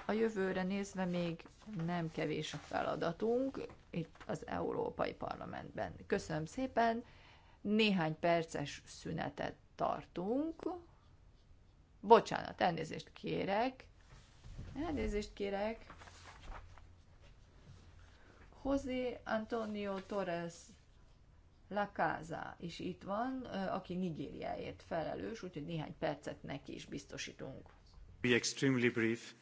B: a jövőre nézve még nem kevés a feladatunk itt az Európai Parlamentben. Köszönöm szépen, néhány perces szünetet tartunk. Bocsánat, elnézést kérek. Elnézést kérek. José Antonio Torres Casa is itt van, aki Nigériáért felelős, úgyhogy néhány percet
C: neki is biztosítunk.
A: Be extremely brief.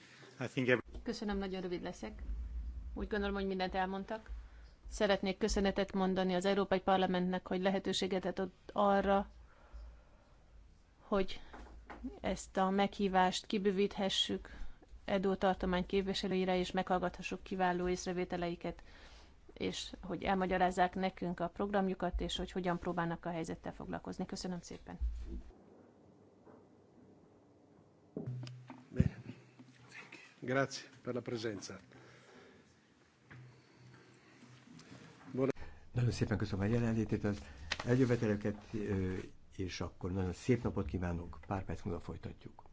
C: Köszönöm, nagyon rövid leszek. Úgy gondolom, hogy mindent elmondtak. Szeretnék köszönetet mondani az Európai Parlamentnek, hogy lehetőséget adott arra, hogy ezt a meghívást kibővíthessük Edó tartomány képviselőire, és meghallgathassuk kiváló észrevételeiket, és hogy elmagyarázzák nekünk a programjukat, és hogy hogyan próbálnak a helyzettel foglalkozni. Köszönöm szépen!
D: Grazie per la presenza.
A: Nagyon szépen köszönöm a jelenlétét, az eljöveteleket, és akkor nagyon szép napot kívánok, pár perc múlva folytatjuk.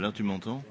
A: Alain, tu m'entends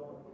D: Father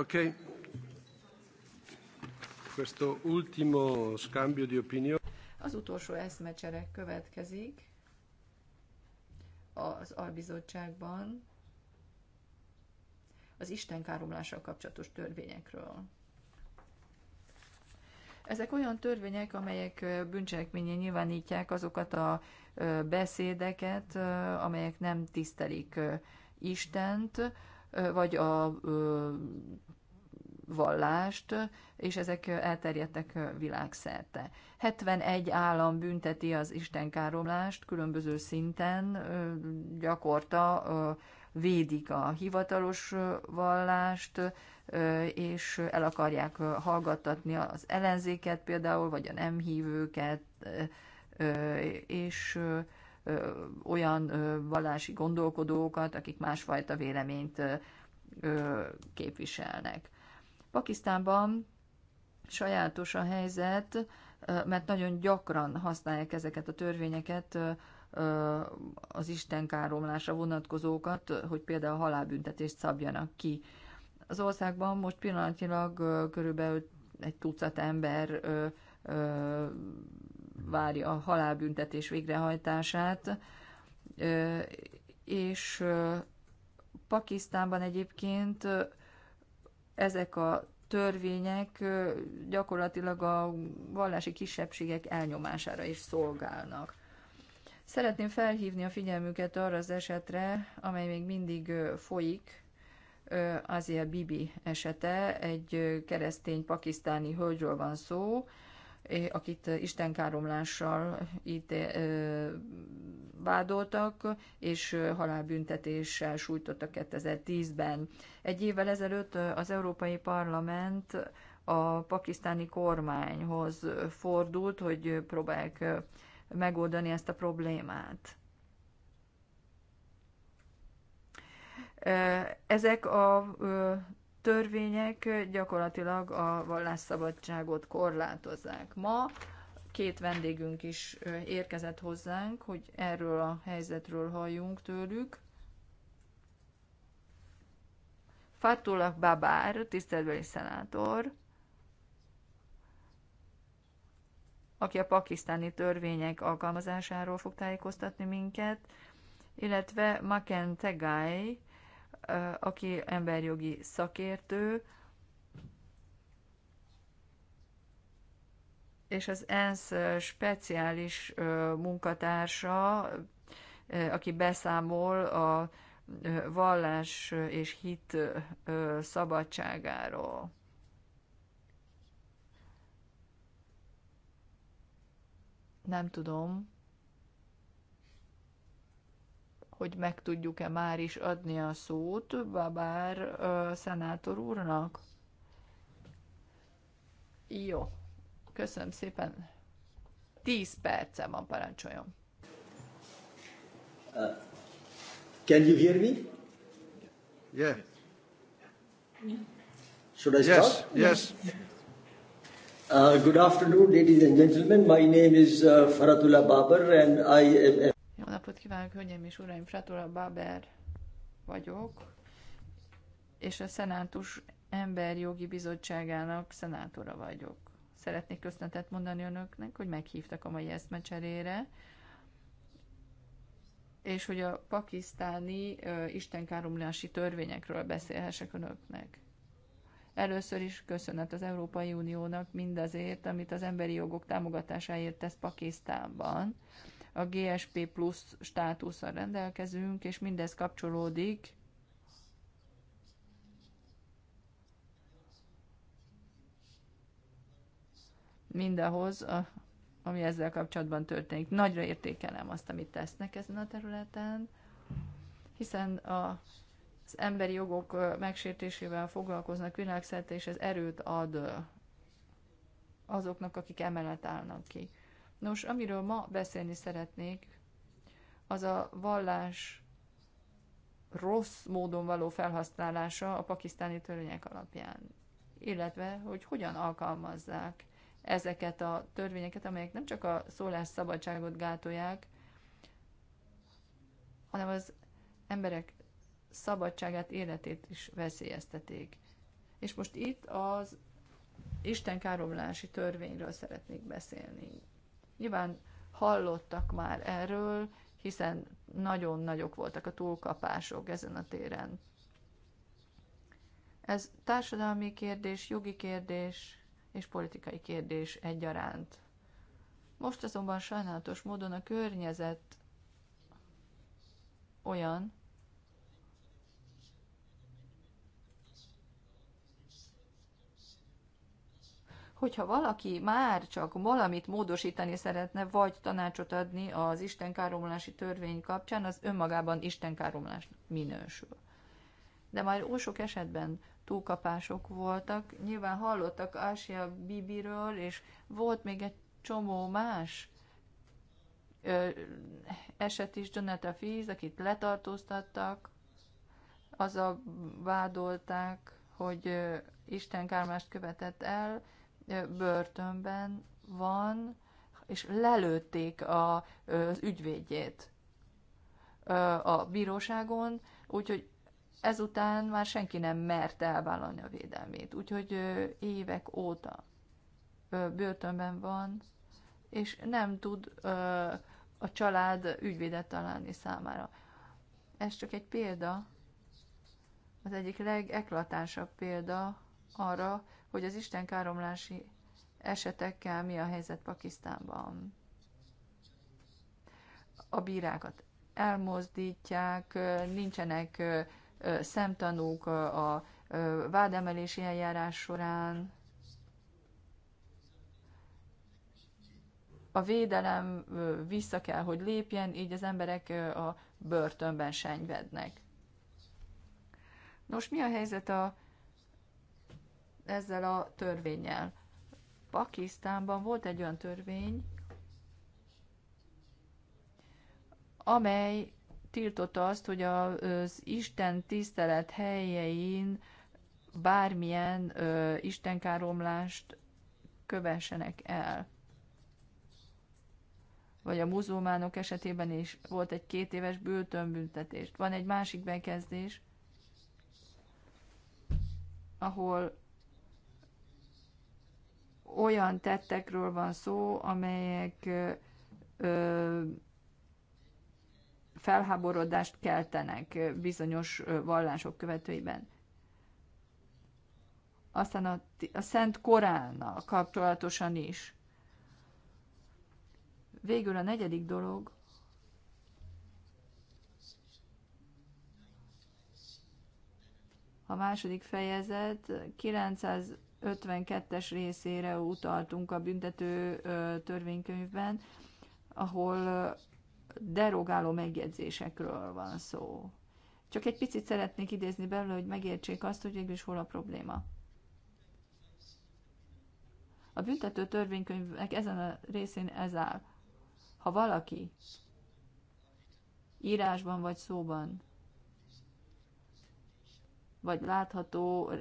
A: Ok. Questo ultimo scambio di opinioni.
B: Az utolsó eszmecsere következik az albizottságban az Isten káromlással kapcsolatos törvényekről. Ezek olyan törvények, amelyek bűncselekményen nyilvánítják azokat a beszédeket, amelyek nem tisztelik Istent, vagy a vallást, és ezek elterjedtek világszerte. 71 állam bünteti az istenkáromlást különböző szinten, gyakorta védik a hivatalos vallást, és el akarják hallgattatni az ellenzéket például, vagy a nem hívőket, és olyan vallási gondolkodókat, akik másfajta véleményt képviselnek. Pakisztánban sajátos a helyzet, mert nagyon gyakran használják ezeket a törvényeket, az istenkáromlásra vonatkozókat, hogy például halálbüntetést szabjanak ki. Az országban most pillanatilag körülbelül egy tucat ember várja a halálbüntetés végrehajtását, és Pakisztánban egyébként ezek a törvények gyakorlatilag a vallási kisebbségek elnyomására is szolgálnak. Szeretném felhívni a figyelmüket arra az esetre, amely még mindig folyik, azért Bibi esete, egy keresztény pakisztáni hölgyről van szó, Eh, akit káromlással itt vádoltak, és halálbüntetéssel sújtottak 2010-ben. Egy évvel ezelőtt az Európai Parlament a pakisztáni kormányhoz fordult, hogy próbálják megoldani ezt a problémát. Ezek a törvények gyakorlatilag a vallásszabadságot korlátozzák. Ma két vendégünk is érkezett hozzánk, hogy erről a helyzetről halljunk tőlük. Fatullah Babár, tiszteletbeli szenátor, aki a pakisztáni törvények alkalmazásáról fog tájékoztatni minket, illetve Maken Tegai, aki emberjogi szakértő, és az ENSZ speciális munkatársa, aki beszámol a vallás és hit szabadságáról. Nem tudom, hogy meg tudjuk-e már is adni a szót Babár ö, szenátor úrnak? Jó, köszönöm szépen. Tíz perce van, parancsoljon.
A: Uh, can you hear me? Yeah. Should I yes, start? Yes. Uh, good afternoon, ladies and gentlemen. My name is uh, Faratullah Babar, and I am a
B: napot kívánok, hölgyeim és uraim! Fratola Baber vagyok, és a Szenátus Emberjogi Bizottságának szenátora vagyok. Szeretnék köszönetet mondani önöknek, hogy meghívtak a mai eszmecserére, és hogy a pakisztáni uh, istenkáromlási törvényekről beszélhessek önöknek. Először is köszönet az Európai Uniónak mindazért, amit az emberi jogok támogatásáért tesz Pakisztánban a GSP plusz státuszra rendelkezünk, és mindez kapcsolódik mindahhoz, a, ami ezzel kapcsolatban történik. Nagyra értékelem azt, amit tesznek ezen a területen, hiszen a, az emberi jogok megsértésével foglalkoznak világszerte, és ez erőt ad azoknak, akik emellett állnak ki. Nos, amiről ma beszélni szeretnék, az a vallás rossz módon való felhasználása a pakisztáni törvények alapján, illetve hogy hogyan alkalmazzák ezeket a törvényeket, amelyek nem csak a szólásszabadságot gátolják, hanem az emberek szabadságát, életét is veszélyeztetik. És most itt az Isten káromlási törvényről szeretnék beszélni. Nyilván hallottak már erről, hiszen nagyon nagyok voltak a túlkapások ezen a téren. Ez társadalmi kérdés, jogi kérdés és politikai kérdés egyaránt. Most azonban sajnálatos módon a környezet olyan, hogyha valaki már csak valamit módosítani szeretne, vagy tanácsot adni az istenkáromlási törvény kapcsán, az önmagában istenkáromlás minősül. De már oly sok esetben túlkapások voltak, nyilván hallottak Ásia Bibiről, és volt még egy csomó más ö, eset is, Jonathan Fiz, akit letartóztattak, azzal vádolták, hogy ö, Isten kármást követett el, börtönben van, és lelőtték a, az ügyvédjét a bíróságon, úgyhogy ezután már senki nem mert elvállalni a védelmét. Úgyhogy évek óta börtönben van, és nem tud a család ügyvédet találni számára. Ez csak egy példa, az egyik legeklatánsabb példa arra, hogy az istenkáromlási esetekkel mi a helyzet Pakisztánban. A bírákat elmozdítják, nincsenek szemtanúk a vádemelési eljárás során. A védelem vissza kell, hogy lépjen, így az emberek a börtönben senyvednek. Nos, mi a helyzet a ezzel a törvényel. Pakisztánban volt egy olyan törvény, amely tiltotta azt, hogy az Isten tisztelet helyein bármilyen istenkáromlást kövessenek el. Vagy a muzulmánok esetében is volt egy két éves börtönbüntetés. Van egy másik bekezdés, ahol olyan tettekről van szó, amelyek ö, felháborodást keltenek bizonyos vallások követőiben. Aztán a, a Szent Koránnal kapcsolatosan is. Végül a negyedik dolog, a második fejezet 900 52-es részére utaltunk a büntető törvénykönyvben, ahol derogáló megjegyzésekről van szó. Csak egy picit szeretnék idézni belőle, hogy megértsék azt, hogy végül is hol a probléma. A büntető törvénykönyvnek ezen a részén ez áll. Ha valaki írásban vagy szóban, vagy látható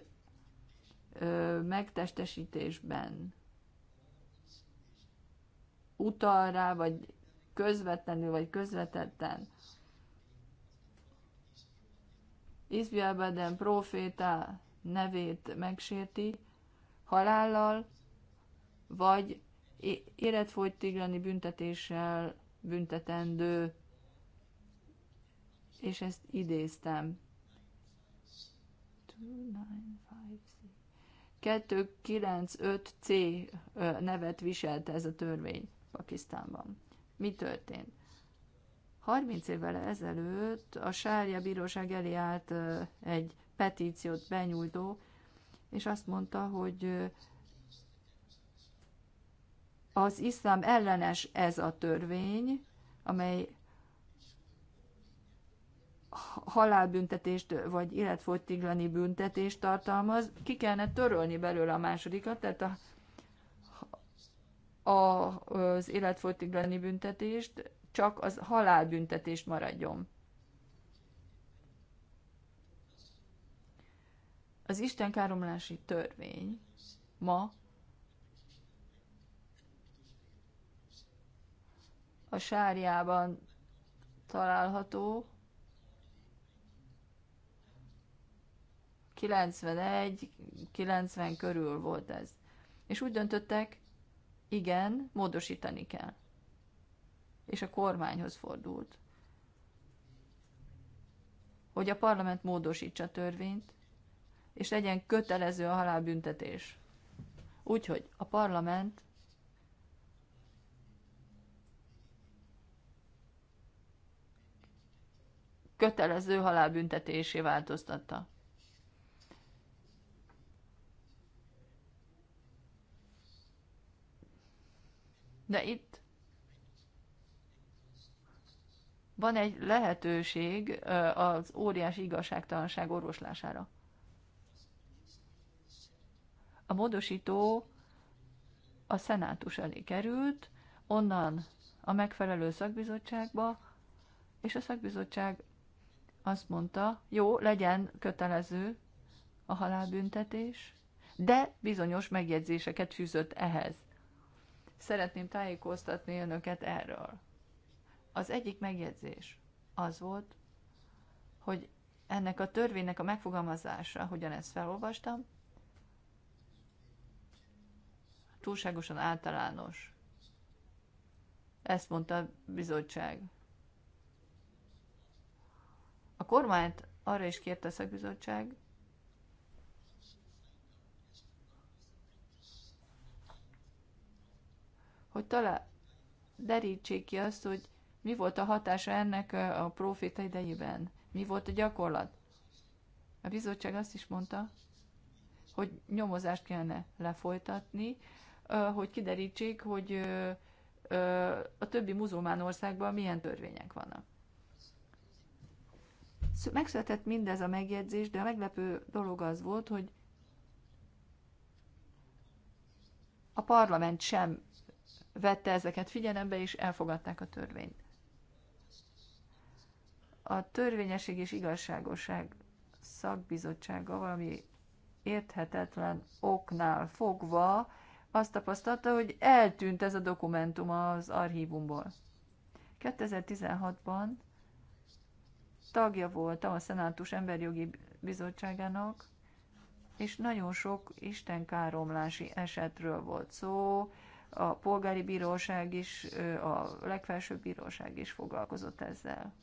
B: megtestesítésben utal rá, vagy közvetlenül, vagy közvetetten. Izbjelbeden proféta nevét megsérti halállal, vagy életfogytiglani büntetéssel büntetendő, és ezt idéztem. Two, 295C nevet viselte ez a törvény Pakisztánban. Mi történt? 30 évvel ezelőtt a Sárja Bíróság elé állt egy petíciót benyújtó, és azt mondta, hogy az iszlám ellenes ez a törvény, amely halálbüntetést vagy életfogytiglani büntetést tartalmaz, ki kellene törölni belőle a másodikat, tehát a, a, az életfogytiglani büntetést, csak az halálbüntetést maradjon. Az Isten káromlási törvény ma a sárjában található, 91-90 körül volt ez. És úgy döntöttek, igen, módosítani kell. És a kormányhoz fordult, hogy a parlament módosítsa a törvényt, és legyen kötelező a halálbüntetés. Úgyhogy a parlament kötelező halálbüntetésé változtatta. De itt van egy lehetőség az óriási igazságtalanság orvoslására. A módosító a szenátus elé került, onnan a megfelelő szakbizottságba, és a szakbizottság azt mondta, jó, legyen kötelező a halálbüntetés, de bizonyos megjegyzéseket fűzött ehhez. Szeretném tájékoztatni önöket erről. Az egyik megjegyzés az volt, hogy ennek a törvénynek a megfogalmazása, hogyan ezt felolvastam, túlságosan általános. Ezt mondta a bizottság. A kormányt arra is kérte a szakbizottság, hogy talán derítsék ki azt, hogy mi volt a hatása ennek a proféta idejében, mi volt a gyakorlat. A bizottság azt is mondta, hogy nyomozást kellene lefolytatni, hogy kiderítsék, hogy a többi muzulmán országban milyen törvények vannak. Megszületett mindez a megjegyzés, de a meglepő dolog az volt, hogy a parlament sem vette ezeket figyelembe, és elfogadták a törvényt. A Törvényesség és Igazságoság szakbizottsága valami érthetetlen oknál fogva azt tapasztalta, hogy eltűnt ez a dokumentum az archívumból. 2016-ban tagja voltam a Szenátus Emberjogi Bizottságának, és nagyon sok istenkáromlási esetről volt szó, a polgári bíróság is, a legfelsőbb bíróság is foglalkozott ezzel.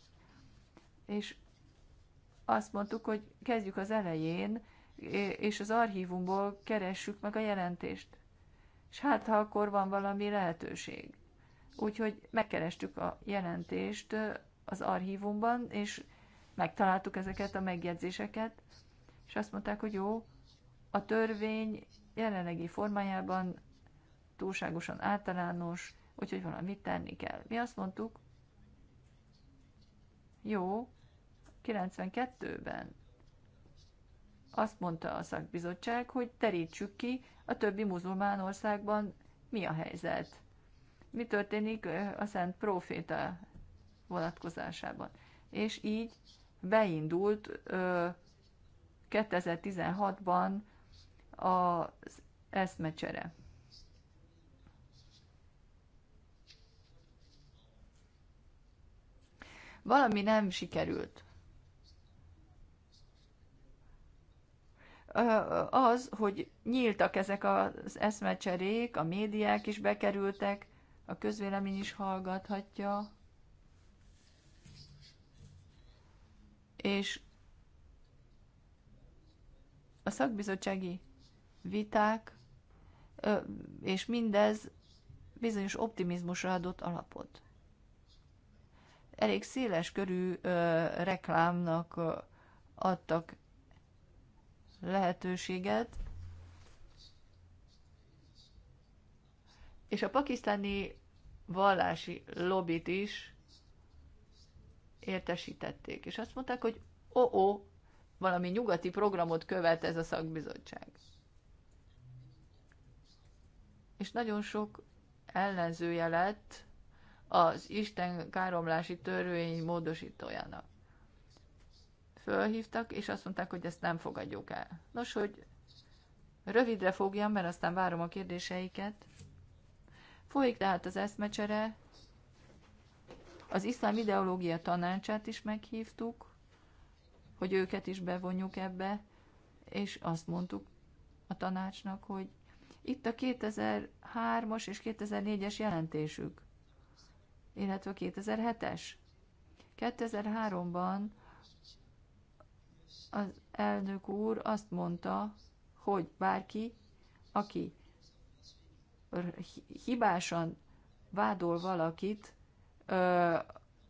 B: És azt mondtuk, hogy kezdjük az elején, és az archívumból keressük meg a jelentést. És hát, ha akkor van valami lehetőség. Úgyhogy megkerestük a jelentést az archívumban, és megtaláltuk ezeket a megjegyzéseket, és azt mondták, hogy jó, a törvény jelenlegi formájában túlságosan általános, úgyhogy valamit tenni kell. Mi azt mondtuk, jó, 92-ben azt mondta a szakbizottság, hogy terítsük ki a többi muzulmán országban mi a helyzet. Mi történik a Szent Proféta vonatkozásában. És így beindult 2016-ban az eszmecsere. valami nem sikerült. Az, hogy nyíltak ezek az eszmecserék, a médiák is bekerültek, a közvélemény is hallgathatja, és a szakbizottsági viták, és mindez bizonyos optimizmusra adott alapot elég széles körű reklámnak adtak lehetőséget, és a pakisztáni vallási lobbit is értesítették, és azt mondták, hogy ó, oh -oh, valami nyugati programot követ ez a szakbizottság. És nagyon sok ellenzője lett az Isten káromlási törvény módosítójának. Fölhívtak, és azt mondták, hogy ezt nem fogadjuk el. Nos, hogy rövidre fogjam, mert aztán várom a kérdéseiket. Folyik tehát az eszmecsere, az iszlám ideológia tanácsát is meghívtuk, hogy őket is bevonjuk ebbe, és azt mondtuk a tanácsnak, hogy itt a 2003-as és 2004-es jelentésük illetve 2007-es. 2003-ban az elnök úr azt mondta, hogy bárki, aki hibásan vádol valakit ö,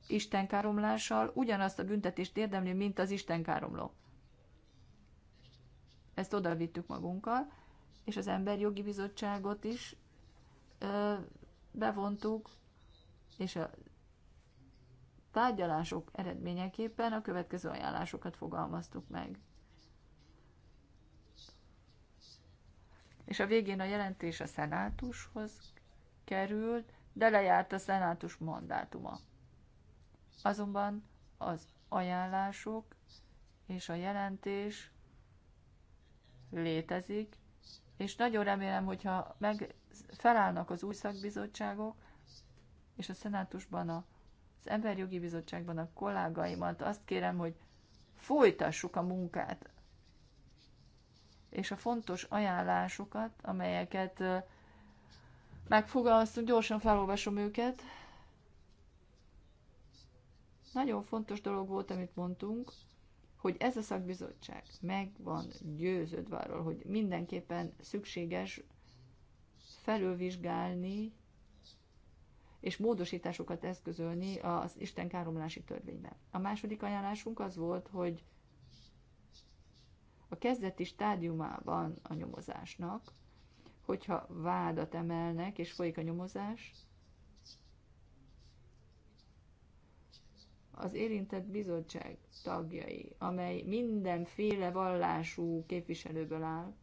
B: istenkáromlással, ugyanazt a büntetést érdemli, mint az istenkáromló. Ezt oda vittük magunkkal, és az Emberjogi Bizottságot is ö, bevontuk, és a tárgyalások eredményeképpen a következő ajánlásokat fogalmaztuk meg. És a végén a jelentés a szenátushoz került, de lejárt a szenátus mandátuma. Azonban az ajánlások és a jelentés létezik, és nagyon remélem, hogyha meg felállnak az új szakbizottságok, és a szenátusban, az Emberjogi Bizottságban a kollégáimat azt kérem, hogy folytassuk a munkát, és a fontos ajánlásokat, amelyeket megfogalmaztunk, gyorsan felolvasom őket. Nagyon fontos dolog volt, amit mondtunk, hogy ez a szakbizottság meg van győződve arról, hogy mindenképpen szükséges felülvizsgálni és módosításokat eszközölni az Isten káromlási törvényben. A második ajánlásunk az volt, hogy a kezdeti stádiumában a nyomozásnak, hogyha vádat emelnek és folyik a nyomozás, az érintett bizottság tagjai, amely mindenféle vallású képviselőből áll,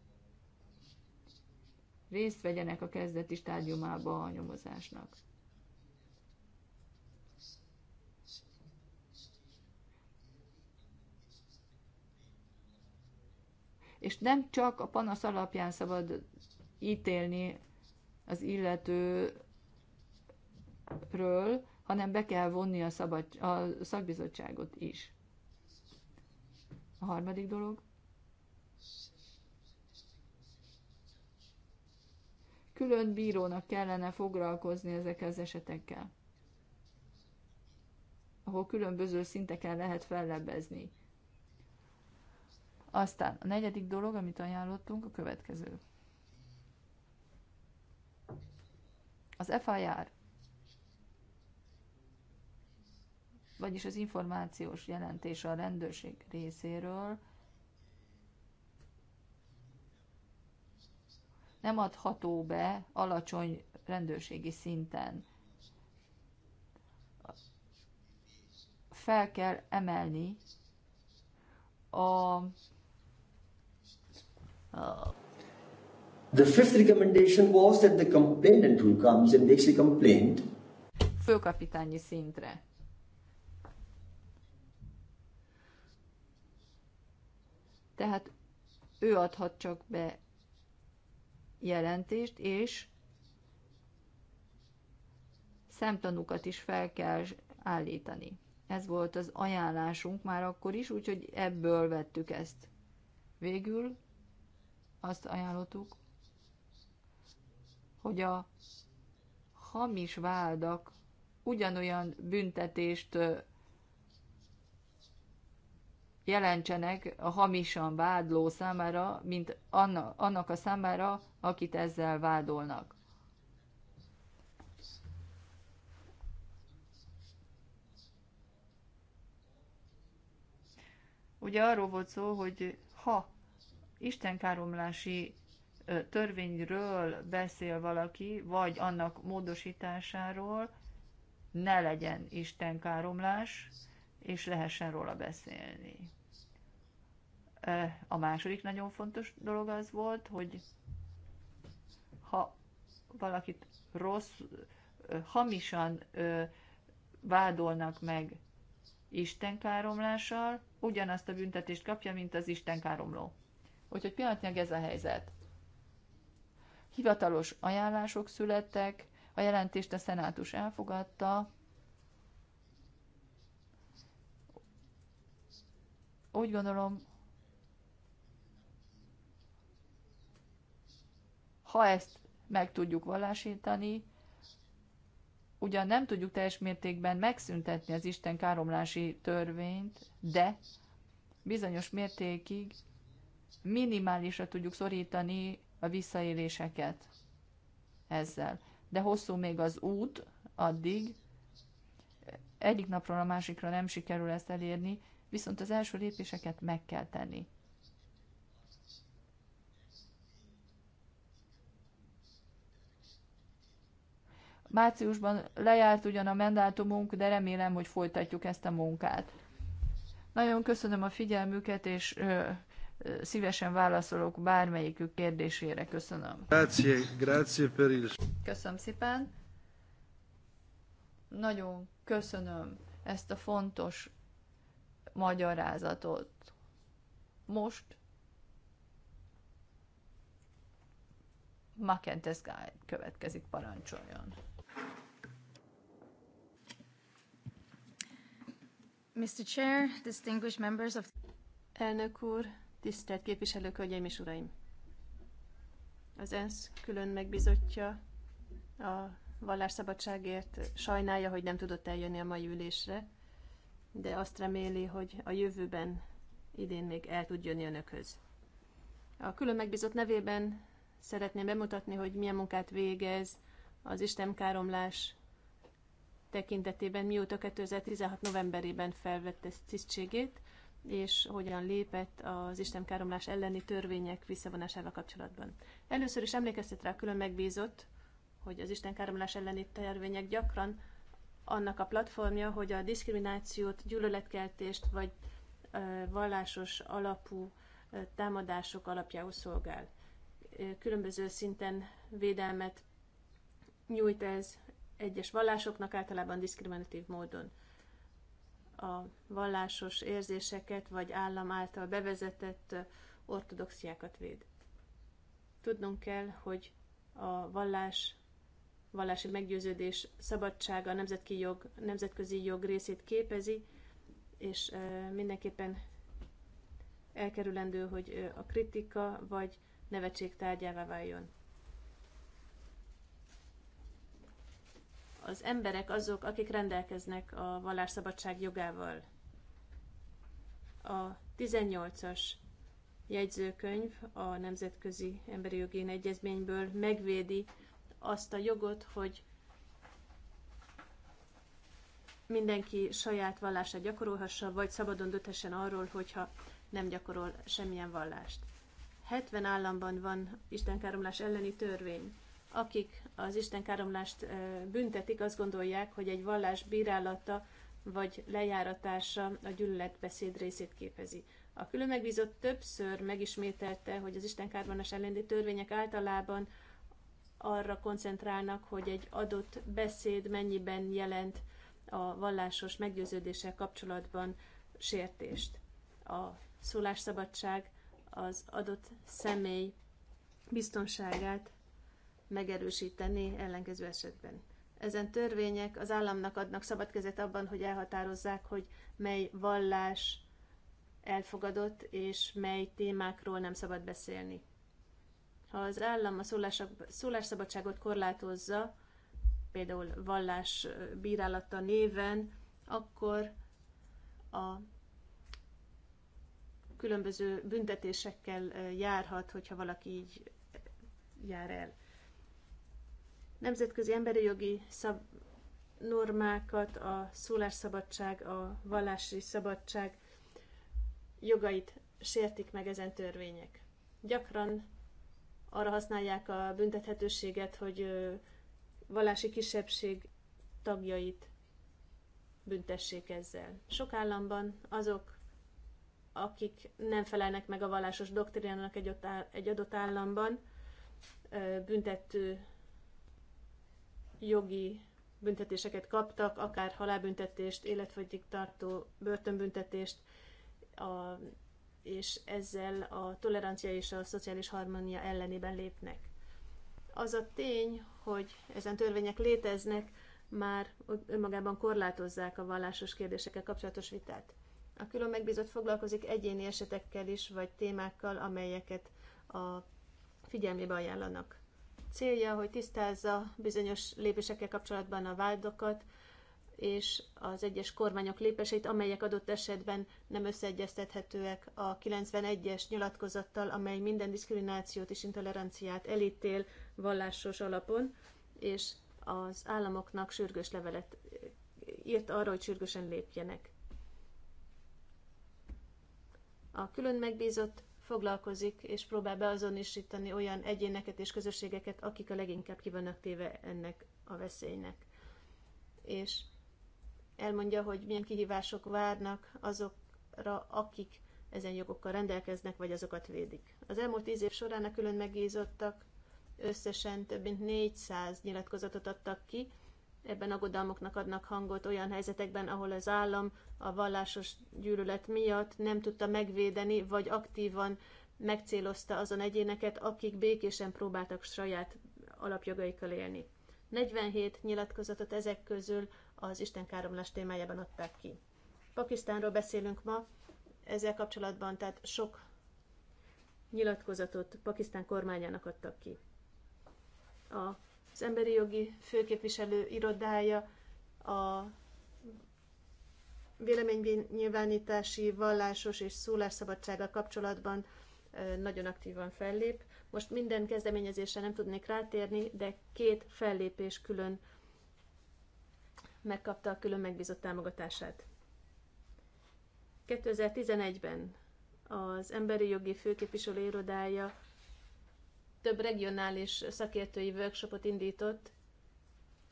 B: részt vegyenek a kezdeti stádiumában a nyomozásnak. és nem csak a panasz alapján szabad ítélni az illetőről, hanem be kell vonni a, szabad, a szakbizottságot is. A harmadik dolog. Külön bírónak kellene foglalkozni ezekkel az esetekkel, ahol különböző szinteken lehet fellebbezni. Aztán a negyedik dolog, amit ajánlottunk, a következő. Az FIR, vagyis az információs jelentés a rendőrség részéről nem adható be alacsony rendőrségi szinten. Fel kell emelni a
A: Uh, the fifth recommendation was that the complainant who comes and makes a complaint
B: főkapitányi szintre. Tehát ő adhat csak be jelentést, és szemtanúkat is fel kell állítani. Ez volt az ajánlásunk már akkor is, úgyhogy ebből vettük ezt. Végül azt ajánlottuk, hogy a hamis vádak ugyanolyan büntetést jelentsenek a hamisan vádló számára, mint annak a számára, akit ezzel vádolnak. Ugye arról volt szó, hogy ha istenkáromlási törvényről beszél valaki, vagy annak módosításáról, ne legyen istenkáromlás, és lehessen róla beszélni. A második nagyon fontos dolog az volt, hogy ha valakit rossz, hamisan vádolnak meg istenkáromlással, ugyanazt a büntetést kapja, mint az istenkáromló. Úgyhogy pillanatnyilag ez a helyzet. Hivatalos ajánlások születtek, a jelentést a szenátus elfogadta, úgy gondolom, ha ezt meg tudjuk valásítani, ugyan nem tudjuk teljes mértékben megszüntetni az Isten káromlási törvényt, de bizonyos mértékig minimálisra tudjuk szorítani a visszaéléseket ezzel. De hosszú még az út addig, egyik napról a másikra nem sikerül ezt elérni, viszont az első lépéseket meg kell tenni. Márciusban lejárt ugyan a mandátumunk, de remélem, hogy folytatjuk ezt a munkát. Nagyon köszönöm a figyelmüket, és szívesen válaszolok bármelyikük kérdésére. Köszönöm.
D: Grazie, grazie per il...
B: Köszönöm szépen. Nagyon köszönöm ezt a fontos magyarázatot. Most Makentes Guide következik, parancsoljon.
C: Mr. Chair, distinguished members of... Elnök úr, Tisztelt képviselők, hölgyeim és uraim! Az ENSZ külön megbizotja a vallásszabadságért sajnálja, hogy nem tudott eljönni a mai ülésre, de azt reméli, hogy a jövőben idén még el tud jönni önökhöz. A külön megbizott nevében szeretném bemutatni, hogy milyen munkát végez az Istenkáromlás tekintetében, mióta 2016. novemberében felvette tisztségét, és hogyan lépett az káromlás elleni törvények visszavonásával kapcsolatban. Először is emlékeztet rá a külön megbízott, hogy az káromlás elleni törvények gyakran annak a platformja, hogy a diszkriminációt, gyűlöletkeltést vagy vallásos alapú támadások alapjául szolgál. Különböző szinten védelmet nyújt ez egyes vallásoknak általában diszkriminatív módon a vallásos érzéseket, vagy állam által bevezetett ortodoxiákat véd. Tudnunk kell, hogy a vallás, vallási meggyőződés szabadsága a nemzetközi jog, nemzetközi jog részét képezi, és mindenképpen elkerülendő, hogy a kritika vagy nevetség tárgyává váljon. az emberek azok, akik rendelkeznek a vallásszabadság jogával. A 18-as jegyzőkönyv a Nemzetközi Emberi Jogi Egyezményből megvédi azt a jogot, hogy mindenki saját vallását gyakorolhassa, vagy szabadon döthessen arról, hogyha nem gyakorol semmilyen vallást. 70 államban van istenkáromlás elleni törvény. Akik az istenkáromlást büntetik, azt gondolják, hogy egy vallás bírálata vagy lejáratása a gyűlöletbeszéd részét képezi. A külön megbízott többször megismételte, hogy az istenkárbanás elleni törvények általában arra koncentrálnak, hogy egy adott beszéd mennyiben jelent a vallásos meggyőződéssel kapcsolatban sértést. A szólásszabadság az adott személy biztonságát megerősíteni ellenkező esetben. Ezen törvények az államnak adnak szabad kezet abban, hogy elhatározzák, hogy mely vallás elfogadott, és mely témákról nem szabad beszélni. Ha az állam a szólásszabadságot korlátozza, például vallás bírálata néven, akkor a különböző büntetésekkel járhat, hogyha valaki így jár el nemzetközi emberi jogi szab- normákat, a szólásszabadság, a vallási szabadság jogait sértik meg ezen törvények. Gyakran arra használják a büntethetőséget, hogy vallási kisebbség tagjait büntessék ezzel. Sok államban azok, akik nem felelnek meg a vallásos doktrinának egy adott államban, büntető jogi büntetéseket kaptak, akár halálbüntetést, életfogytig tartó börtönbüntetést, a, és ezzel a tolerancia és a szociális harmónia ellenében lépnek. Az a tény, hogy ezen törvények léteznek, már önmagában korlátozzák a vallásos kérdésekkel kapcsolatos vitát. A külön megbízott foglalkozik egyéni esetekkel is, vagy témákkal, amelyeket a figyelmébe ajánlanak. Célja, hogy tisztázza bizonyos lépésekkel kapcsolatban a vádokat és az egyes kormányok lépéseit, amelyek adott esetben nem összeegyeztethetőek a 91-es nyilatkozattal, amely minden diszkriminációt és intoleranciát elítél vallásos alapon, és az államoknak sürgős levelet írt arra, hogy sürgősen lépjenek. A külön megbízott foglalkozik és próbál beazonosítani olyan egyéneket és közösségeket, akik a leginkább kivannak téve ennek a veszélynek. És elmondja, hogy milyen kihívások várnak azokra, akik ezen jogokkal rendelkeznek, vagy azokat védik. Az elmúlt tíz év során a külön megízottak összesen több mint 400 nyilatkozatot adtak ki, ebben aggodalmoknak adnak hangot olyan helyzetekben, ahol az állam a vallásos gyűlölet miatt nem tudta megvédeni, vagy aktívan megcélozta azon egyéneket, akik békésen próbáltak saját alapjogaikkal élni. 47 nyilatkozatot ezek közül az káromlás témájában adták ki. Pakisztánról beszélünk ma, ezzel kapcsolatban tehát sok nyilatkozatot Pakisztán kormányának adtak ki. A az emberi jogi főképviselő irodája a véleménynyilvánítási, vallásos és szólásszabadsággal kapcsolatban nagyon aktívan fellép. Most minden kezdeményezésre nem tudnék rátérni, de két fellépés külön megkapta a külön megbízott támogatását. 2011-ben az Emberi Jogi Főképviselő Irodája több regionális szakértői workshopot indított.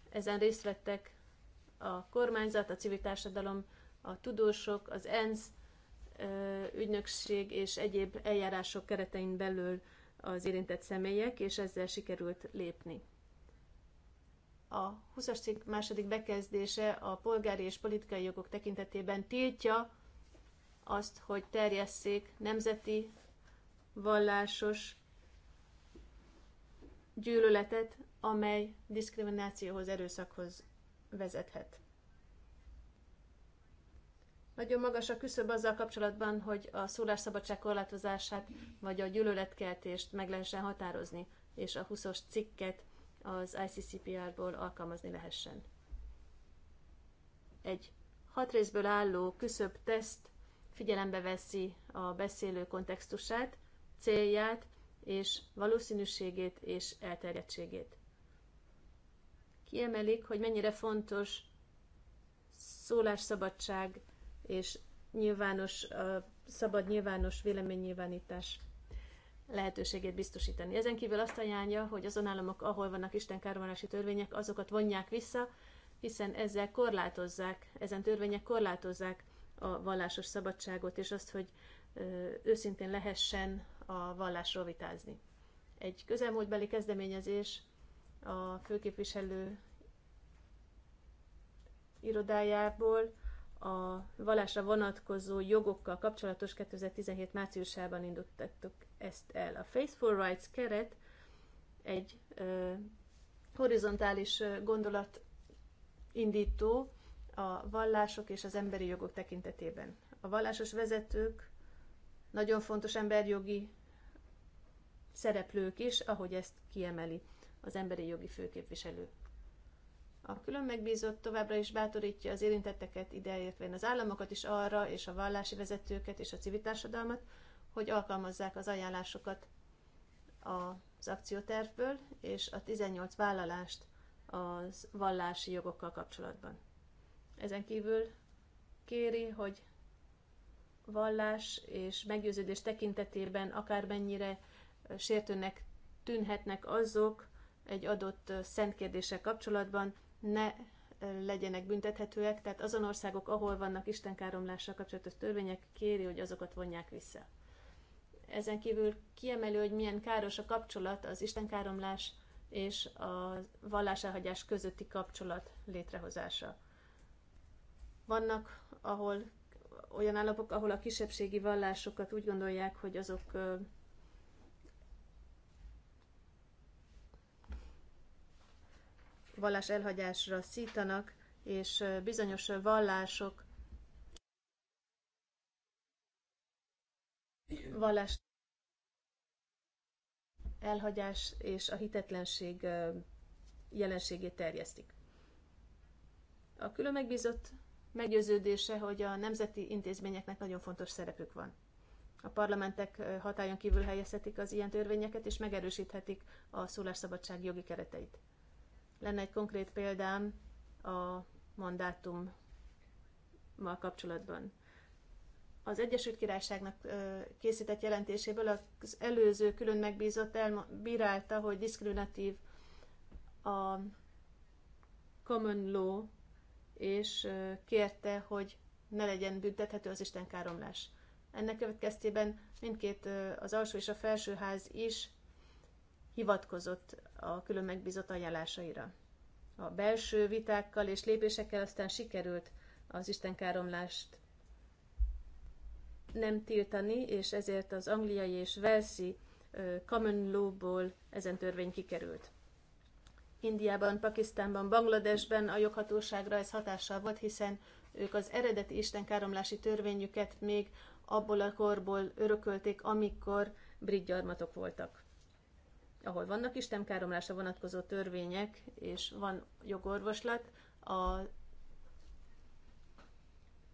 C: Ezen részt vettek a kormányzat, a civil társadalom, a tudósok, az ENSZ ügynökség és egyéb eljárások keretein belül az érintett személyek, és ezzel sikerült lépni. A 20-as cikk második bekezdése a polgári és politikai jogok tekintetében tiltja azt, hogy terjesszék nemzeti, vallásos gyűlöletet, amely diszkriminációhoz, erőszakhoz vezethet. Nagyon magas a küszöb azzal kapcsolatban, hogy a szólásszabadság korlátozását vagy a gyűlöletkeltést meg lehessen határozni, és a 20-os cikket az ICCPR-ból alkalmazni lehessen. Egy hat részből álló küszöb teszt figyelembe veszi a beszélő kontextusát, célját, és valószínűségét és elterjedtségét. Kiemelik, hogy mennyire fontos szólásszabadság és nyilvános, szabad nyilvános véleménynyilvánítás lehetőségét biztosítani. Ezen kívül azt ajánlja, hogy azon államok, ahol vannak Isten kárvonási törvények, azokat vonják vissza, hiszen ezzel korlátozzák, ezen törvények korlátozzák a vallásos szabadságot, és azt, hogy őszintén lehessen a vallásról vitázni. Egy közelmúltbeli kezdeményezés a főképviselő irodájából a vallásra vonatkozó jogokkal kapcsolatos 2017 márciusában indítottuk ezt el. A for Rights keret egy ö, horizontális gondolat indító a vallások és az emberi jogok tekintetében. A vallásos vezetők nagyon fontos emberjogi szereplők is, ahogy ezt kiemeli az emberi jogi főképviselő. A külön megbízott továbbra is bátorítja az érintetteket, ideértve az államokat is arra, és a vallási vezetőket, és a civil társadalmat, hogy alkalmazzák az ajánlásokat az akciótervből, és a 18 vállalást az vallási jogokkal kapcsolatban. Ezen kívül kéri, hogy vallás és meggyőződés tekintetében akármennyire sértőnek tűnhetnek azok egy adott szent kérdéssel kapcsolatban, ne legyenek büntethetőek, tehát azon országok, ahol vannak istenkáromlással kapcsolatos törvények, kéri, hogy azokat vonják vissza. Ezen kívül kiemelő, hogy milyen káros a kapcsolat, az istenkáromlás és a valláselhagyás közötti kapcsolat létrehozása. Vannak, ahol olyan állapok, ahol a kisebbségi vallásokat úgy gondolják, hogy azok vallás elhagyásra szítanak, és bizonyos vallások vallás elhagyás és a hitetlenség jelenségét terjesztik. A külön megbízott meggyőződése, hogy a nemzeti intézményeknek nagyon fontos szerepük van. A parlamentek hatályon kívül helyezhetik az ilyen törvényeket, és megerősíthetik a szólásszabadság jogi kereteit. Lenne egy konkrét példám a mandátummal kapcsolatban. Az Egyesült Királyságnak készített jelentéséből az előző külön megbízott elbírálta, hogy diszkriminatív a common law és kérte, hogy ne legyen büntethető az Isten káromlás. Ennek következtében mindkét az alsó és a felső ház is hivatkozott a külön megbízott ajánlásaira. A belső vitákkal és lépésekkel aztán sikerült az istenkáromlást nem tiltani, és ezért az angliai és velszi common law-ból ezen törvény kikerült. Indiában, Pakisztánban, Bangladesben a joghatóságra ez hatással volt, hiszen ők az eredeti istenkáromlási törvényüket még abból a korból örökölték, amikor brit gyarmatok voltak. Ahol vannak istenkáromlásra vonatkozó törvények, és van jogorvoslat, a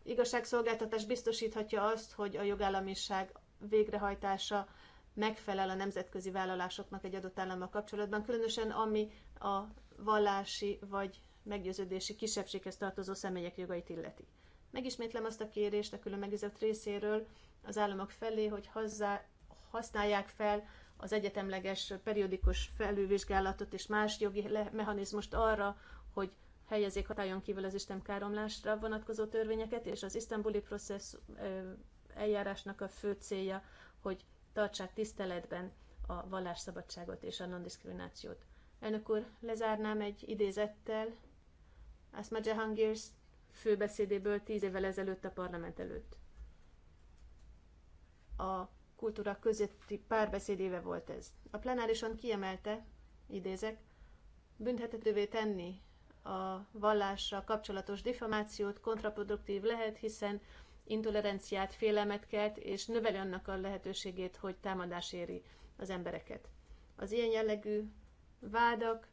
C: igazságszolgáltatás biztosíthatja azt, hogy a jogállamiság végrehajtása megfelel a nemzetközi vállalásoknak egy adott állammal kapcsolatban, különösen ami a vallási vagy meggyőződési kisebbséghez tartozó személyek jogait illeti. Megismétlem azt a kérést a külön megizett részéről az államok felé, hogy hozzá, használják fel az egyetemleges periódikus felülvizsgálatot és más jogi mechanizmust arra, hogy helyezzék hatályon kívül az káromlásra vonatkozó törvényeket, és az isztambuli processz eljárásnak a fő célja, hogy tartsák tiszteletben a vallásszabadságot és a nondiskriminációt. Elnök úr, lezárnám egy idézettel Asma Jahangirs főbeszédéből tíz évvel ezelőtt a parlament előtt. A kultúra közötti párbeszédéve volt ez. A plenárison kiemelte, idézek, büntethetővé tenni a vallásra kapcsolatos diffamációt kontraproduktív lehet, hiszen intoleranciát, félelmet kelt, és növeli annak a lehetőségét, hogy támadás éri az embereket. Az ilyen jellegű vádak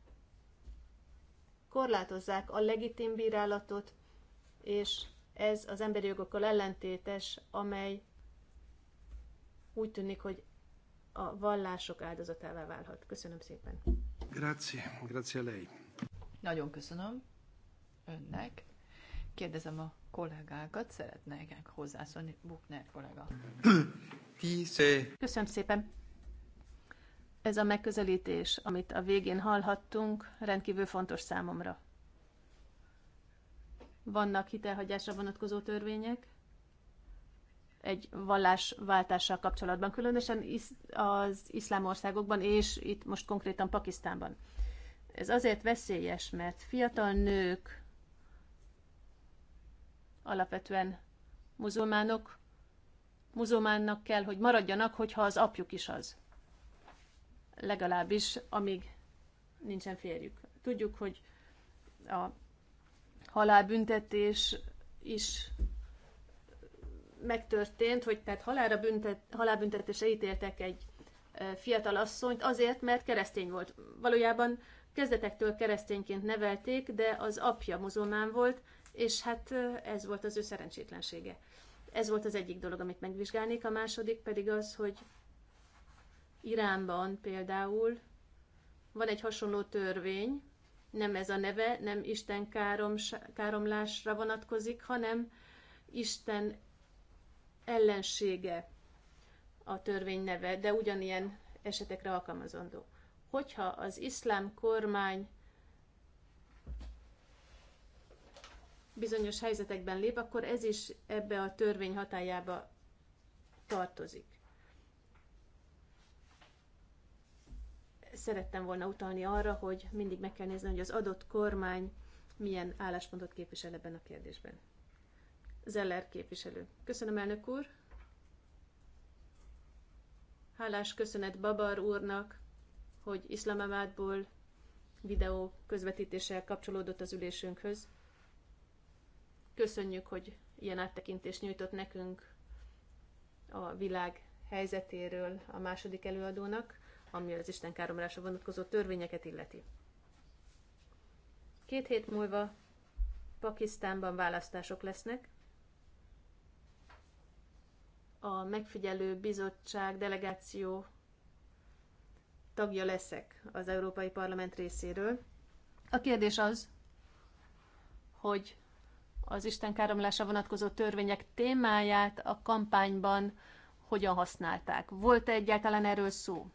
C: korlátozzák a legitim bírálatot, és ez az emberi jogokkal ellentétes, amely úgy tűnik, hogy a vallások áldozatává válhat. Köszönöm szépen.
A: Grazie, grazie lei.
C: Nagyon
B: köszönöm önnek. Kérdezem a kollégákat, szeretnék
C: hozzászólni, Buchner kollega. Köszönöm szépen. Ez a megközelítés, amit a végén hallhattunk, rendkívül fontos számomra. Vannak hitelhagyásra vonatkozó törvények, egy vallás váltással kapcsolatban, különösen az iszlám országokban, és itt most konkrétan Pakisztánban. Ez azért veszélyes, mert fiatal nők alapvetően muzulmánok, muzulmánnak kell, hogy maradjanak, hogyha az apjuk is az legalábbis amíg nincsen férjük. Tudjuk, hogy a halálbüntetés is megtörtént, hogy tehát halálra büntet, halálbüntetésre ítéltek egy fiatal asszonyt azért, mert keresztény volt. Valójában kezdetektől keresztényként nevelték, de az apja muzulmán volt, és hát ez volt az ő szerencsétlensége. Ez volt az egyik dolog, amit megvizsgálnék, a második pedig az, hogy Iránban például van egy hasonló törvény, nem ez a neve, nem Isten károms- káromlásra vonatkozik, hanem Isten ellensége a törvény neve, de ugyanilyen esetekre alkalmazandó. Hogyha az iszlám kormány bizonyos helyzetekben lép, akkor ez is ebbe a törvény hatájába tartozik. szerettem volna utalni arra, hogy mindig meg kell nézni, hogy az adott kormány milyen álláspontot képvisel ebben a kérdésben. Zeller képviselő. Köszönöm, elnök úr. Hálás köszönet Babar úrnak, hogy iszlamabádból videó közvetítéssel kapcsolódott az ülésünkhöz. Köszönjük, hogy ilyen áttekintést nyújtott nekünk a világ helyzetéről a második előadónak ami az Isten káromlása vonatkozó törvényeket illeti. Két hét múlva Pakisztánban választások lesznek. A megfigyelő bizottság delegáció tagja leszek az Európai Parlament részéről. A kérdés az, hogy az istenkáromlásra vonatkozó törvények témáját a kampányban hogyan használták. Volt-e egyáltalán erről szó?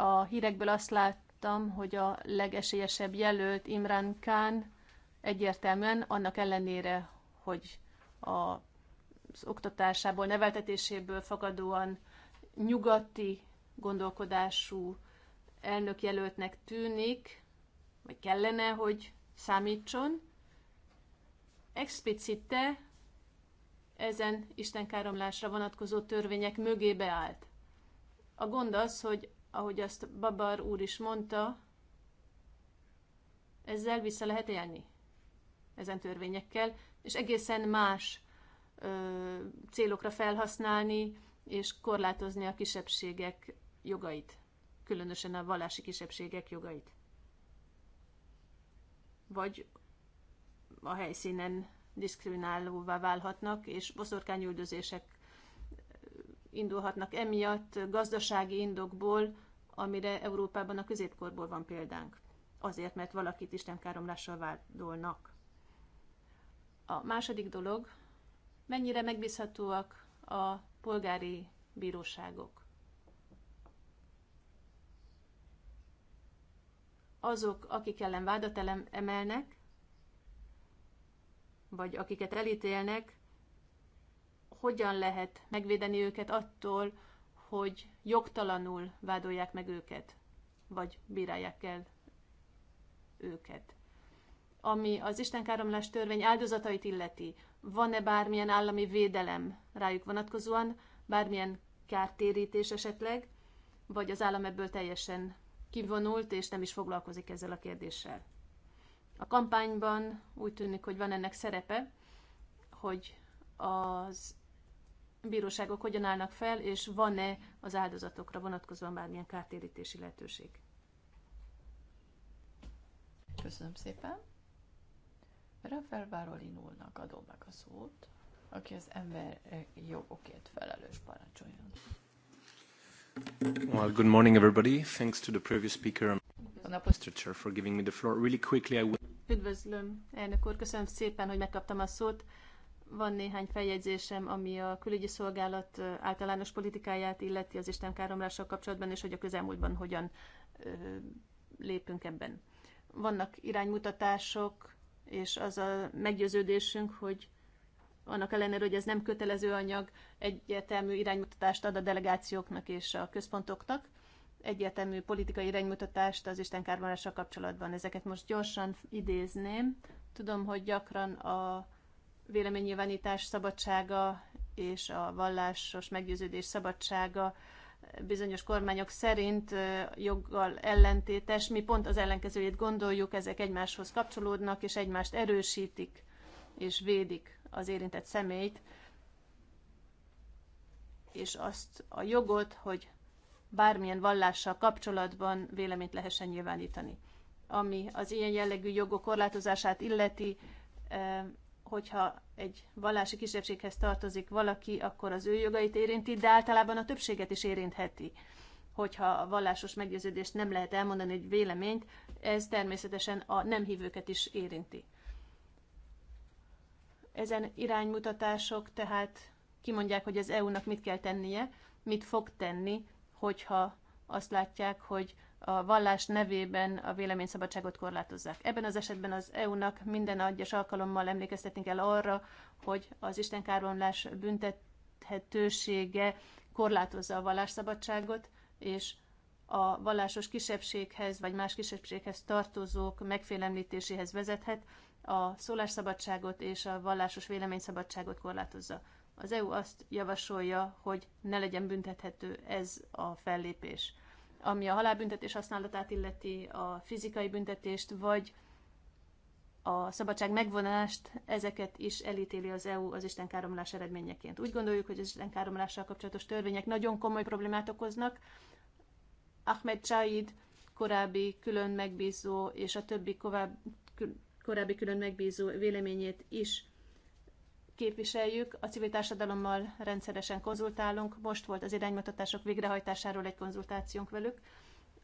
C: A hírekből azt láttam, hogy a legesélyesebb jelölt Imran Khan egyértelműen annak ellenére, hogy a, az oktatásából, neveltetéséből fakadóan nyugati gondolkodású elnök jelöltnek tűnik, vagy kellene, hogy számítson. Explicite ezen istenkáromlásra vonatkozó törvények mögé beállt. A gond az, hogy ahogy azt Babar úr is mondta, ezzel vissza lehet élni, ezen törvényekkel, és egészen más ö, célokra felhasználni, és korlátozni a kisebbségek jogait, különösen a vallási kisebbségek jogait. Vagy a helyszínen diszkriminálóvá válhatnak, és boszorkányüldözések indulhatnak emiatt gazdasági indokból, amire Európában a középkorból van példánk. Azért, mert valakit istenkáromlással vádolnak. A második dolog, mennyire megbízhatóak a polgári bíróságok. Azok, akik ellen vádat emelnek, vagy akiket elítélnek, hogyan lehet megvédeni őket attól, hogy jogtalanul vádolják meg őket, vagy bírálják el őket. Ami az Istenkáromlás törvény áldozatait illeti, van-e bármilyen állami védelem rájuk vonatkozóan, bármilyen kártérítés esetleg, vagy az állam ebből teljesen kivonult, és nem is foglalkozik ezzel a kérdéssel. A kampányban úgy tűnik, hogy van ennek szerepe, hogy az bíróságok hogyan állnak fel, és van-e az áldozatokra vonatkozóan bármilyen kártérítési lehetőség.
B: Köszönöm szépen. Rafael Várolinulnak adom meg a szót, aki az ember eh, jogokért felelős parancsoljon. Well,
A: good morning everybody. Thanks to the previous speaker, Mr. for giving me the floor. Really quickly, I will...
C: Üdvözlöm, elnök úr, köszönöm szépen, hogy megkaptam a szót. Van néhány feljegyzésem, ami a külügyi szolgálat általános politikáját illeti az káromlással kapcsolatban, és hogy a közelmúltban hogyan ö, lépünk ebben. Vannak iránymutatások, és az a meggyőződésünk, hogy annak ellenére, hogy ez nem kötelező anyag, egyértelmű iránymutatást ad a delegációknak és a központoknak, egyértelmű politikai iránymutatást az istenkárvonással kapcsolatban. Ezeket most gyorsan idézném. Tudom, hogy gyakran a véleménynyilvánítás szabadsága és a vallásos meggyőződés szabadsága bizonyos kormányok szerint joggal ellentétes. Mi pont az ellenkezőjét gondoljuk, ezek egymáshoz kapcsolódnak, és egymást erősítik és védik az érintett személyt, és azt a jogot, hogy bármilyen vallással kapcsolatban véleményt lehessen nyilvánítani. Ami az ilyen jellegű jogok korlátozását illeti, hogyha egy vallási kisebbséghez tartozik valaki, akkor az ő jogait érinti, de általában a többséget is érintheti. Hogyha a vallásos meggyőződést nem lehet elmondani egy véleményt, ez természetesen a nem hívőket is érinti. Ezen iránymutatások tehát kimondják, hogy az EU-nak mit kell tennie, mit fog tenni, hogyha azt látják, hogy a vallás nevében a véleményszabadságot korlátozzák. Ebben az esetben az EU-nak minden egyes alkalommal emlékeztetni kell arra, hogy az istenkáromlás büntethetősége korlátozza a vallásszabadságot, és a vallásos kisebbséghez vagy más kisebbséghez tartozók megfélemlítéséhez vezethet, a szólásszabadságot és a vallásos véleményszabadságot korlátozza. Az EU azt javasolja, hogy ne legyen büntethető ez a fellépés ami a halálbüntetés használatát illeti, a fizikai büntetést, vagy a szabadság megvonást, ezeket is elítéli az EU az káromlás eredményeként. Úgy gondoljuk, hogy az káromlással kapcsolatos törvények nagyon komoly problémát okoznak. Ahmed Chaid, korábbi külön megbízó, és a többi korábbi külön megbízó véleményét is képviseljük, a civil társadalommal rendszeresen konzultálunk. Most volt az iránymutatások végrehajtásáról egy konzultációnk velük.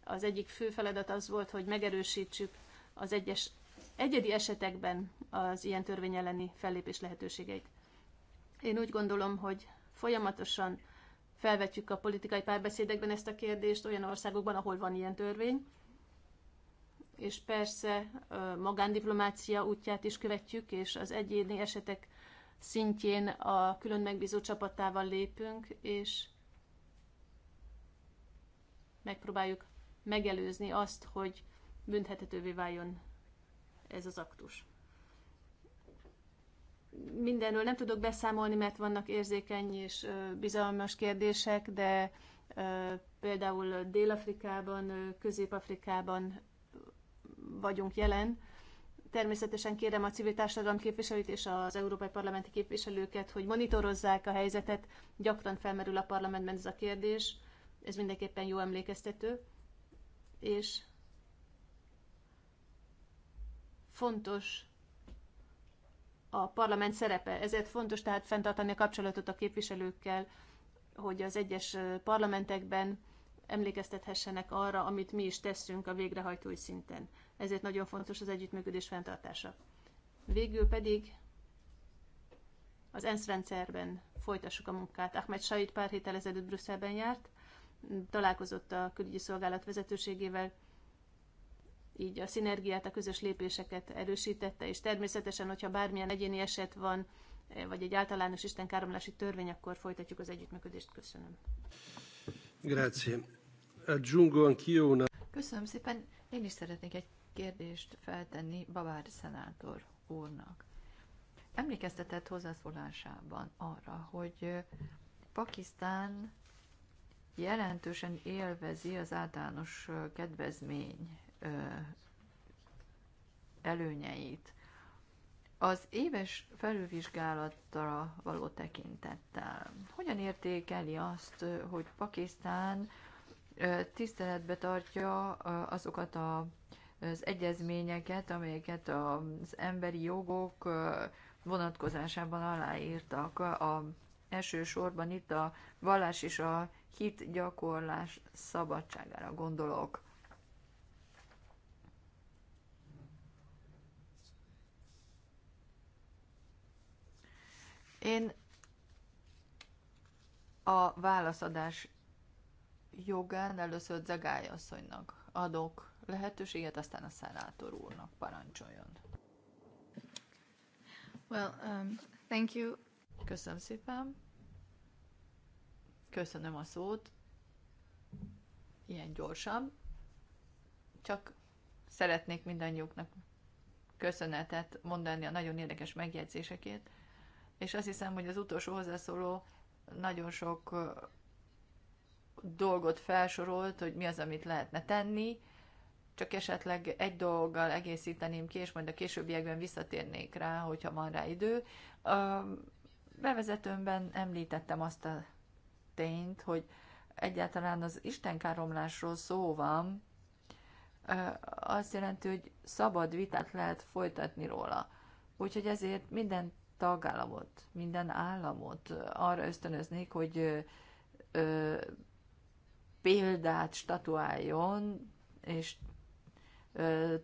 C: Az egyik fő feladat az volt, hogy megerősítsük az egyes egyedi esetekben az ilyen törvény elleni fellépés lehetőségeit. Én úgy gondolom, hogy folyamatosan felvetjük a politikai párbeszédekben ezt a kérdést olyan országokban, ahol van ilyen törvény, és persze magándiplomácia útját is követjük, és az egyéni esetek szintjén a külön megbízó csapatával lépünk, és megpróbáljuk megelőzni azt, hogy büntethetővé váljon ez az aktus. Mindenről nem tudok beszámolni, mert vannak érzékeny és bizalmas kérdések, de például Dél-Afrikában, Közép-Afrikában vagyunk jelen, Természetesen kérem a civil társadalom képviselőit és az európai parlamenti képviselőket, hogy monitorozzák a helyzetet. Gyakran felmerül a parlamentben ez a kérdés. Ez mindenképpen jó emlékeztető. És fontos a parlament szerepe. Ezért fontos tehát fenntartani a kapcsolatot a képviselőkkel, hogy az egyes parlamentekben emlékeztethessenek arra, amit mi is teszünk a végrehajtói szinten ezért nagyon fontos az együttműködés fenntartása. Végül pedig az ENSZ rendszerben folytassuk a munkát. Ahmed Said pár héttel ezelőtt Brüsszelben járt, találkozott a külügyi szolgálat vezetőségével, így a szinergiát, a közös lépéseket erősítette, és természetesen, hogyha bármilyen egyéni eset van, vagy egy általános istenkáromlási törvény, akkor folytatjuk az együttműködést. Köszönöm.
A: Grazie. anch'io una...
B: Köszönöm szépen. Én is szeretnék egy kérdést feltenni Babár szenátor úrnak. Emlékeztetett hozzászólásában arra, hogy Pakisztán jelentősen élvezi az általános kedvezmény előnyeit. Az éves felülvizsgálatra való tekintettel. Hogyan értékeli azt, hogy Pakisztán tiszteletbe tartja azokat a az egyezményeket, amelyeket az emberi jogok vonatkozásában aláírtak. A, elsősorban itt a vallás és a hit gyakorlás szabadságára gondolok. Én a válaszadás jogán először Zagály asszonynak adok lehetőséget, aztán a szenátor úrnak parancsoljon. Well, um, thank you. Köszönöm szépen. Köszönöm a szót. Ilyen gyorsan. Csak szeretnék mindannyiuknak köszönetet mondani a nagyon érdekes megjegyzésekért, és azt hiszem, hogy az utolsó hozzászóló nagyon sok dolgot felsorolt, hogy mi az, amit lehetne tenni, csak esetleg egy dolggal egészíteném ki, és majd a későbbiekben visszatérnék rá, hogyha van rá idő. A bevezetőmben említettem azt a tényt, hogy egyáltalán az istenkáromlásról szó van, azt jelenti, hogy szabad vitát lehet folytatni róla. Úgyhogy ezért minden tagállamot, minden államot arra ösztönöznék, hogy ö, példát statuáljon, és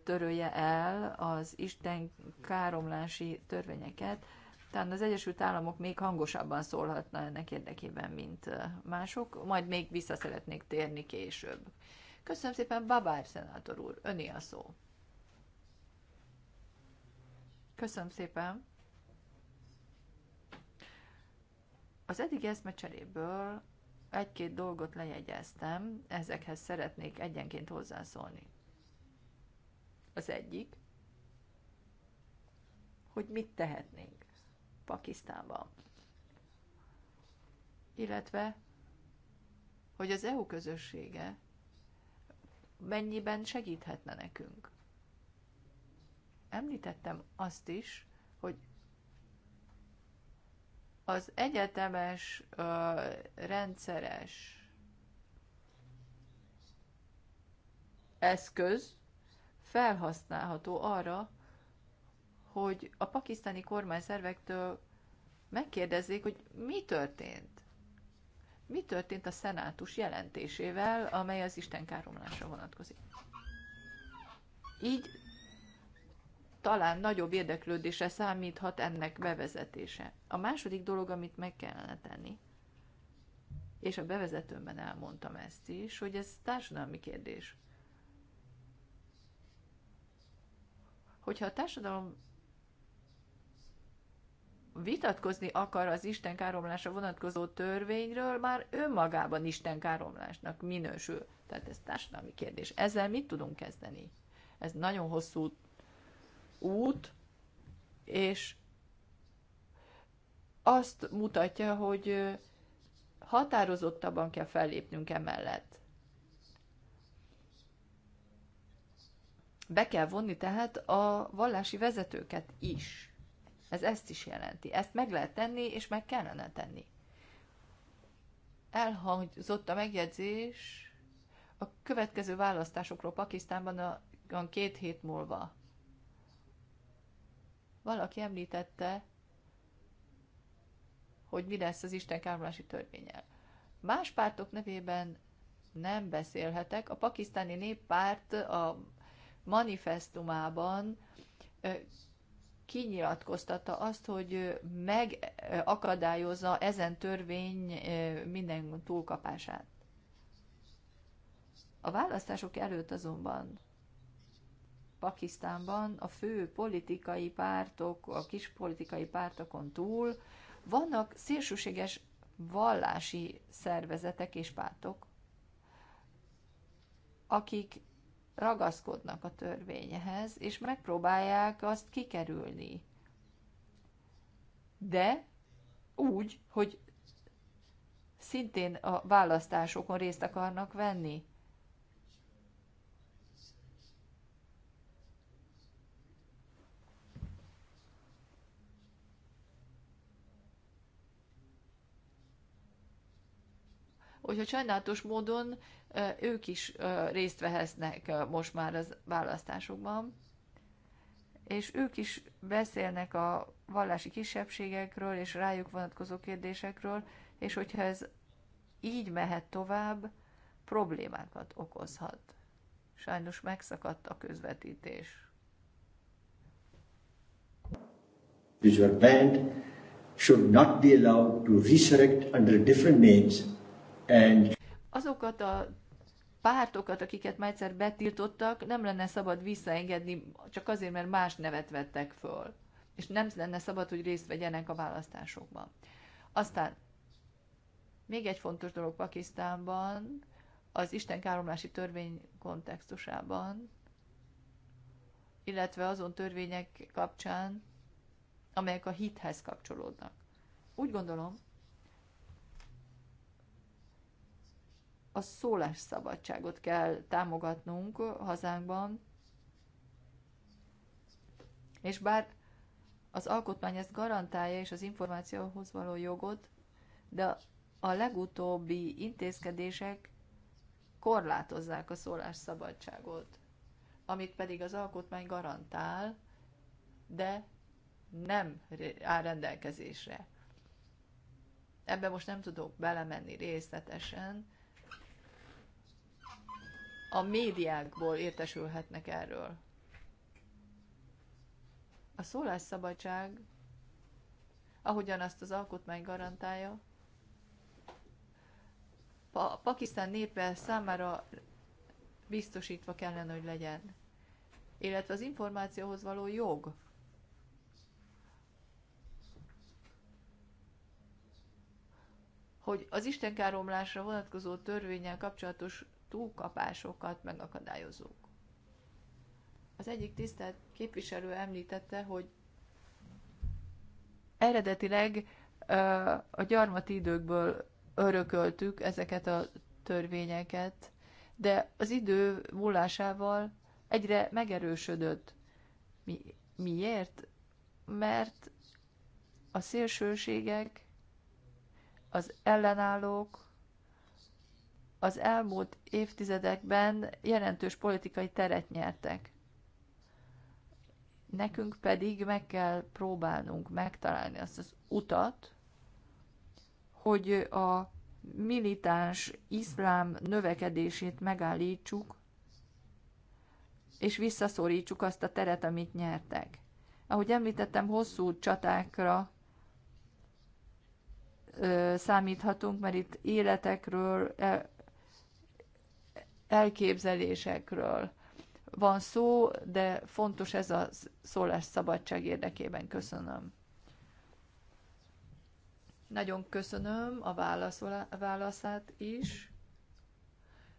B: törölje el az Isten káromlási törvényeket, Tehát az Egyesült Államok még hangosabban szólhatna ennek érdekében, mint mások, majd még vissza szeretnék térni később. Köszönöm szépen, Babár szenátor úr, öné a szó. Köszönöm szépen. Az eddig eszmecseréből egy-két dolgot lejegyeztem, ezekhez szeretnék egyenként hozzászólni. Az egyik, hogy mit tehetnénk Pakisztánban. Illetve, hogy az EU közössége mennyiben segíthetne nekünk. Említettem azt is, hogy az egyetemes, ö, rendszeres eszköz felhasználható arra, hogy a pakisztáni kormányszervektől megkérdezzék, hogy mi történt. Mi történt a szenátus jelentésével, amely az Isten káromlásra vonatkozik. Így talán nagyobb érdeklődésre számíthat ennek bevezetése. A második dolog, amit meg kellene tenni, és a bevezetőmben elmondtam ezt is, hogy ez társadalmi kérdés. hogyha a társadalom vitatkozni akar az Isten káromlásra vonatkozó törvényről, már önmagában Isten káromlásnak minősül. Tehát ez társadalmi kérdés. Ezzel mit tudunk kezdeni? Ez nagyon hosszú út, és azt mutatja, hogy határozottabban kell fellépnünk emellett. Be kell vonni tehát a vallási vezetőket is. Ez ezt is jelenti. Ezt meg lehet tenni, és meg kellene tenni. Elhangzott a megjegyzés a következő választásokról Pakisztánban a, a két hét múlva. Valaki említette, hogy mi lesz az Isten káromlási törvényel. Más pártok nevében nem beszélhetek. A pakisztáni néppárt a manifestumában kinyilatkoztatta azt, hogy megakadályozza ezen törvény minden túlkapását. A választások előtt azonban Pakisztánban a fő politikai pártok, a kis politikai pártokon túl vannak szélsőséges vallási szervezetek és pártok, akik ragaszkodnak a törvényhez, és megpróbálják azt kikerülni. De úgy, hogy szintén a választásokon részt akarnak venni. Hogyha sajnálatos módon ők is részt vehetnek most már az választásokban, és ők is beszélnek a vallási kisebbségekről és rájuk vonatkozó kérdésekről, és hogyha ez így mehet tovább, problémákat okozhat. Sajnos megszakadt a közvetítés.
A: which were banned should not be allowed to resurrect under different names and
B: Azokat a pártokat, akiket már egyszer betiltottak, nem lenne szabad visszaengedni, csak azért, mert más nevet vettek föl. És nem lenne szabad, hogy részt vegyenek a választásokban. Aztán még egy fontos dolog Pakisztánban, az istenkáromlási törvény kontextusában, illetve azon törvények kapcsán, amelyek a hithez kapcsolódnak. Úgy gondolom, a szólásszabadságot kell támogatnunk hazánkban, és bár az alkotmány ezt garantálja, és az információhoz való jogot, de a legutóbbi intézkedések korlátozzák a szólásszabadságot, amit pedig az alkotmány garantál, de nem áll rendelkezésre. Ebbe most nem tudok belemenni részletesen, a médiákból értesülhetnek erről. A szólásszabadság, ahogyan azt az alkotmány garantálja, A Pakisztán népe számára biztosítva kellene, hogy legyen. Illetve az információhoz való jog. Hogy az istenkáromlásra vonatkozó törvényel kapcsolatos túlkapásokat megakadályozók. Az egyik tisztelt képviselő említette, hogy eredetileg a gyarmati időkből örököltük ezeket a törvényeket, de az idő múlásával egyre megerősödött. Mi, miért? Mert a szélsőségek, az ellenállók az elmúlt évtizedekben jelentős politikai teret nyertek. Nekünk pedig meg kell próbálnunk megtalálni azt az utat, hogy a militáns iszlám növekedését megállítsuk, és visszaszorítsuk azt a teret, amit nyertek. Ahogy említettem, hosszú csatákra ö, számíthatunk, mert itt életekről, e, elképzelésekről van szó, de fontos ez a szabadság érdekében. Köszönöm. Nagyon köszönöm a válaszát is.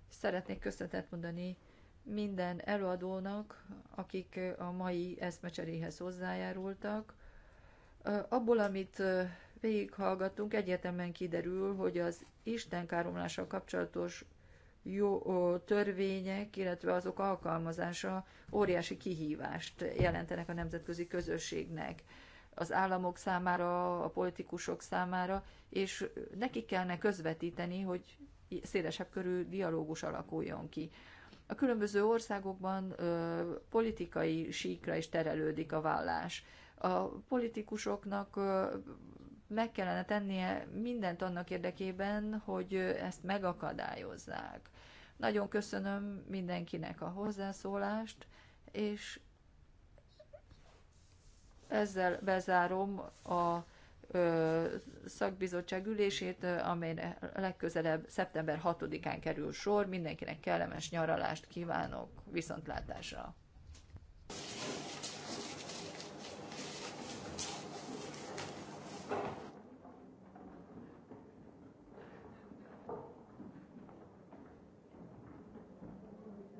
B: Szeretnék köszönetet mondani minden előadónak, akik a mai eszmecseréhez hozzájárultak. Abból, amit végighallgattunk, egyetemen kiderül, hogy az Isten káromlással kapcsolatos jó törvények, illetve azok alkalmazása óriási kihívást jelentenek a nemzetközi közösségnek az államok számára, a politikusok számára, és nekik kellene közvetíteni, hogy szélesebb körű dialógus alakuljon ki. A különböző országokban ö, politikai síkra is terelődik a vállás. A politikusoknak ö, meg kellene tennie mindent annak érdekében, hogy ezt megakadályozzák. Nagyon köszönöm mindenkinek a hozzászólást, és ezzel bezárom a ö, szakbizottság ülését, amelyre legközelebb szeptember 6-án kerül sor. Mindenkinek kellemes nyaralást kívánok, viszontlátásra!